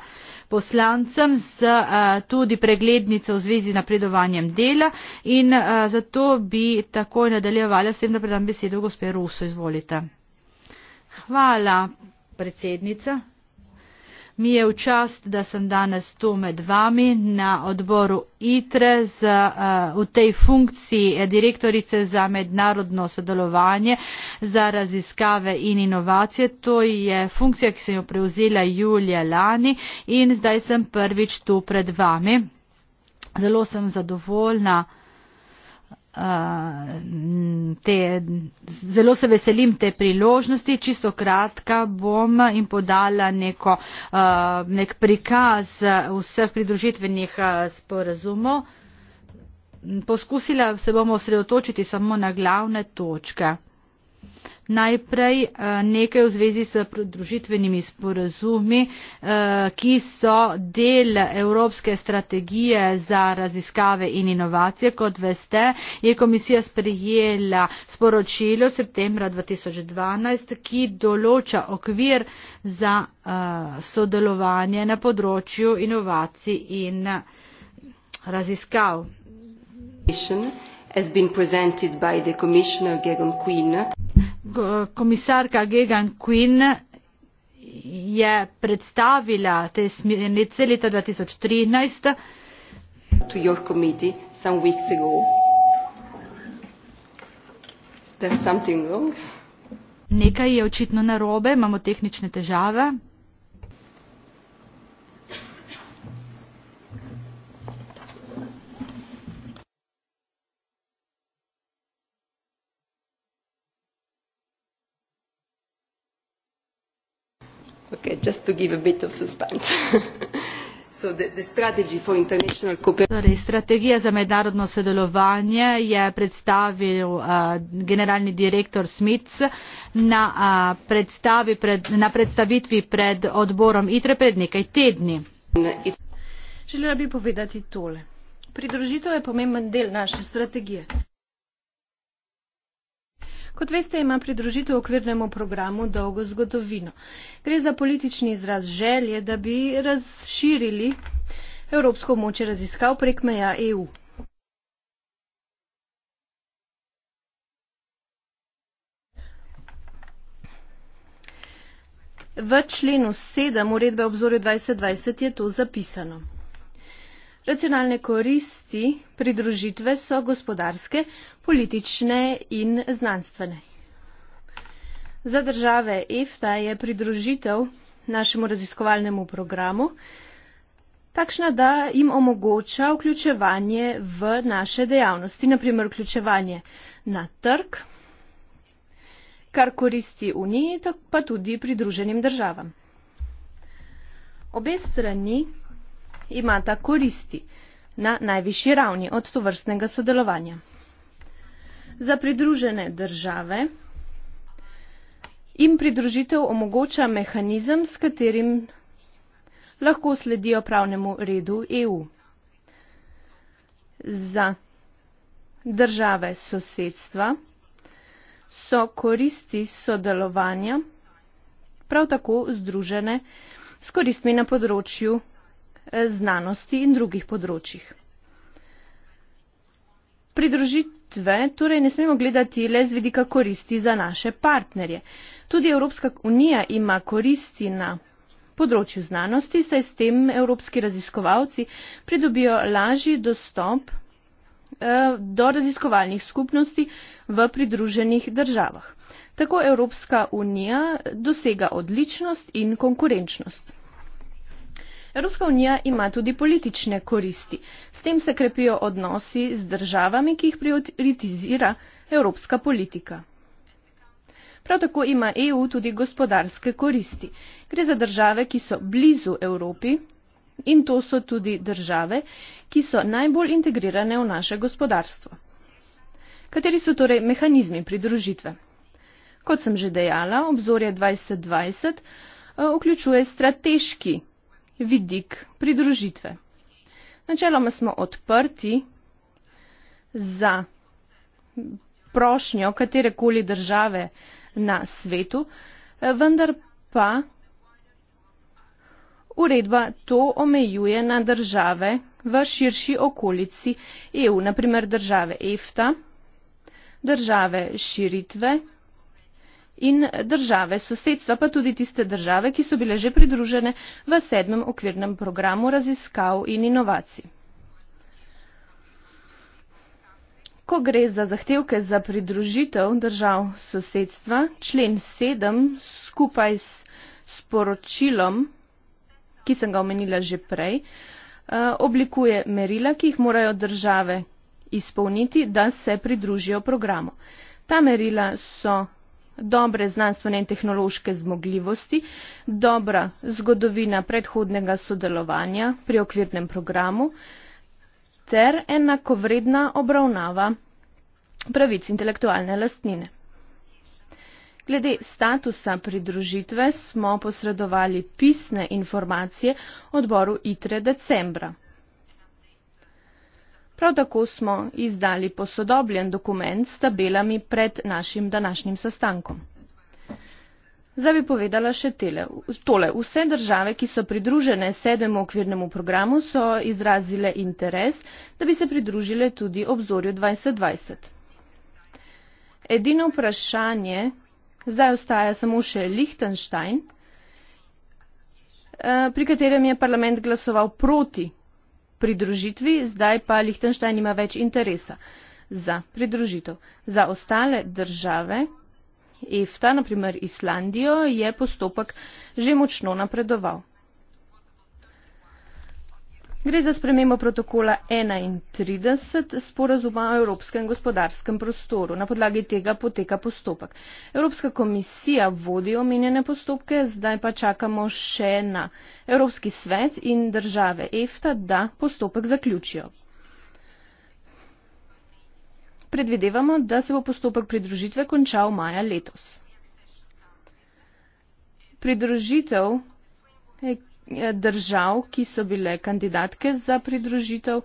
poslancem z eh, tudi preglednico v zvezi z napredovanjem dela in eh, zato bi takoj nadaljevala s tem, da predam besedo gospe Ruso. Izvolite. Hvala, predsednica. Mi je v čast, da sem danes tu med vami na odboru ITRE z, uh, v tej funkciji eh, direktorice za mednarodno sodelovanje za raziskave in inovacije. To je funkcija, ki sem jo prevzela julija lani in zdaj sem prvič tu pred vami. Zelo sem zadovoljna uh, te, zelo se veselim te priložnosti. Čisto kratka bom in podala neko, uh, nek prikaz vseh pridružitvenih sporazumov. Poskusila se bomo osredotočiti samo na glavne točke. Najprej eh, nekaj v zvezi s pridružitvenimi sporazumi, eh, ki so del Evropske strategije za raziskave in inovacije. Kot veste, je komisija sprejela sporočilo septembra 2012, ki določa okvir za eh, sodelovanje na področju inovacij in raziskav has been presented by the Commissioner Gegan Quinn. Komisarka Gegan Quinn je predstavila te smernice leta 2013 to your committee some weeks ago. Is there something wrong? Nekaj je očitno narobe, imamo tehnične težave. to give a bit of suspense. *laughs* Torej, strategija za mednarodno sodelovanje je predstavil uh, generalni direktor Smith na, uh, predstavi pred, na predstavitvi pred odborom ITRE pred nekaj tedni. Želela bi povedati tole. Pridružitev je pomemben del naše strategije. Kot veste, ima pridružitev okvirnemu programu dolgo zgodovino. Gre za politični izraz želje, da bi razširili evropsko območje raziskav prek meja EU. V členu 7 uredbe obzorju 2020 je to zapisano. Racionalne koristi pridružitve so gospodarske, politične in znanstvene. Za države EFTA je pridružitev našemu raziskovalnemu programu takšna, da jim omogoča vključevanje v naše dejavnosti, naprimer vključevanje na trg, kar koristi Uniji, pa tudi pridruženim državam. Obe strani imata koristi na najvišji ravni od tovrstnega sodelovanja. Za pridružene države jim pridružitev omogoča mehanizem, s katerim lahko sledijo pravnemu redu EU. Za države sosedstva so koristi sodelovanja prav tako združene s koristmi na področju znanosti in drugih področjih. Pridružitve torej ne smemo gledati le z vidika koristi za naše partnerje. Tudi Evropska unija ima koristi na področju znanosti, saj s tem evropski raziskovalci pridobijo lažji dostop eh, do raziskovalnih skupnosti v pridruženih državah. Tako Evropska unija dosega odličnost in konkurenčnost. Evropska unija ima tudi politične koristi. S tem se krepijo odnosi z državami, ki jih prioritizira evropska politika. Prav tako ima EU tudi gospodarske koristi. Gre za države, ki so blizu Evropi in to so tudi države, ki so najbolj integrirane v naše gospodarstvo. Kateri so torej mehanizmi pridružitve? Kot sem že dejala, obzorje 2020 eh, vključuje strateški vidik pridružitve. Načeloma smo odprti za prošnjo katerekoli države na svetu, vendar pa uredba to omejuje na države v širši okolici EU, naprimer države EFTA, države širitve, in države sosedstva pa tudi tiste države, ki so bile že pridružene v sedmem okvirnem programu raziskav in inovacij. Ko gre za zahtevke za pridružitev držav sosedstva, člen 7 skupaj s sporočilom, ki sem ga omenila že prej, eh, oblikuje merila, ki jih morajo države izpolniti, da se pridružijo programu. Ta merila so dobre znanstvene in tehnološke zmogljivosti, dobra zgodovina predhodnega sodelovanja pri okvirnem programu ter enakovredna obravnava pravic intelektualne lastnine. Glede statusa pridružitve smo posredovali pisne informacije odboru ITRE decembra. Prav tako smo izdali posodobljen dokument s tabelami pred našim današnjim sestankom. Zdaj bi povedala še tele. tole. Vse države, ki so pridružene sedmemu okvirnemu programu, so izrazile interes, da bi se pridružile tudi obzorju 2020. Edino vprašanje zdaj ostaja samo še Lichtenstein, eh, pri katerem je parlament glasoval proti pridružitvi, zdaj pa Lihtenštajn ima več interesa za pridružitev. Za ostale države, EFTA, naprimer Islandijo, je postopek že močno napredoval. Gre za spremembo protokola 31 sporazuma o evropskem gospodarskem prostoru. Na podlagi tega poteka postopek. Evropska komisija vodi omenjene postopke, zdaj pa čakamo še na Evropski svet in države EFTA, da postopek zaključijo. Predvidevamo, da se bo postopek pridružitve končal maja letos. Pridružitev. Hej, držav, ki so bile kandidatke za pridružitev,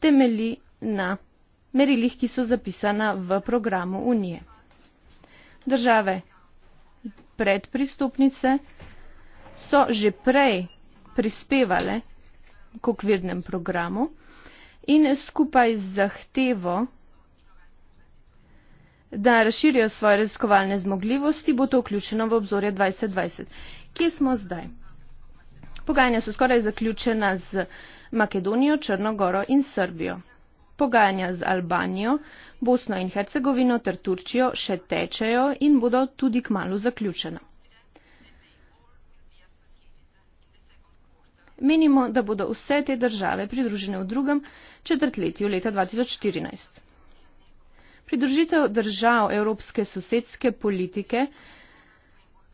temeli na merilih, ki so zapisana v programu Unije. Države predpristupnice so že prej prispevale k okvirnem programu in skupaj z zahtevo, da razširijo svoje raziskovalne zmogljivosti, bo to vključeno v obzorje 2020. Kje smo zdaj? Pogajanja so skoraj zaključena z Makedonijo, Črnogoro in Srbijo. Pogajanja z Albanijo, Bosno in Hercegovino ter Turčijo še tečejo in bodo tudi kmalo zaključena. Menimo, da bodo vse te države pridružene v drugem četrtletju leta 2014. Pridružitev držav evropske sosedske politike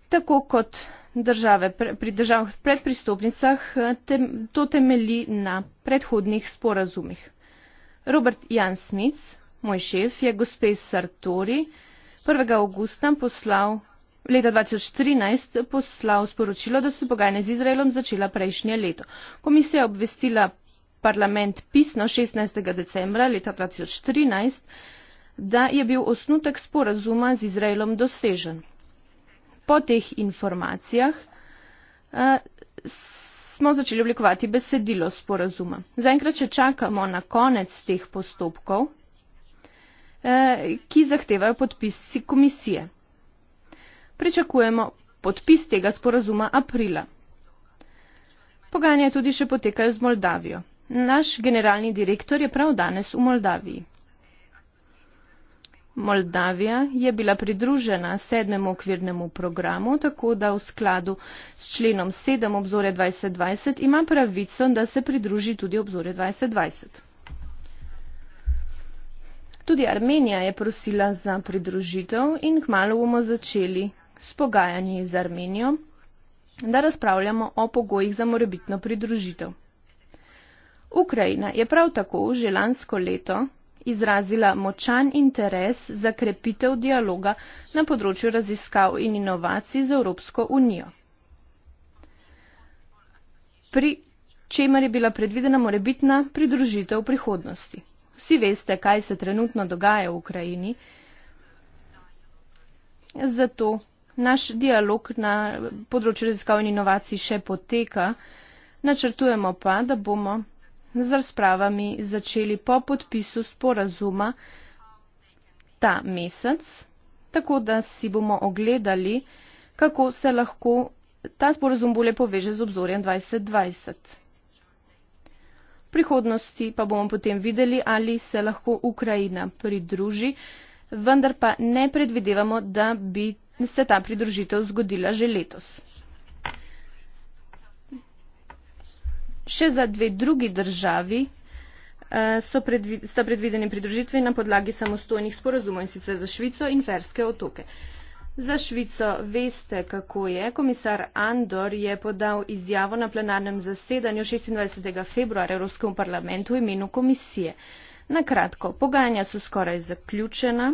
tako kot države, pri državah predpristopnicah tem, to temelji na predhodnih sporazumih. Robert Jan Smic, moj šef, je gospe Sartori 1. augusta poslal, leta 2013 poslal sporočilo, da so pogajanja z Izraelom začela prejšnje leto. Komisija je obvestila parlament pisno 16. decembra leta 2013, da je bil osnutek sporazuma z Izraelom dosežen po teh informacijah eh, smo začeli oblikovati besedilo sporazuma. Zaenkrat še čakamo na konec teh postopkov, eh, ki zahtevajo podpisi komisije. Pričakujemo podpis tega sporazuma aprila. Pogajanja tudi še potekajo z Moldavijo. Naš generalni direktor je prav danes v Moldaviji. Moldavija je bila pridružena sedmemu okvirnemu programu, tako da v skladu s členom 7 obzore 2020 ima pravico, da se pridruži tudi obzore 2020. Tudi Armenija je prosila za pridružitev in kmalo bomo začeli s pogajanji z Armenijo, da razpravljamo o pogojih za morebitno pridružitev. Ukrajina je prav tako že lansko leto izrazila močan interes za krepitev dialoga na področju raziskav in inovacij z Evropsko unijo. Pri čemer je bila predvidena morebitna pridružitev prihodnosti. Vsi veste, kaj se trenutno dogaja v Ukrajini, zato naš dialog na področju raziskav in inovacij še poteka, načrtujemo pa, da bomo z razpravami začeli po podpisu sporazuma ta mesec, tako da si bomo ogledali, kako se lahko ta sporazum bolje poveže z obzorjem 2020. V prihodnosti pa bomo potem videli, ali se lahko Ukrajina pridruži, vendar pa ne predvidevamo, da bi se ta pridružitev zgodila že letos. še za dve drugi državi eh, so predvi, sta predvideni pridružitve na podlagi samostojnih sporazumov in sicer za Švico in Ferske otoke. Za Švico veste, kako je. Komisar Andor je podal izjavo na plenarnem zasedanju 26. februarja Evropskemu parlamentu v imenu komisije. Na kratko, pogajanja so skoraj zaključena.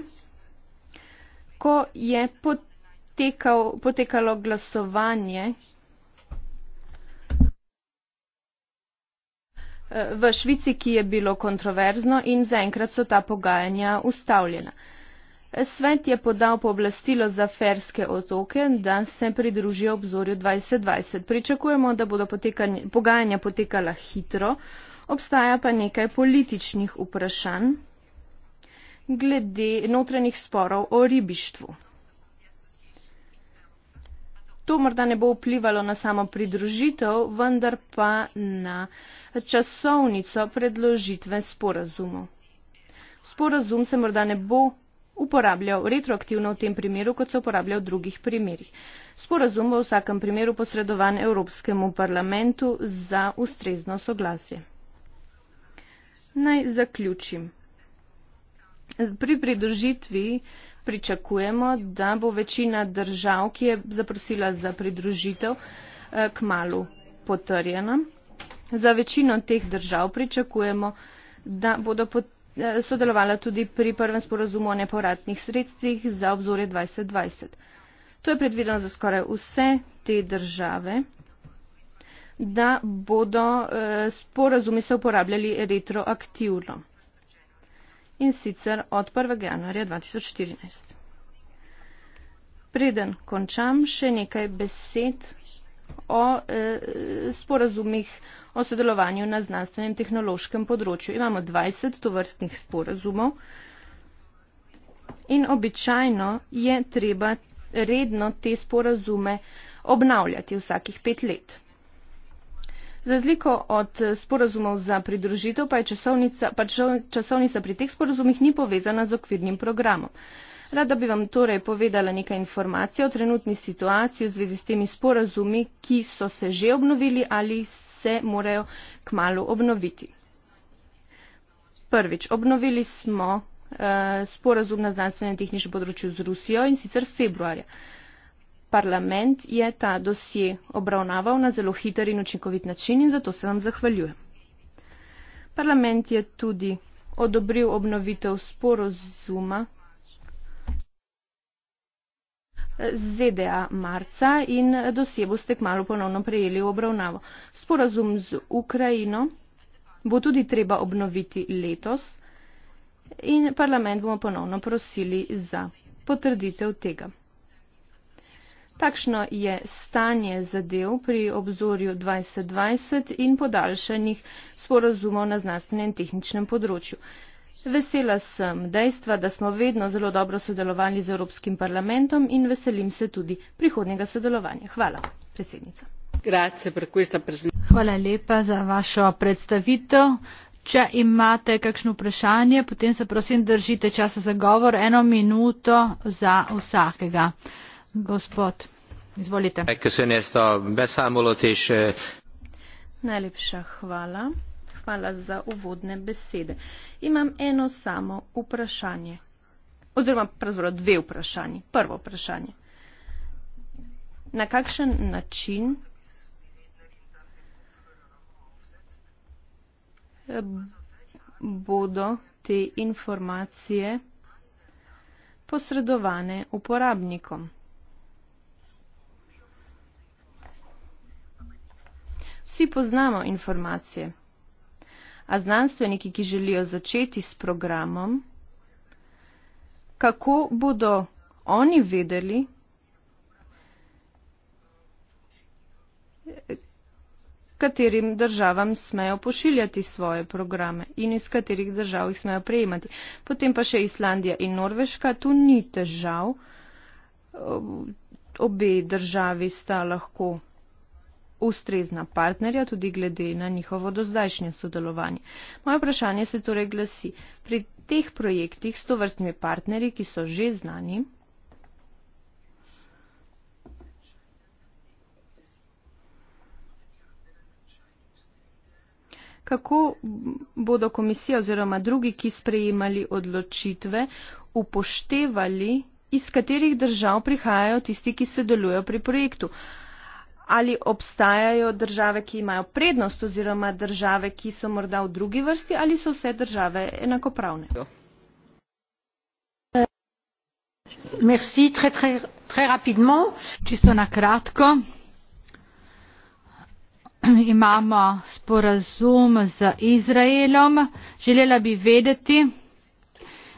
Ko je potekal, potekalo glasovanje, v Švici, ki je bilo kontroverzno in zaenkrat so ta pogajanja ustavljena. Svet je podal pooblastilo za ferske otoke, da se pridružijo obzorju 2020. Pričakujemo, da bodo potekanje, pogajanja potekala hitro, obstaja pa nekaj političnih vprašanj glede notranjih sporov o ribištvu. To morda ne bo vplivalo na samo pridružitev, vendar pa na časovnico predložitve sporazumu. Sporazum se morda ne bo uporabljal retroaktivno v tem primeru, kot se uporablja v drugih primerih. Sporazum bo v vsakem primeru posredovan Evropskemu parlamentu za ustrezno soglasje. Naj zaključim. Pri pridružitvi pričakujemo, da bo večina držav, ki je zaprosila za pridružitev, eh, k malu potrjena za večino teh držav pričakujemo, da bodo eh, sodelovala tudi pri prvem sporozumu o nepovratnih sredstvih za obzore 2020. To je predvideno za skoraj vse te države, da bodo eh, sporozumi se uporabljali retroaktivno in sicer od 1. januarja 2014. Preden končam, še nekaj besed o eh, sporazumih o sodelovanju na znanstvenem tehnološkem področju. Imamo 20 tovrstnih sporazumov in običajno je treba redno te sporazume obnavljati vsakih pet let. Za razliko od sporazumov za pridružitev pa je časovnica, pa časovnica pri teh sporazumih ni povezana z okvirnim programom. Rada bi vam torej povedala nekaj informacij o trenutni situaciji v zvezi s temi sporazumi, ki so se že obnovili ali se morajo kmalo obnoviti. Prvič, obnovili smo eh, sporazum na znanstvenem tehničnem področju z Rusijo in sicer februarja. Parlament je ta dosje obravnaval na zelo hiter in učinkovit način in zato se vam zahvaljujem. Parlament je tudi odobril obnovitev sporozuma ZDA marca in dosje boste kmalo ponovno prejeli v obravnavo. Sporazum z Ukrajino bo tudi treba obnoviti letos in parlament bomo ponovno prosili za potrditev tega. Takšno je stanje zadev pri obzorju 2020 in podaljšanih sporazumov na znanstvenem in tehničnem področju. Vesela sem dejstva, da smo vedno zelo dobro sodelovali z Evropskim parlamentom in veselim se tudi prihodnega sodelovanja. Hvala, predsednica. Hvala lepa za vašo predstavitev. Če imate kakšno vprašanje, potem se prosim držite časa za govor. Eno minuto za vsakega. Gospod, izvolite. Eh, Najlepša hvala hvala za uvodne besede. Imam eno samo vprašanje. Oziroma, pravzaprav dve vprašanje. Prvo vprašanje. Na kakšen način eh, bodo te informacije posredovane uporabnikom? Vsi poznamo informacije a znanstveniki, ki želijo začeti s programom, kako bodo oni vedeli, katerim državam smejo pošiljati svoje programe in iz katerih držav jih smejo prejemati. Potem pa še Islandija in Norveška, tu ni težav. Obe državi sta lahko ustrezna partnerja, tudi glede na njihovo dozdajšnje sodelovanje. Moje vprašanje se torej glasi, pri teh projektih s tovrstnimi partnerji, ki so že znani, kako bodo komisija oziroma drugi, ki sprejemali odločitve, upoštevali, iz katerih držav prihajajo tisti, ki sodelujo pri projektu ali obstajajo države, ki imajo prednost oziroma države, ki so morda v drugi vrsti ali so vse države enakopravne. Merci, très, très, très rapidement. Čisto na kratko. Imamo sporazum z Izraelom. Želela bi vedeti,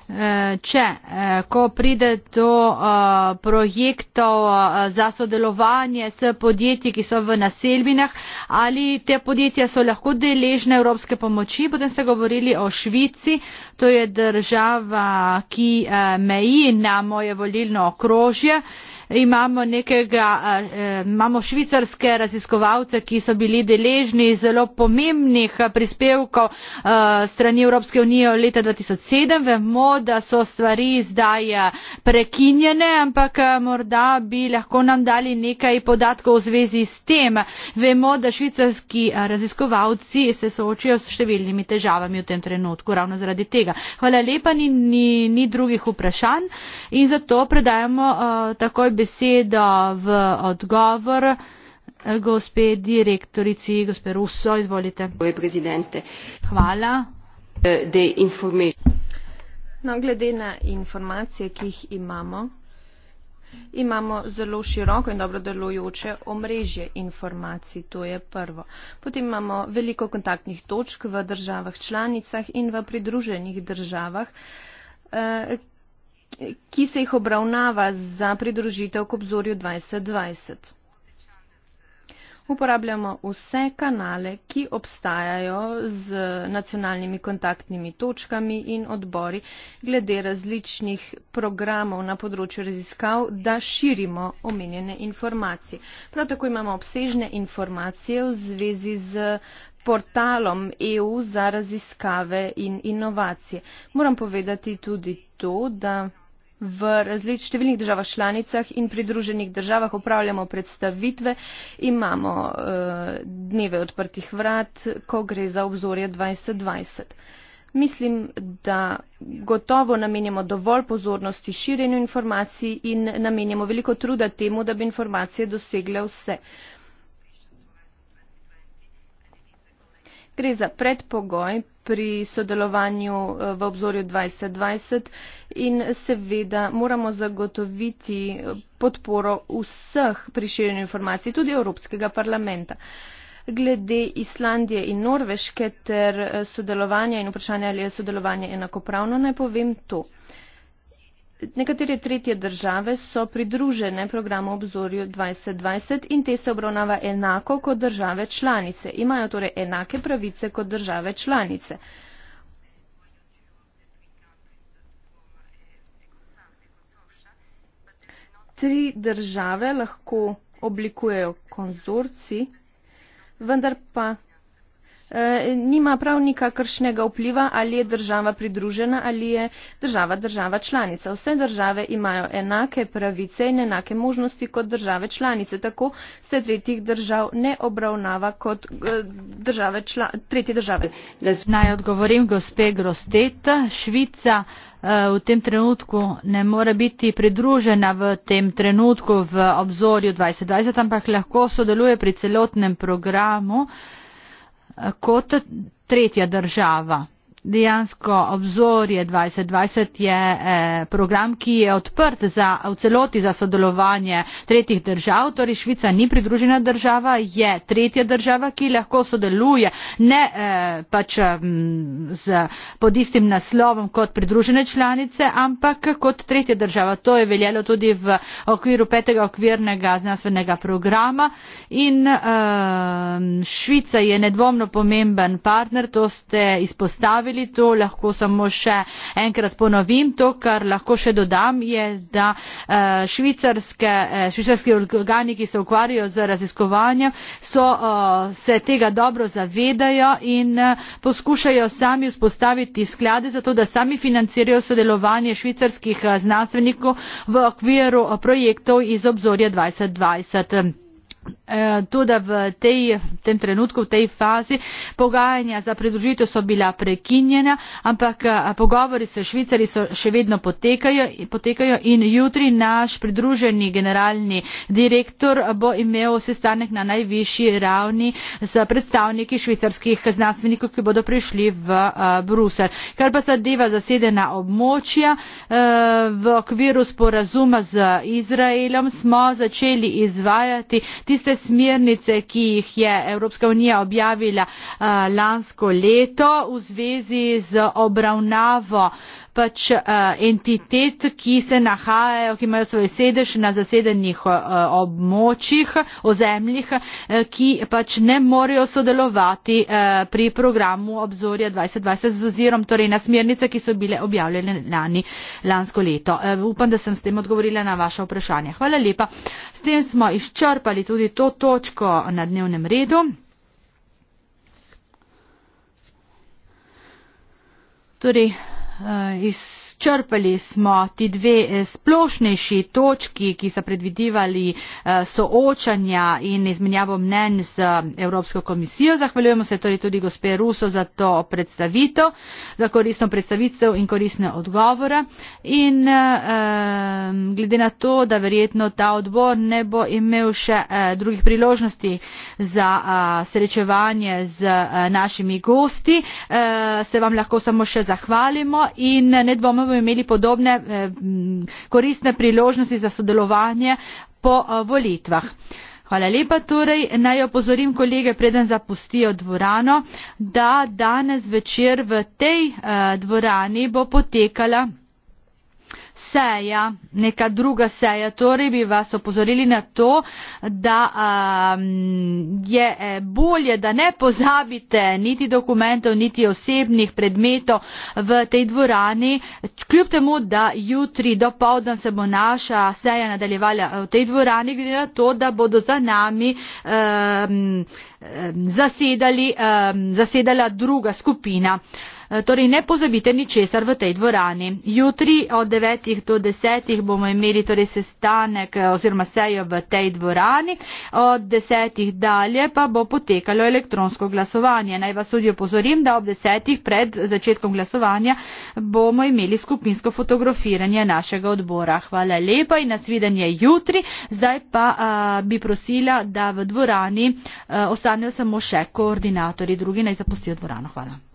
Eh, če eh, ko pride do eh, projektov za sodelovanje s podjetji, ki so v naselbinah, ali te podjetja so lahko deležne evropske pomoči. Potem ste govorili o Švici, to je država, ki meji na moje volilno okrožje imamo nekega eh, eh, imamo švicarske raziskovalce ki so bili deležni zelo pomembnih prispevkov s eh, strani evropske unije leta dva tisoč sedem vemo da so stvari zdaj prekinjene ampak morda bi lahko nam dali nekaj podatkov v zvezi s tem vemo da švicarski raziskovalci se soočajo s številnimi težavami v tem trenutku ravno zaradi tega hvala lepa ni ni, ni drugih vprašanj in zato predajamo uh, takoj besedo v odgovor. Eh, gospe direktorici, gospe Russo, izvolite. Hvala. Eh, no, glede na informacije, ki jih imamo, imamo zelo široko in dobro delujoče omrežje informacij, to je prvo. Potem imamo veliko kontaktnih točk v državah članicah in v pridruženih državah, eh, ki se jih obravnava za pridružitev k obzorju 2020. Uporabljamo vse kanale, ki obstajajo z nacionalnimi kontaktnimi točkami in odbori glede različnih programov na področju raziskav, da širimo omenjene informacije. Prav tako imamo obsežne informacije v zvezi z portalom EU za raziskave in inovacije. Moram povedati tudi to, da v različnih državah članicah in pridruženih državah upravljamo predstavitve, imamo uh, dneve odprtih vrat, ko gre za obzorje 2020. Mislim, da gotovo namenjamo dovolj pozornosti širjenju informacij in namenjamo veliko truda temu, da bi informacije dosegle vse. Gre za predpogoj pri sodelovanju eh, v obzorju 2020 in seveda moramo zagotoviti eh, podporo vseh pri širjenju informacij, tudi Evropskega parlamenta. Glede Islandije in Norveške ter eh, sodelovanja in vprašanja, ali je sodelovanje enakopravno, naj povem to nekatere tretje države so pridružene programu obzorju 2020 in te se obravnava enako kot države članice. Imajo torej enake pravice kot države članice. Tri države lahko oblikujejo konzorci, vendar pa Eh, nima prav nikakršnega vpliva, ali je država pridružena, ali je država država članica. Vse države imajo enake pravice in enake možnosti kot države članice. Tako se tretjih držav ne obravnava kot eh, države čla, tretje države. Naj odgovorim gospe Grosteta, Švica eh, v tem trenutku ne more biti pridružena v tem trenutku v obzorju 2020, ampak lahko sodeluje pri celotnem programu kot tretja država dejansko obzorje 2020 je eh, program, ki je odprt za, v celoti za sodelovanje tretjih držav, torej Švica ni pridružena država, je tretja država, ki lahko sodeluje ne eh, pač z, mm, pod istim naslovom kot pridružene članice, ampak kot tretja država. To je veljalo tudi v okviru petega okvirnega znanstvenega programa in eh, Švica je nedvomno pomemben partner, to ste izpostavili videli to lahko samo še enkrat ponovim to kar lahko še dodam je da eh, švicarske, eh, švicarski organi ki se ukvarjajo z raziskovanjem so eh, se tega dobro zavedajo in poskušajo sami vzpostaviti sklade zato da sami financirajo sodelovanje švicarskih znanstvenikov v okviru projektov iz obzorja 2020. Eh, toda v tej, tem trenutku, v tej fazi pogajanja za pridružitev so bila prekinjena, ampak eh, pogovori s Švicari so še vedno potekajo, potekajo in jutri naš pridruženi generalni direktor bo imel sestanek na najvišji ravni z predstavniki švicarskih znanstvenikov, ki bodo prišli v eh, Brusel. Kar pa zadeva zasedena območja, v okviru sporazuma z Izraelom smo začeli izvajati tiste smernice ki jih je evropska unija objavila eh, lansko leto v zvezi z obravnavo pač uh, entitet, ki se nahajajo, ki imajo svoj sedež na zasedenih uh, območjih, ozemljih, uh, ki pač ne morejo sodelovati uh, pri programu obzorja 2020 z ozirom, torej na smernice, ki so bile objavljene lani, lansko leto. Uh, upam, da sem s tem odgovorila na vaše vprašanje. Hvala lepa. S tem smo izčrpali tudi to točko na dnevnem redu. Torej, Eh, iz izčrpali smo ti dve eh, splošnejši točki, ki so predvidivali eh, soočanja in izmenjavo mnen z eh, Evropsko komisijo. Zahvaljujemo se torej tudi gospe Ruso za to predstavitev, za koristno predstavitev in koristne odgovore. In glede na to, da verjetno ta odbor ne bo imel še drugih priložnosti za srečevanje z našimi gosti, se vam lahko samo še zahvalimo in ne dvomimo, bomo imeli podobne eh, koristne priložnosti za sodelovanje po eh, volitvah. Hvala lepa torej, naj opozorim kolege, preden zapustijo dvorano, da danes večer v tej eh, dvorani bo potekala seja neka druga seja torej bi vas opozorili na to da um, je eh, bolje da ne pozabite niti dokumentov niti osebnih predmetov v tej dvorani kljub temu da jutri do povdan se bo naša seja nadaljevala v tej dvorani glede na to da bodo za nami um, um zasedali um, zasedala druga skupina uh, Eh, torej ne pozabite ničesar v tej dvorani. Jutri od 9. do 10. bomo imeli torej sestanek eh, oziroma sejo v tej dvorani, od 10. dalje pa bo potekalo elektronsko glasovanje. Naj vas tudi opozorim, da ob 10. pred začetkom glasovanja bomo imeli skupinsko fotografiranje našega odbora. Hvala lepa in nasvidenje jutri. Zdaj pa a, eh, bi prosila, da v dvorani a, ostanejo samo še koordinatorji, drugi naj zapustijo dvorano. Hvala.